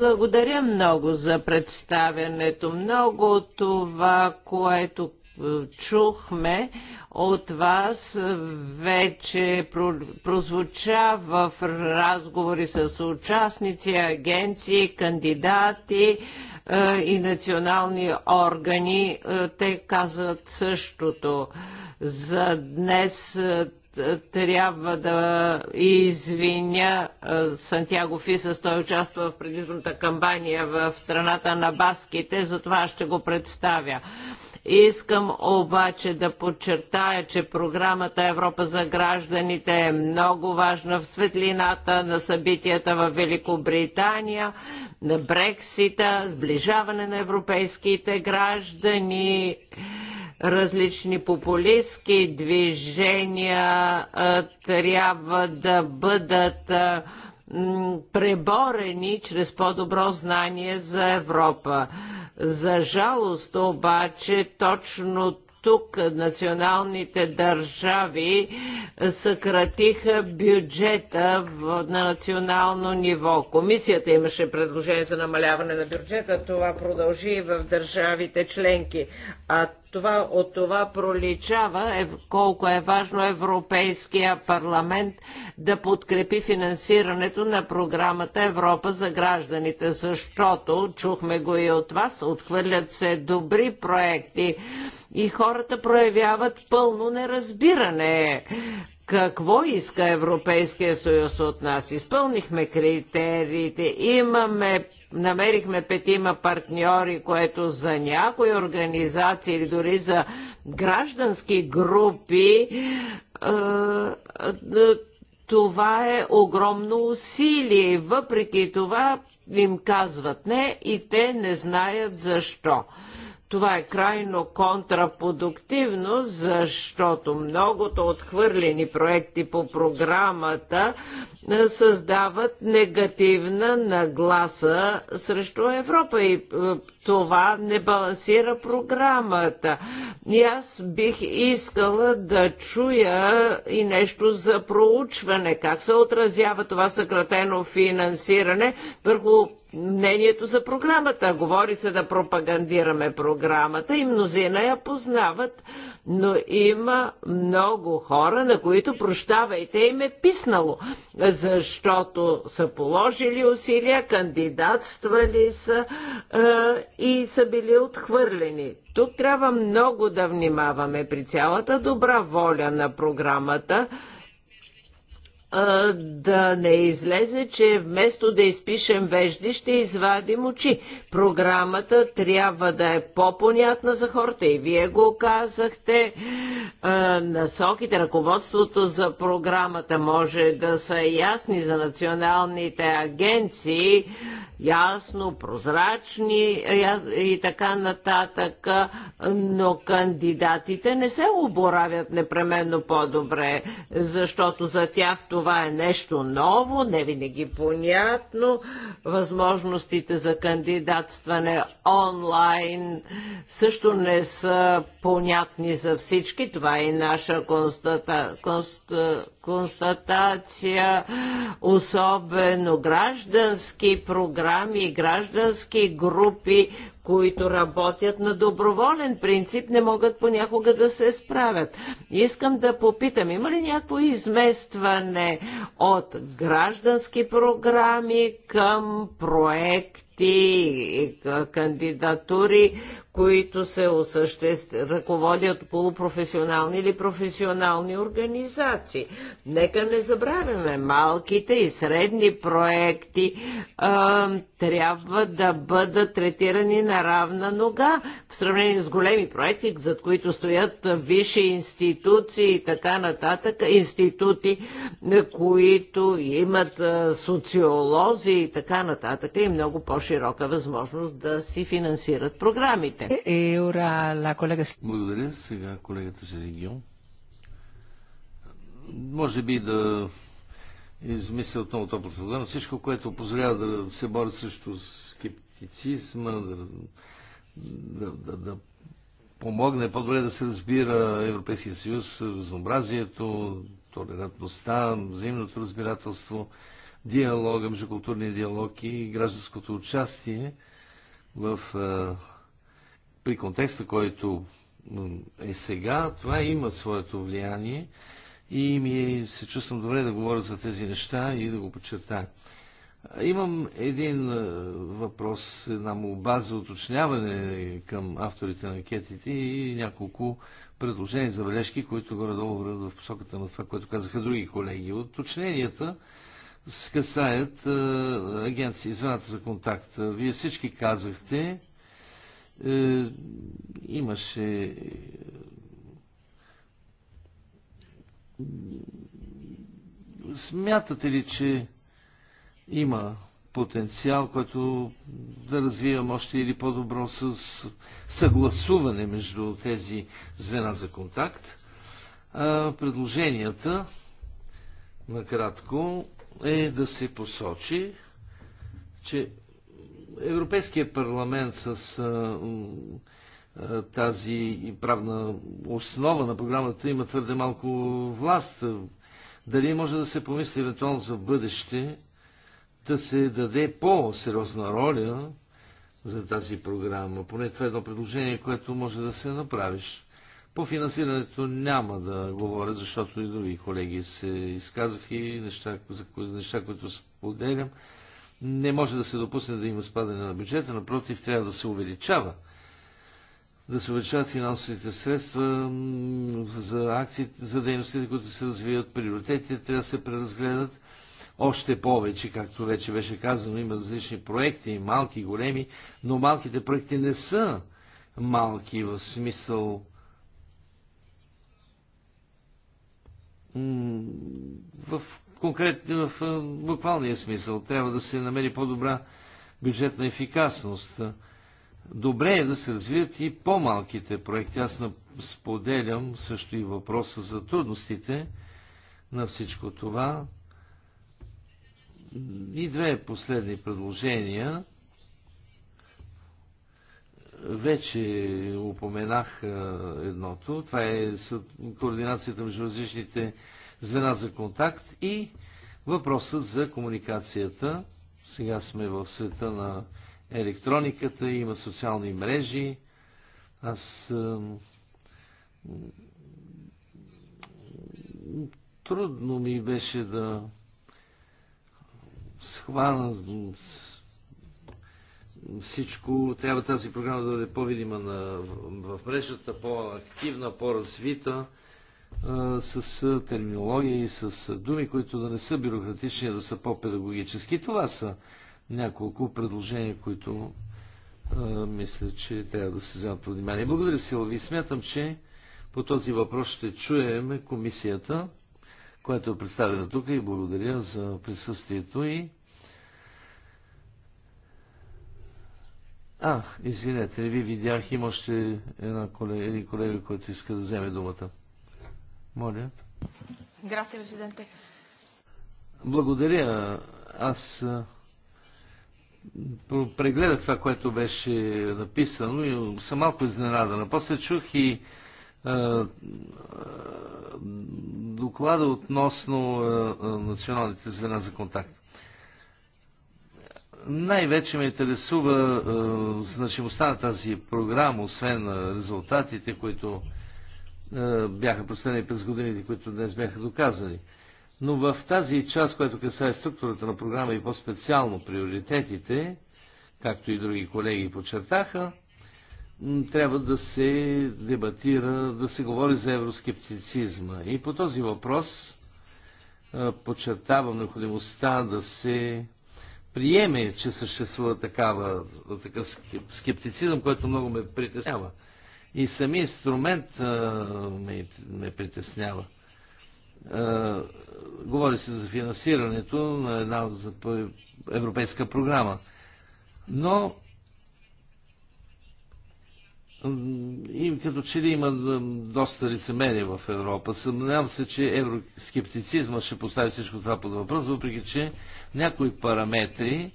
[SPEAKER 3] Благодаря
[SPEAKER 1] много за представянето. Много това, което е, чухме от вас вече прозвуча в разговори с участници, агенции, кандидати, и национални органи. Те казват същото. За днес трябва да извиня Сантьяго Фисас. Той участва в предизборната кампания в страната на баските, затова ще го представя. Искам обаче да подчертая, че програмата Европа за гражданите е много важна в светлината на събитията в Великобритания, на Брексита, сближаване на европейските граждани различни популистски движения трябва да бъдат преборени чрез по-добро знание за Европа. За жалост обаче точно тук националните държави съкратиха бюджета на национално ниво. Комисията имаше предложение за намаляване на бюджета, това продължи и в държавите членки. А това, от това проличава е, колко е важно Европейския парламент да подкрепи финансирането на програмата Европа за гражданите, защото, чухме го и от вас, отхвърлят се добри проекти и хората проявяват пълно неразбиране какво иска Европейския съюз от нас? Изпълнихме критериите, имаме, намерихме петима партньори, което за някои организации или дори за граждански групи е, е, това е огромно усилие. Въпреки това им казват не и те не знаят защо. Това е крайно контрапродуктивно, защото многото отхвърлени проекти по програмата е, създават негативна нагласа срещу Европа и е, това не балансира програмата. И аз бих искала да чуя и нещо за проучване, как се отразява това съкратено финансиране върху мнението за програмата. Говори се да пропагандираме програмата и мнозина я познават, но има много хора, на които, прощавайте, им е писнало, защото са положили усилия, кандидатствали са е, и са били отхвърлени. Тук трябва много да внимаваме при цялата добра воля на програмата – да не излезе, че вместо да изпишем вежди, ще извадим очи. Програмата трябва да е по-понятна за хората и вие го казахте. Насоките, ръководството за програмата може да са ясни за националните агенции, ясно, прозрачни и така нататък, но кандидатите не се оборавят непременно по-добре, защото за тях това това е нещо ново, не винаги понятно. Възможностите за кандидатстване онлайн също не са понятни за всички. Това е и наша констата, конст, констатация, особено граждански програми, граждански групи, които работят на доброволен принцип, не могат понякога да се справят. Искам да попитам, има ли някакво изместване от граждански програми към проекти, ти кандидатури, които се осъществ... ръководят полупрофесионални или професионални организации. Нека не забравяме, малките и средни проекти а, трябва да бъдат третирани на равна нога в сравнение с големи проекти, зад които стоят висши институции и така нататък, институти, които имат социолози и така нататък и много по по-широка възможност да си финансират програмите.
[SPEAKER 2] Е, е, Благодаря. Сега колегата регион. Може би да измисля отново това процедура, но всичко, което позволява да се бори също скептицизма, да, да, да, да помогне по-добре да се разбира Европейския съюз, разнообразието, толерантността, взаимното разбирателство – диалога, междукултурния диалог и гражданското участие в, при контекста, който е сега, това има своето влияние и ми е, се чувствам добре да говоря за тези неща и да го подчертая. Имам един въпрос, една молба за уточняване към авторите на анкетите и няколко предложения за бележки, които горе-долу върват в посоката на това, което казаха други колеги. Уточненията касаят агенции, извената за контакт. Вие всички казахте, е, имаше смятате ли, че има потенциал, който да развивам още или по-добро с съгласуване между тези звена за контакт. А, предложенията, накратко, е да се посочи, че Европейския парламент с а, а, тази правна основа на програмата има твърде малко власт. Дали може да се помисли евентуално за бъдеще да се даде по-сериозна роля за тази програма? Поне това е едно предложение, което може да се направиш. По финансирането няма да говоря, защото и други колеги се изказах и неща, за неща, които споделям. Не може да се допусне да има спадане на бюджета, напротив, трябва да се увеличава да се увеличават финансовите средства за акциите, за дейностите, които се развиват, приоритетите трябва да се преразгледат още повече, както вече беше казано, има различни проекти, малки, големи, но малките проекти не са малки в смисъл в конкретно, в буквалния смисъл. Трябва да се намери по-добра бюджетна ефикасност. Добре е да се развият и по-малките проекти. Аз споделям също и въпроса за трудностите на всичко това. И две последни предложения вече упоменах едното. Това е координацията между различните звена за контакт и въпросът за комуникацията. Сега сме в света на електрониката, има социални мрежи. Аз трудно ми беше да схвана всичко, трябва тази програма да бъде по-видима на, в мрежата, по-активна, по-развита, с терминология и с думи, които да не са бюрократични, а да са по-педагогически. Това са няколко предложения, които а, мисля, че трябва да се вземат под внимание. Благодаря, Лови. Смятам, че по този въпрос ще чуем комисията, която е представена тук и благодаря за присъствието и А, извинете, ви видях, има още една колега, един колега, който иска да вземе думата. Моля.
[SPEAKER 3] Грация, президенте.
[SPEAKER 2] Благодаря. Аз прегледах това, което беше написано и съм малко изненадана. После чух и а, доклада относно а, националните звена за контакт най-вече ме интересува е, значимостта на тази програма, освен на е, резултатите, които е, бяха последни през годините, които днес бяха доказани. Но в тази част, която касае структурата на програма и по-специално приоритетите, както и други колеги подчертаха, трябва да се дебатира, да се говори за евроскептицизма. И по този въпрос е, подчертавам необходимостта да се приеме, че съществува такава, такъв скептицизъм, който много ме притеснява. И самия инструмент а, ме, ме притеснява. А, говори се за финансирането на една за европейска програма. Но и като че ли има доста лицемерие в Европа. Съмнявам се, че евроскептицизма ще постави всичко това под въпрос, въпреки че някои параметри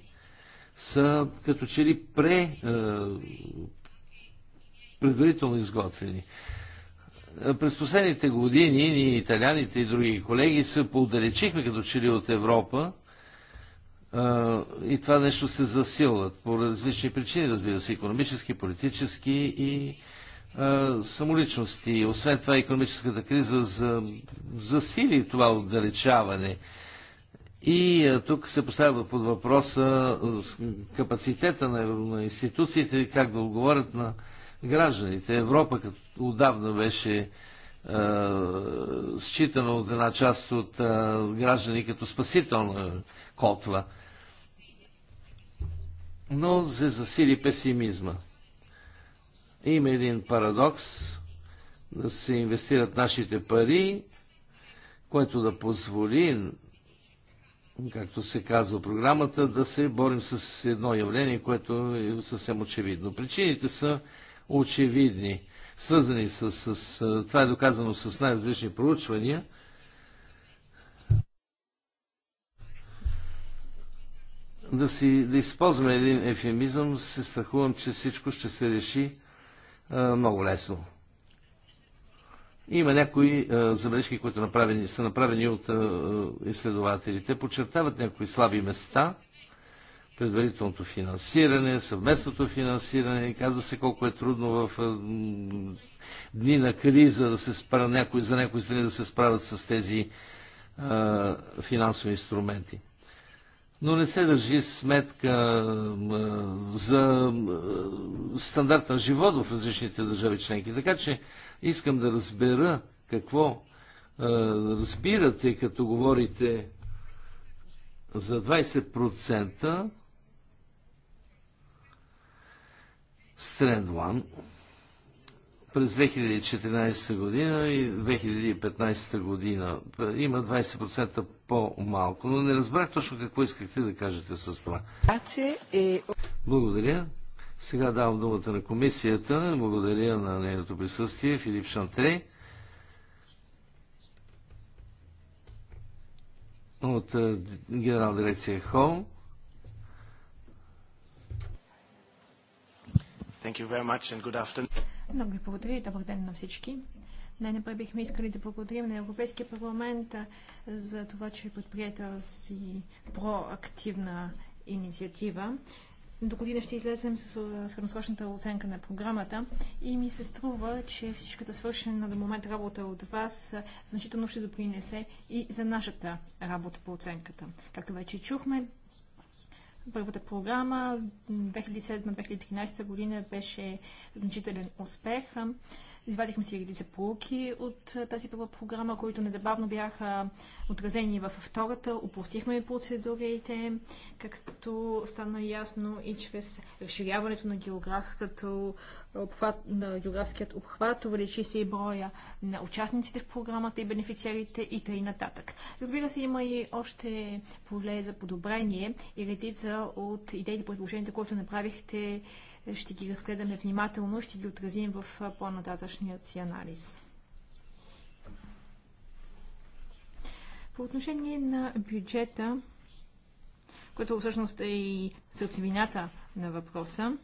[SPEAKER 2] са като че ли пре, е, предварително изготвени. През последните години ние, италяните и други колеги, се поудалечихме като че ли от Европа, и това нещо се засилват по различни причини, разбира се, економически, политически и самоличности. Освен това, економическата криза засили това отдалечаване. И тук се поставя под въпроса капацитета на, на институциите, как да отговорят на гражданите. Европа като отдавна беше считана от една част от граждани като спасителна котва но се засили песимизма. Има един парадокс да се инвестират нашите пари, което да позволи, както се казва програмата, да се борим с едно явление, което е съвсем очевидно. Причините са очевидни, свързани с, с това е доказано с най-различни проучвания – да, си, да използваме един ефемизъм, се страхувам, че всичко ще се реши а, много лесно. Има някои а, забележки, които направени, са направени от а, изследователите. Подчертават някои слаби места, предварителното финансиране, съвместното финансиране. Казва се колко е трудно в а, дни на криза да се спра някои, за някои страни да се справят с тези а, финансови инструменти но не се държи сметка за стандарт на живот в различните държави членки. Така че искам да разбера какво разбирате, като говорите за 20% Strand One през 2014 година и 2015 година. Има 20% по-малко, но не разбрах точно какво искахте да кажете с това. Благодаря. Сега давам думата на комисията. Благодаря на нейното присъствие, Филип Шантрей. от е, генерал дирекция Хол. Thank you very much and good afternoon.
[SPEAKER 3] Много ви благодаря и добър ден на всички. Най-напред бихме искали да благодарим на Европейския парламент за това, че е предприета си проактивна инициатива. До година ще излезем с средносрочната оценка на програмата и ми се струва, че всичката е свършена до момента работа от вас значително ще допринесе и за нашата работа по оценката. Както вече чухме, Първата програма 2007-2013 година беше значителен успех. Извадихме си редица полуки от тази първа програма, които незабавно бяха отразени във втората. Упростихме процедурите, както стана ясно и чрез разширяването на, географското, на географският обхват, увеличи се и броя на участниците в програмата и бенефициарите и т.н. нататък. Разбира се, има и още поле за подобрение и редица от идеите, предложенията, които направихте, ще ги разгледаме внимателно, ще ги отразим в по-нататъчният си анализ. По отношение на бюджета, което всъщност е и сърцевината на въпроса,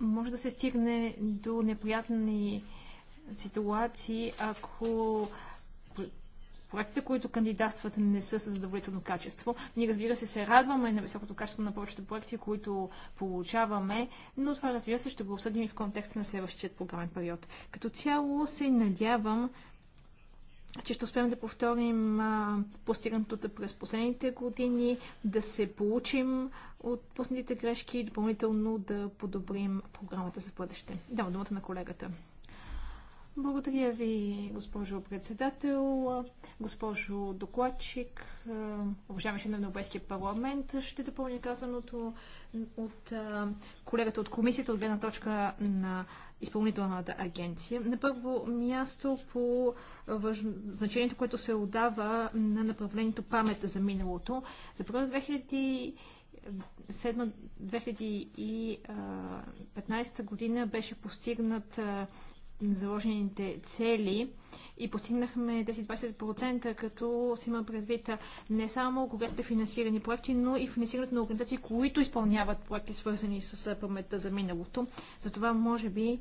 [SPEAKER 3] може да се стигне до неприятни ситуации, ако проектите, които кандидатстват, не са с задоволително качество. Ние, разбира се, се радваме на високото качество на повечето проекти, които получаваме, но това, разбира се, ще го обсъдим и в контекста на следващия програмен период. Като цяло се надявам, че ще успеем да повторим постигнатото през последните години, да се получим от пуснатите грешки и допълнително да подобрим програмата за бъдеще. Дам думата на колегата. Благодаря ви, госпожо председател, госпожо докладчик, е, уважаеми член на Европейския парламент. Ще допълня казаното от е, колегата от комисията от гледна точка на изпълнителната агенция. На първо място по значението, което се отдава на направлението памет за миналото. За първо 2000 2007-2015 година беше постигнат е, заложените цели и постигнахме тези 20%, като си има предвид не само кога сте финансирани проекти, но и финансирането на организации, които изпълняват проекти, свързани с паметта за миналото. Затова, може би,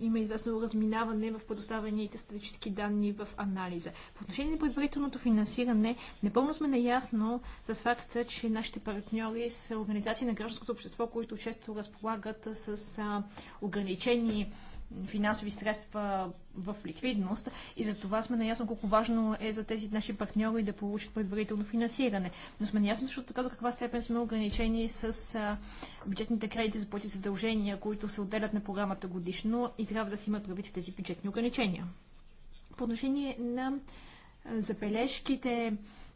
[SPEAKER 3] има известно разминаване в предоставените статически данни в анализа. По отношение на предварителното финансиране, непълно сме наясно с факта, че нашите партньори са организации на гражданското общество, които често разполагат с ограничени финансови средства в ликвидност и за това сме наясно колко важно е за тези наши партньори да получат предварително финансиране. Но сме наясно защото така до каква степен сме ограничени с а, бюджетните кредити за плати задължения, които се отделят на програмата годишно и трябва да си имат правите тези бюджетни ограничения. По отношение на забележките,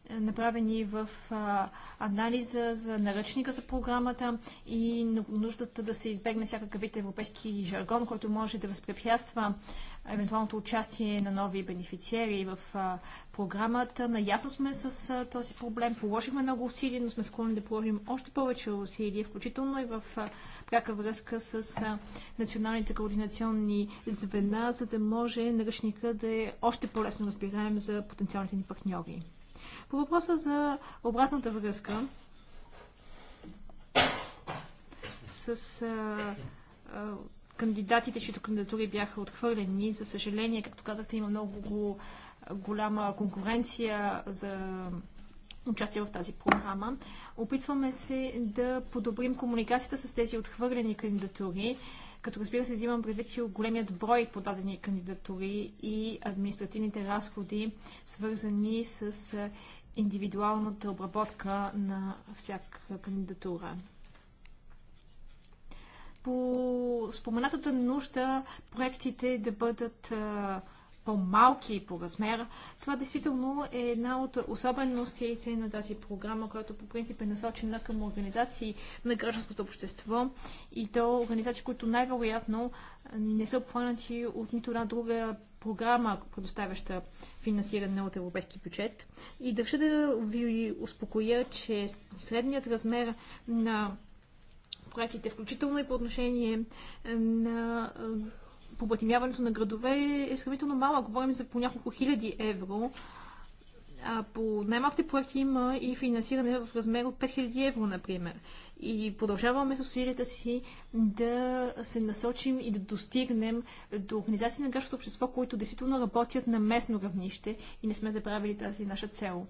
[SPEAKER 3] направени в а, анализа за наръчника за програмата и нуждата да се избегне всякакъв вид европейски жаргон, който може да възпрепятства евентуалното участие на нови бенефициери в а, програмата. Наясно сме с а, този проблем, положихме много усилия, но сме склонни да положим още повече усилия, включително и в а, пряка връзка с а, националните координационни звена, за да може наръчника да е още по-лесно разбираем за потенциалните ни партньори. По въпроса за обратната връзка с а, а, кандидатите, чието кандидатури бяха отхвърлени, за съжаление, както казахте, има много голяма конкуренция за участие в тази програма. Опитваме се да подобрим комуникацията с тези отхвърлени кандидатури, като разбира се взимам предвид и големият брой подадени кандидатури и административните разходи, свързани с индивидуалната обработка на всяка кандидатура. По споменатата нужда проектите да бъдат по-малки по размер. Това действително е една от особеностите на тази програма, която по принцип е насочена към организации на гражданското общество и то организации, които най-вероятно не са обхванати от нито една друга програма, предоставяща финансиране от европейски бюджет. И държа да ви успокоя, че средният размер на проектите, включително и по отношение е, на е, поплатимяването на градове е сравнително малък. Говорим за по няколко хиляди евро, а по най-малките проекти има и финансиране в размер от 5000 евро, например. И продължаваме с усилията си да се насочим и да достигнем до организации на гражданското общество, които действително работят на местно равнище и не сме забравили тази наша цел.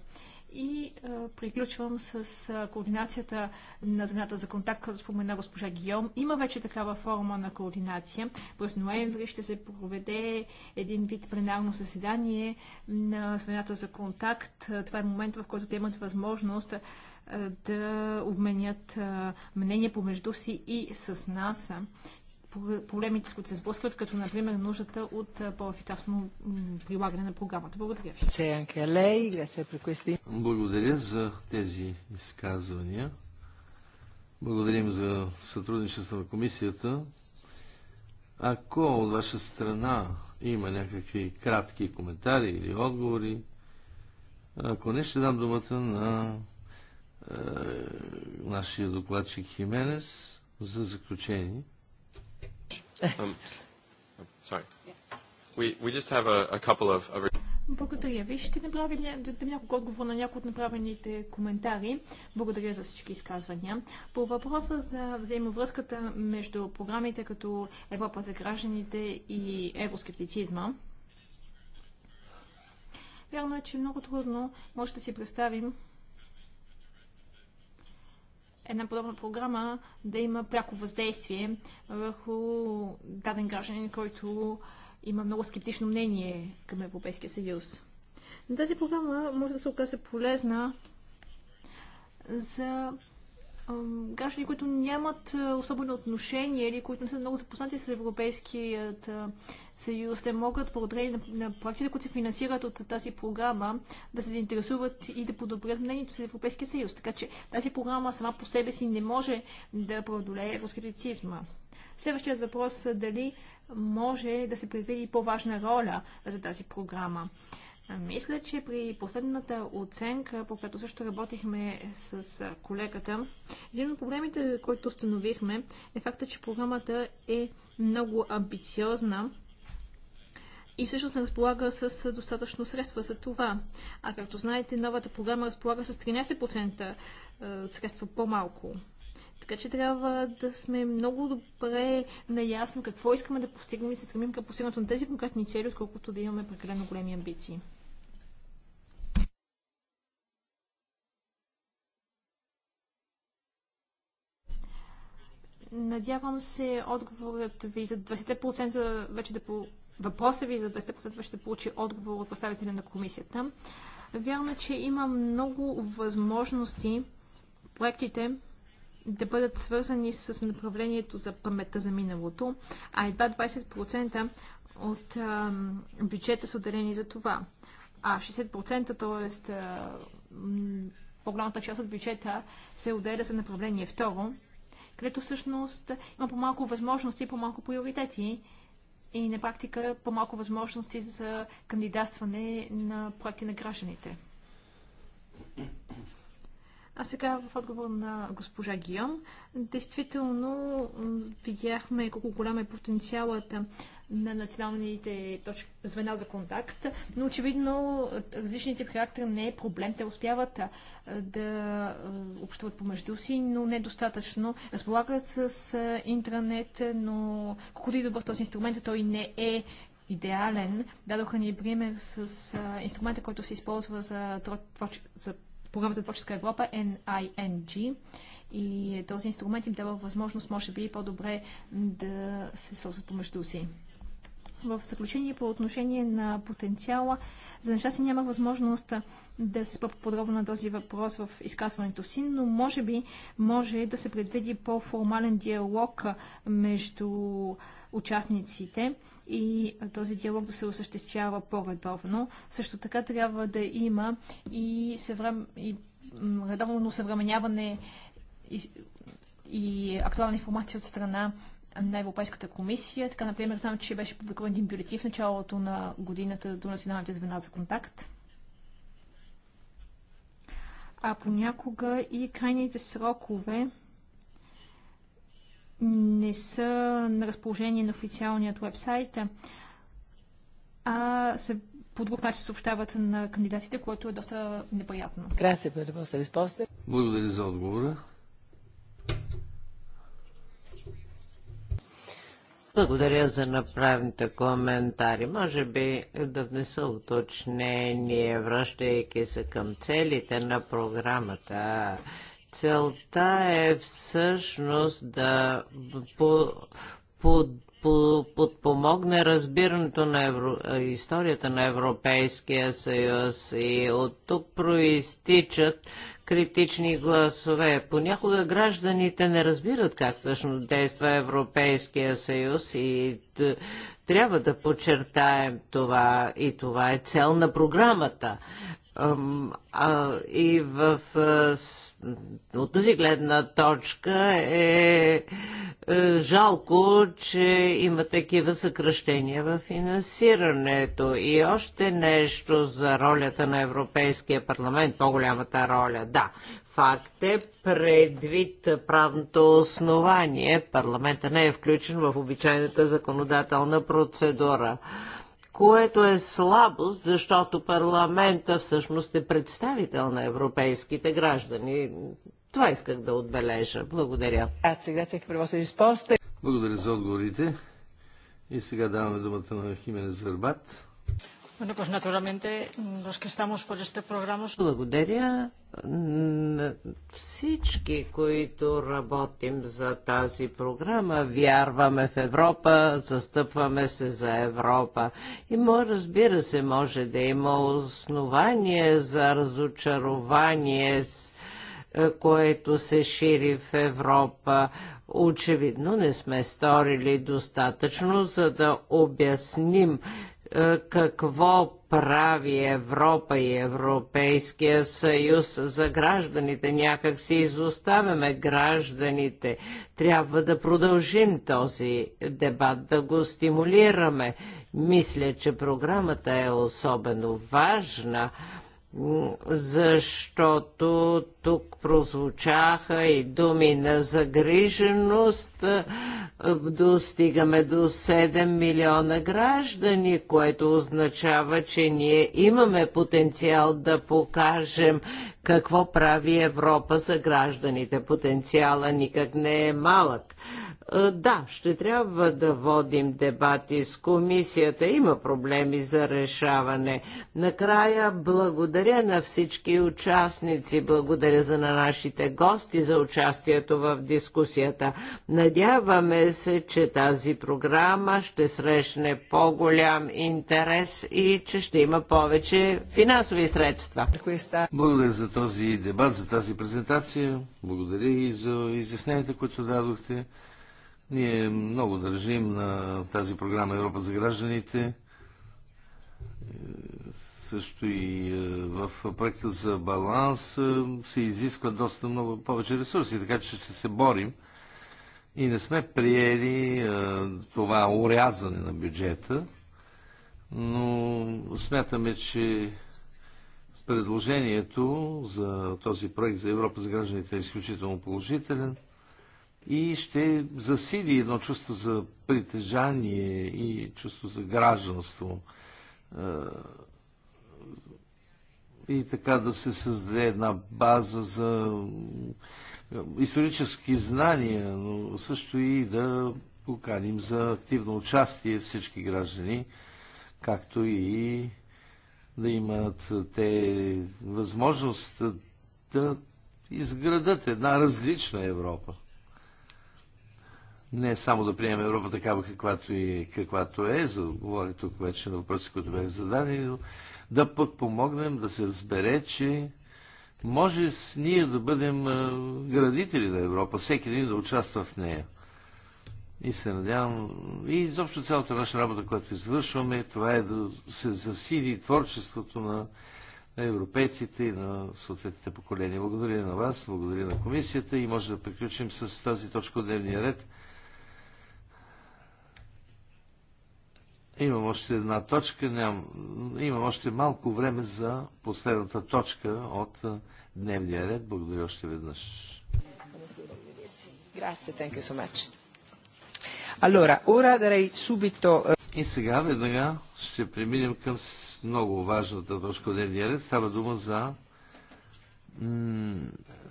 [SPEAKER 3] И а, приключвам с а, координацията на земята за контакт, като спомена госпожа Гиом. Има вече такава форма на координация. През ноември ще се проведе един вид пленарно заседание на земята за контакт. Това е момент, в който те имат възможност да обменят мнение помежду си и с нас проблемите, с които се сблъскват, като например нуждата от по-ефикасно прилагане на програмата. Благодаря
[SPEAKER 1] ви.
[SPEAKER 2] Благодаря за тези изказвания. Благодарим за сътрудничество на комисията. Ако от ваша страна има някакви кратки коментари или отговори, ако не, ще дам думата на е, нашия докладчик Хименес за заключение. Um,
[SPEAKER 3] Благодаря ви. Ще направим няколко отговор на някои от направените коментари. Благодаря за всички изказвания. По въпроса за взаимовръзката между програмите като Европа за гражданите и евроскептицизма, Вярно е, че много трудно може да си представим една подобна програма да има пряко въздействие върху даден гражданин, който има много скептично мнение към Европейския съюз. Тази програма може да се окаже полезна за граждани, които нямат е, особено отношение или които не са много запознати с Европейският е, съюз, те могат, благодарение на, проектите, които се финансират от тази програма, да се заинтересуват и да подобрят мнението с Европейския съюз. Така че тази програма сама по себе си не може да преодолее евроскептицизма. Следващият въпрос е дали може да се предвиди по-важна роля за тази програма. Мисля, че при последната оценка, по която също работихме с колегата, един от проблемите, който установихме, е факта, че програмата е много амбициозна и всъщност не разполага с достатъчно средства за това. А както знаете, новата програма разполага с 13% средства по-малко. Така че трябва да сме много добре наясно какво искаме да постигнем и се стремим към постигането на тези конкретни цели, отколкото да имаме прекалено големи амбиции. Надявам се отговорът ви за 20% вече да по... Въпроса ви за 20% вече да получи отговор от представителя на комисията. Вярно, е, че има много възможности проектите да бъдат свързани с направлението за паметта за миналото, а едва 20% от а, бюджета са отделени за това. А 60%, т.е. по-голямата част от бюджета се отделя за направление второ където всъщност има по-малко възможности и по-малко приоритети и на практика по-малко възможности за кандидатстване на проекти на гражданите. А сега в отговор на госпожа Гион. Действително видяхме колко голям е потенциалът на националните точки, звена за контакт, но очевидно е, различните характери характер не е проблем. Те успяват е, да е, общуват помежду си, но недостатъчно. Разполагат с интернет, но колкото и добър този инструмент, той не е идеален. Дадоха ни пример с инструмента, който се използва за, за програмата Творческа Европа, NING. И този инструмент им дава възможност, може би, по-добре да се свързват помежду си. В заключение по отношение на потенциала, за неща си нямах възможност да се спъп подробно на този въпрос в изказването си, но може би може да се предвиди по-формален диалог между участниците и този диалог да се осъществява по-редовно. Също така трябва да има и, съврем... и редовно съвременяване и, и актуална информация от страна на Европейската комисия. Така, например, знам, че беше публикуван един бюлетин в началото на годината до националните звена за контакт. А понякога и крайните срокове не са на разположение на официалният вебсайт, а се по друг начин съобщават на кандидатите, което е доста неприятно.
[SPEAKER 2] Благодаря за отговора.
[SPEAKER 1] Благодаря за направените коментари. Може би да внеса уточнение, връщайки се към целите на програмата. Целта е всъщност да по, по, подпомогне разбирането на евро... историята на Европейския съюз и от тук проистичат критични гласове. Понякога гражданите не разбират как всъщност действа Европейския съюз и трябва да подчертаем това и това е цел на програмата. А, и в от тази гледна точка е, е, жалко, че има такива съкръщения в финансирането. И още нещо за ролята на Европейския парламент, по-голямата роля. Да, факт е, предвид правното основание, парламента не е включен в обичайната законодателна процедура което е слабост, защото парламента всъщност е представител на европейските граждани. Това исках да отбележа. Благодаря.
[SPEAKER 2] Благодаря за отговорите. И сега даваме думата на Хименес Зърбат.
[SPEAKER 3] Bueno, pues naturalmente los que estamos por este
[SPEAKER 2] Благодаря на
[SPEAKER 3] всички,
[SPEAKER 1] които работим за тази програма. Вярваме в Европа, застъпваме се за Европа. И може, разбира се, може да има основание за разочарование е, което се шири в Европа. Очевидно не сме сторили достатъчно, за да обясним е, какво прави Европа и Европейския съюз за гражданите. Някак си изоставяме гражданите. Трябва да продължим този дебат, да го стимулираме. Мисля, че програмата е особено важна защото тук прозвучаха и думи на загриженост. Достигаме до 7 милиона граждани, което означава, че ние имаме потенциал да покажем какво прави Европа за гражданите. Потенциала никак не е малък. Е, да, ще трябва да водим дебати с комисията. Има проблеми за решаване. Накрая благодаря на всички участници. Благодаря за на нашите гости за участието в дискусията. Надяваме се, че тази програма ще срещне по-голям интерес и че ще има повече финансови средства.
[SPEAKER 2] Благодаря за този дебат, за тази презентация. Благодаря и за изясненията, които дадохте. Ние много държим на тази програма Европа за гражданите, е, също и е, в проекта за баланс е, се изисква доста много повече ресурси, така че ще се борим и не сме приели това урязване на бюджета, но смятаме, че предложението за този проект за Европа за гражданите е изключително положителен – и ще засили едно чувство за притежание и чувство за гражданство. Е, и така да се създаде една база за е, исторически знания, но също и да поканим за активно участие всички граждани, както и да имат те възможност да изградат една различна Европа не само да приемем Европа такава каквато, и, каквато е, за да говори тук вече на въпроси, които бях зададени, но да пък помогнем да се разбере, че може с ние да бъдем градители на Европа, всеки един да участва в нея. И се надявам, и изобщо цялата наша работа, която извършваме, това е да се засили творчеството на европейците и на съответните поколения. Благодаря на вас, благодаря на комисията и може да приключим с тази точка от дневния ред. Имам още една точка, ням, имам още малко време за последната точка от дневния ред. Благодаря още веднъж.
[SPEAKER 1] Eh,
[SPEAKER 2] и сега веднага ще преминем към много важната точка от дневния ред. Става дума за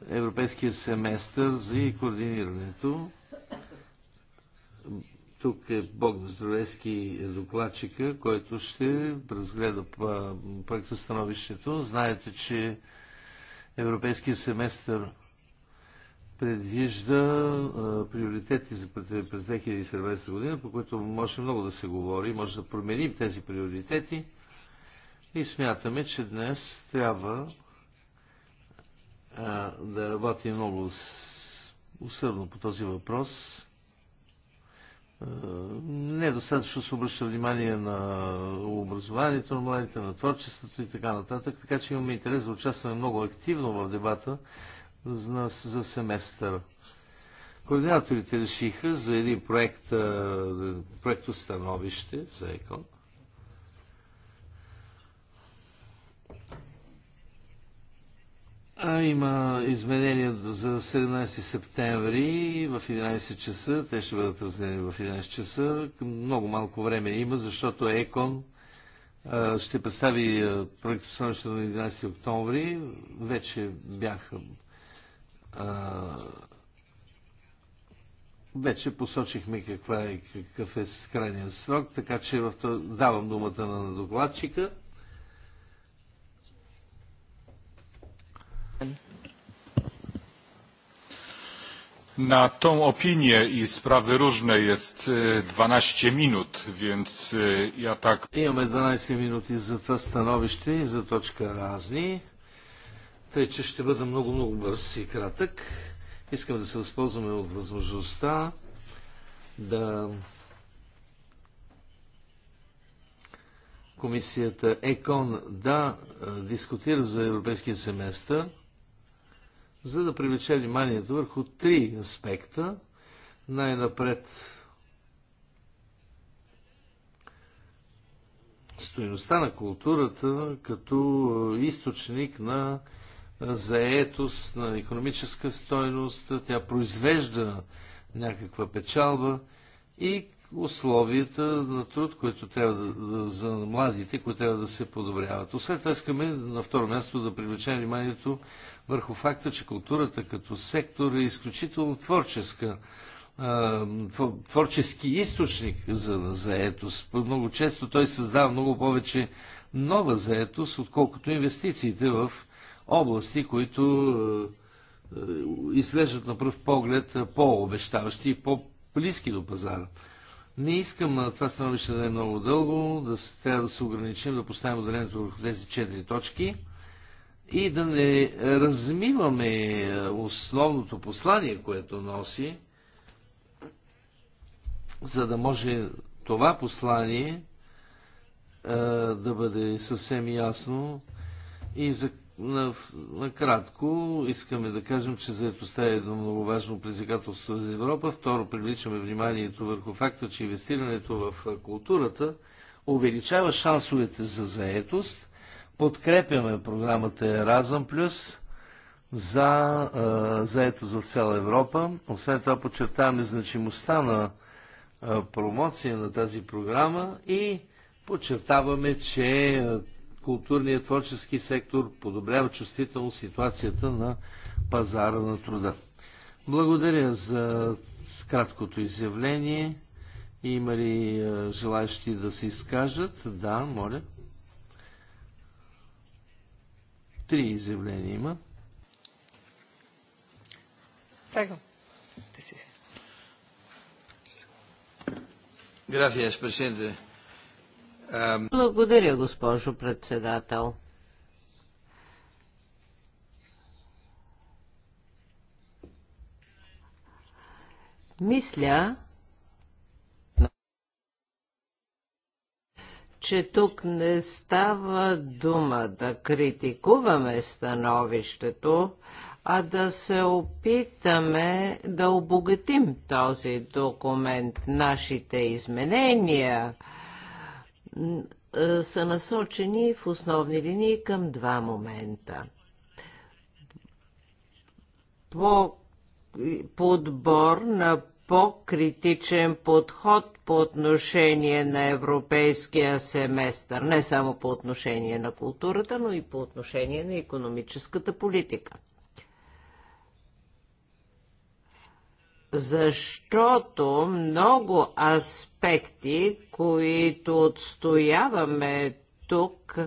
[SPEAKER 2] европейския семестър за координирането тук е Бог Здравейски, докладчика, който ще разгледа становището. Знаете, че Европейския семестър предвижда а, приоритети за през 2017 година, по които може много да се говори, може да променим тези приоритети и смятаме, че днес трябва а, да работим много усърдно по този въпрос е, недостатъчно се обръща внимание на образованието на младите, на творчеството и така нататък. Така че имаме интерес да участваме много активно в дебата за, за семестър. Координаторите решиха за един проект, проекто становище за ЕКОН, А, има изменения за 17 септември в 11 часа. Те ще бъдат разделени в 11 часа. Много малко време има, защото ЕКОН ще представи проектостановището на 11 октомври. Вече бяха вече посочихме каква е, какъв е крайният срок, така че в това, давам думата на докладчика
[SPEAKER 4] Na tą opinię i sprawy różne jest 12
[SPEAKER 2] e, minut, więc e, ja tak... Имаме 12 минути за това становище и за точка разни. Тъй, че ще бъда много-много бърз и кратък. Искам да се възползваме от възможността да комисията ЕКОН да е, дискутира за европейския семестър – за да привлече вниманието върху три аспекта. Най-напред стоеността на културата като е, източник на е, заетост, на економическа стойност, тя произвежда някаква печалба и условията на труд, които трябва да, за младите, които трябва да се подобряват. Освен това искаме на второ място да привлечем вниманието върху факта, че културата като сектор е изключително творческа творчески източник за заетост. Много често той създава много повече нова заетост, отколкото инвестициите в области, които изглеждат на пръв поглед по-обещаващи и по-близки до пазара. Не искам това становище да е много дълго, да се, трябва да се ограничим, да поставим отделението върху тези четири точки и да не е, размиваме е, основното послание, което носи, за да може това послание а, е, да бъде съвсем ясно. И за накратко искаме да кажем, че заедостта е едно много важно предизвикателство за Европа. Второ, привличаме вниманието върху факта, че инвестирането в културата увеличава шансовете за заедост. Подкрепяме програмата Еразъм Плюс за заедост в цяла Европа. Освен това, подчертаваме значимостта на промоция на тази програма и подчертаваме, че културния творчески сектор подобрява чувствително ситуацията на пазара на труда. Благодаря за краткото изявление. Има ли е, желаящи да се изкажат? Да, моля. Три изявления има. Прего. Gracias, presidente.
[SPEAKER 1] Благодаря, госпожо председател. Мисля, че тук не става дума да критикуваме становището, а да се опитаме да обогатим този документ, нашите изменения – е, са насочени в основни линии към два момента. По подбор на по-критичен подход по отношение на европейския семестър, не само по отношение на културата, но и по отношение на економическата политика. защото много аспекти, които отстояваме тук,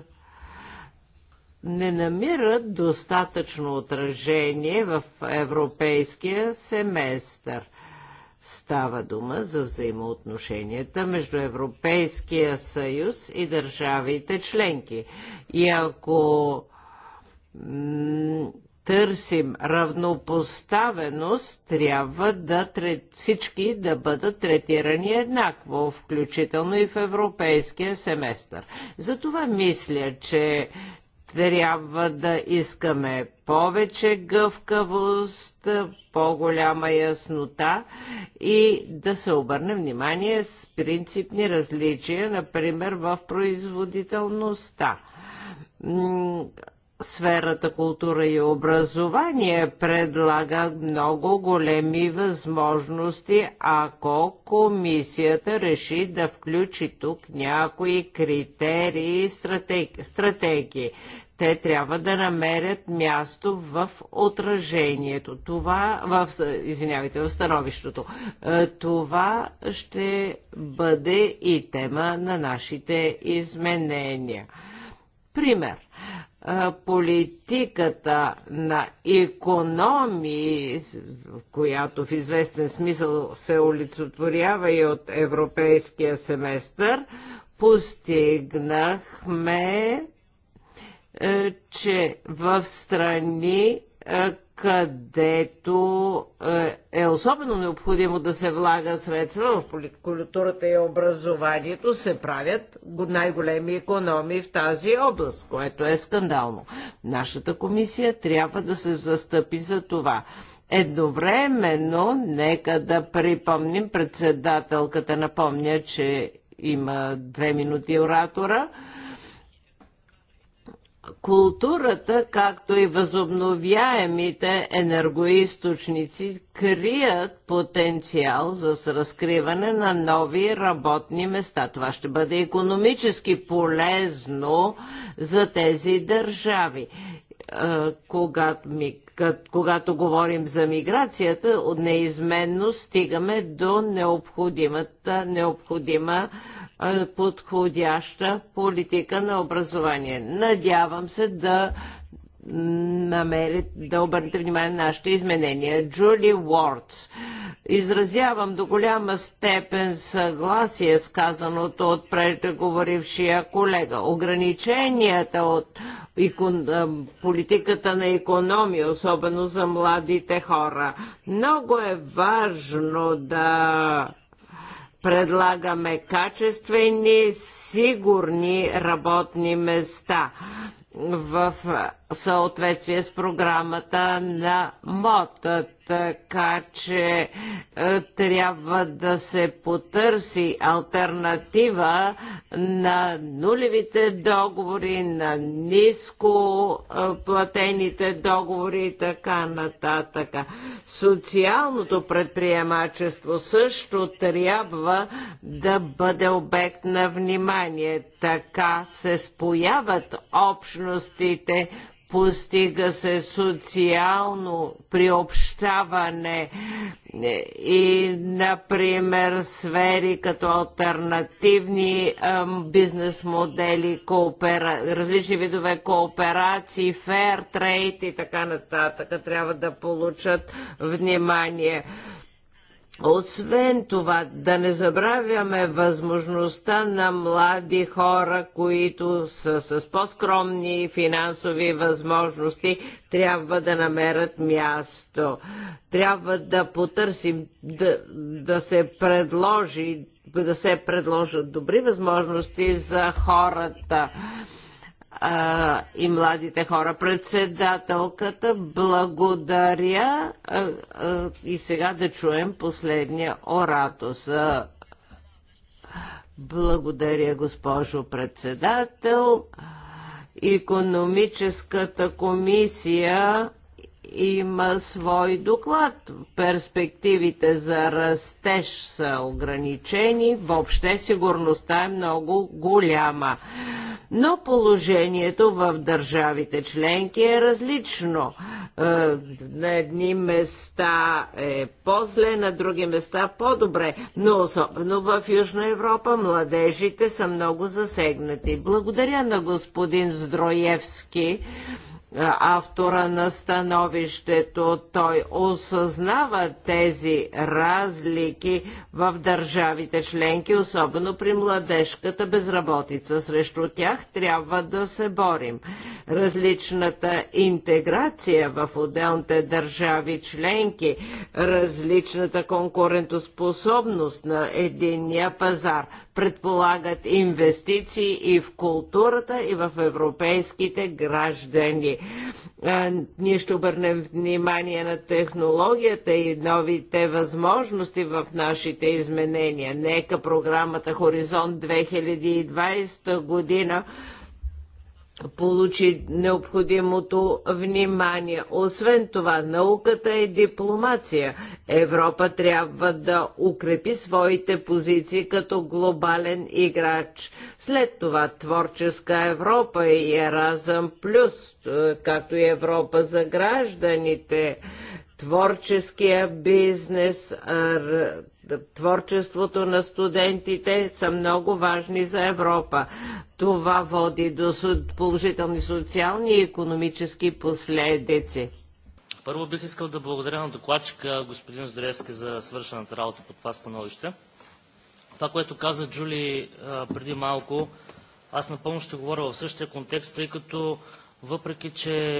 [SPEAKER 1] не намират достатъчно отражение в европейския семестър. Става дума за взаимоотношенията между Европейския съюз и държавите членки. И ако търсим равнопоставеност, трябва да трет, всички да бъдат третирани еднакво, включително и в европейския семестър. Затова мисля, че трябва да искаме повече гъвкавост, по-голяма яснота и да се обърне внимание с принципни различия, например в производителността сферата култура и образование предлага много големи възможности, ако комисията реши да включи тук някои критерии и стратегии. Те трябва да намерят място в отражението. Това, в, извинявайте, в становището. Е, това ще бъде и тема на нашите изменения. Пример политиката на економии, която в известен смисъл се олицетворява и от европейския семестър, постигнахме, е, че в страни, е, където е, е особено необходимо да се влагат средства в културата и образованието, се правят най-големи економии в тази област, което е скандално. Нашата комисия трябва да се застъпи за това. Едновременно, нека да припомним, председателката напомня, че има две минути оратора, Културата, както и възобновяемите енергоисточници, крият потенциал за разкриване на нови работни места. Това ще бъде економически полезно за тези държави когато, ми, когато говорим за миграцията, неизменно стигаме до необходимата, необходима подходяща политика на образование. Надявам се да намерите, да обърнете внимание на нашите изменения. Джули Уордс. Uh, Изразявам до голяма степен съгласие с казаното от преждеговорившия колега. Ограниченията от икон... политиката на економия, особено за младите хора. Много е важно да предлагаме качествени, сигурни работни места в съответствие с програмата на МОД така че е, трябва да се потърси альтернатива на нулевите договори, на ниско е, платените договори и така нататък. Социалното предприемачество също трябва да бъде обект на внимание. Така се спояват общностите, постига се социално приобщаване е, и, например, сфери като альтернативни бизнес модели, коопера... различни видове кооперации, фер трейд и така нататък трябва да получат внимание. Освен това, да не забравяме възможността на млади хора, които са с по-скромни финансови възможности, трябва да намерят място. Трябва да потърсим, да, да се предложи, да се предложат добри възможности за хората а, и младите хора. Председателката, благодаря. А, а, и сега да чуем последния оратос. Благодаря, госпожо председател. Економическата комисия има свой доклад. Перспективите за растеж са ограничени, въобще сигурността е много голяма. Но положението в държавите членки е различно. Е, на едни места е по-зле, на други места по-добре. Но особено в Южна Европа младежите са много засегнати. Благодаря на господин Здроевски автора на становището. Той осъзнава тези разлики в държавите членки, особено при младежката безработица. Срещу тях трябва да се борим. Различната интеграция в отделните държави членки, различната конкурентоспособност на единния пазар предполагат инвестиции и в културата, и в европейските граждани. Ние ще обърнем внимание на технологията и новите възможности в нашите изменения. Нека програмата Хоризонт 2020 година получи необходимото внимание. Освен това, науката е дипломация. Европа трябва да укрепи своите позиции като глобален играч. След това творческа Европа и Еразъм Плюс, е, както и Европа за гражданите, творческия бизнес, творчеството на студентите са много важни за Европа. Това води до положителни социални и економически последици.
[SPEAKER 4] Първо бих искал да благодаря на докладчика господин Здоревски за свършената работа по това становище. Това, което каза Джули преди малко, аз напълно ще говоря в същия контекст, тъй като въпреки, че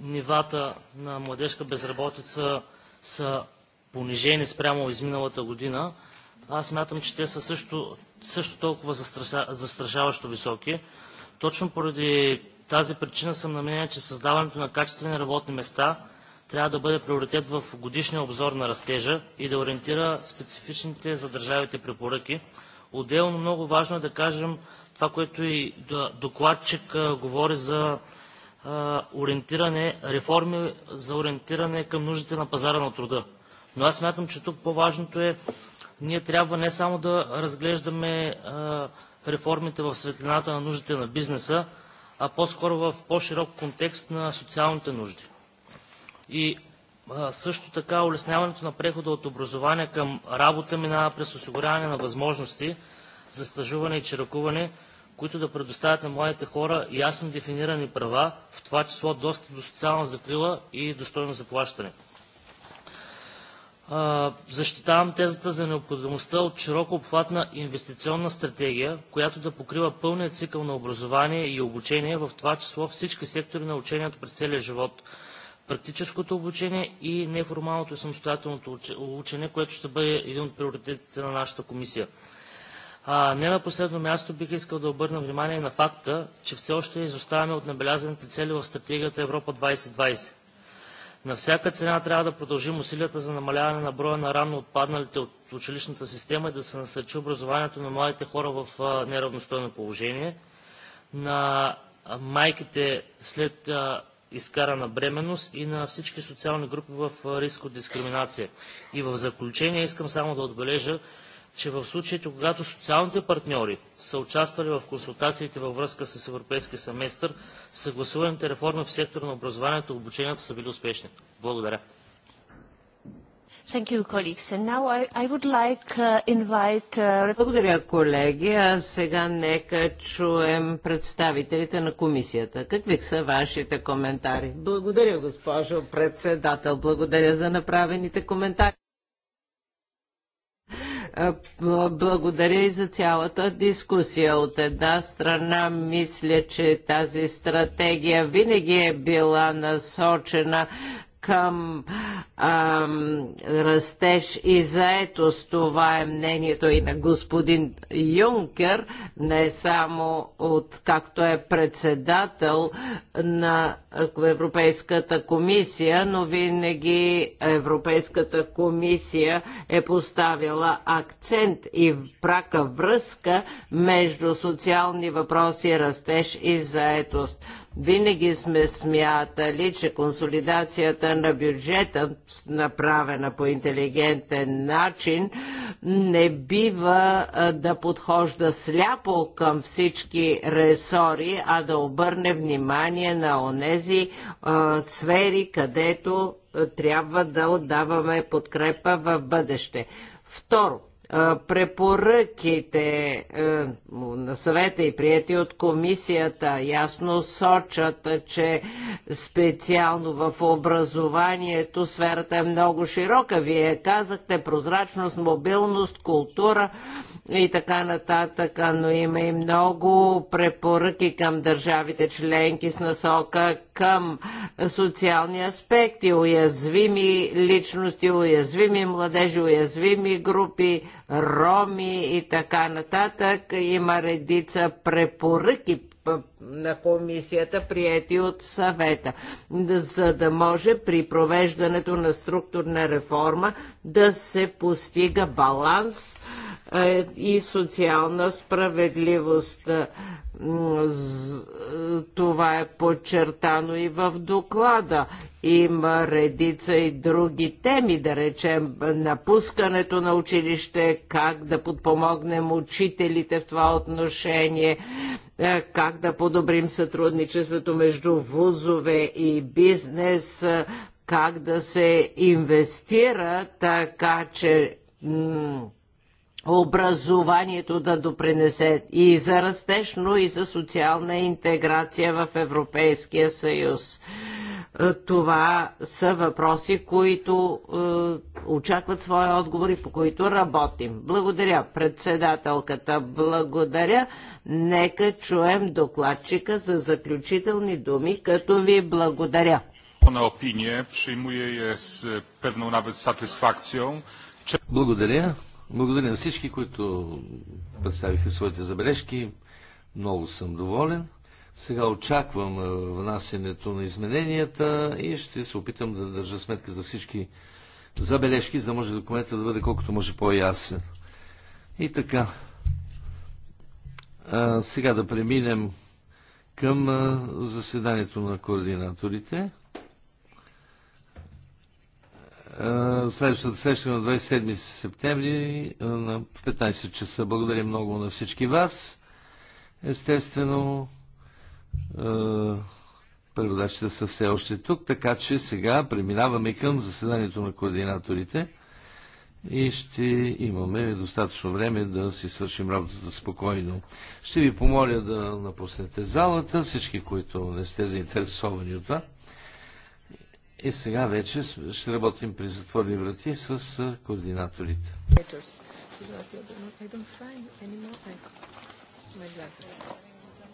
[SPEAKER 4] нивата на младежка безработица са понижени спрямо изминалата година, аз мятам, че те са също, също толкова застраша, застрашаващо високи. Точно поради тази причина съм на мнение, че създаването на качествени работни места трябва да бъде приоритет в годишния обзор на растежа и да ориентира специфичните за държавите препоръки. Отделно много важно е да кажем това, което и докладчик говори за ориентиране, реформи за ориентиране към нуждите на пазара на труда. Но аз смятам, че тук по-важното е, ние трябва не само да разглеждаме реформите в светлината на нуждите на бизнеса, а по-скоро в по-широк контекст на социалните нужди. И също така улесняването на прехода от образование към работа минава през осигуряване на възможности за стажуване и чиракуване, които да предоставят на младите хора ясно дефинирани права, в това число достъп до социална закрила и достойно заплащане защитавам тезата за необходимостта от широко обхватна инвестиционна стратегия, която да покрива пълния цикъл на образование и обучение, в това число всички сектори на учението през целия живот, практическото обучение и неформалното и самостоятелното учене, което ще бъде един от приоритетите на нашата комисия. А, не на последно място бих искал да обърна внимание на факта, че все още изоставаме от набелязаните цели в стратегията Европа 2020 на всяка цена трябва да продължим усилията за намаляване на броя на рано отпадналите от училищната система и да се насърчи образованието на младите хора в неравностойно положение, на майките след изкарана бременност и на всички социални групи в риск от дискриминация. И в заключение искам само да отбележа, че в случаите, когато социалните партньори са участвали в консултациите във връзка с европейския семестър, съгласуваните реформи в сектора на образованието и обучението са били успешни. Благодаря.
[SPEAKER 1] Благодаря, колеги. А сега нека чуем представителите на комисията. Какви са вашите коментари? Благодаря, госпожо председател. Благодаря за направените коментари. Благодаря и за цялата дискусия. От една страна, мисля, че тази стратегия винаги е била насочена към ам, растеж и заетост. Това е мнението и на господин Юнкер, не само от както е председател на Европейската комисия, но винаги Европейската комисия е поставила акцент и прака връзка между социални въпроси, растеж и заетост. Винаги сме смятали, че консолидацията на бюджета, направена по интелигентен начин, не бива да подхожда сляпо към всички ресори, а да обърне внимание на онези а, сфери, където трябва да отдаваме подкрепа в бъдеще. Второ, препоръките на съвета и прияти от комисията ясно сочат, че специално в образованието сферата е много широка. Вие казахте прозрачност, мобилност, култура и така нататък, но има и много препоръки към държавите членки с насока към социални аспекти, уязвими личности, уязвими младежи, уязвими групи, роми и така нататък. Има редица препоръки на комисията, приети от съвета, за да може при провеждането на структурна реформа да се постига баланс е, и социална справедливост. Е, това е подчертано и в доклада. Има редица и други теми, да речем напускането на училище, как да подпомогнем учителите в това отношение, е, как да подобрим сътрудничеството между вузове и бизнес, е, как да се инвестира така, че образованието да допринесе и за растеж, но и за социална интеграция в Европейския съюз. Е, това са въпроси, които е, очакват своя отговор и по които работим. Благодаря, председателката. Благодаря. Нека чуем докладчика за заключителни думи, като ви благодаря.
[SPEAKER 4] На опиния, приемуя я е с певно навед
[SPEAKER 2] сатисфакция. Благодаря. Благодаря на всички, които представиха своите забележки. Много съм доволен. Сега очаквам внасянето на измененията и ще се опитам да държа сметка за всички забележки, за да може документът да бъде колкото може по-ясен. И така. А, сега да преминем към заседанието на координаторите. А, следващата среща е на 27 септември на 15 часа. Благодаря много на всички вас. Естествено, е, преводачите са все още тук, така че сега преминаваме към заседанието на координаторите и ще имаме достатъчно време да си свършим работата спокойно. Ще ви помоля да напуснете залата, всички, които не сте заинтересовани от това. И сега вече ще работим при затворни врати с е, координаторите.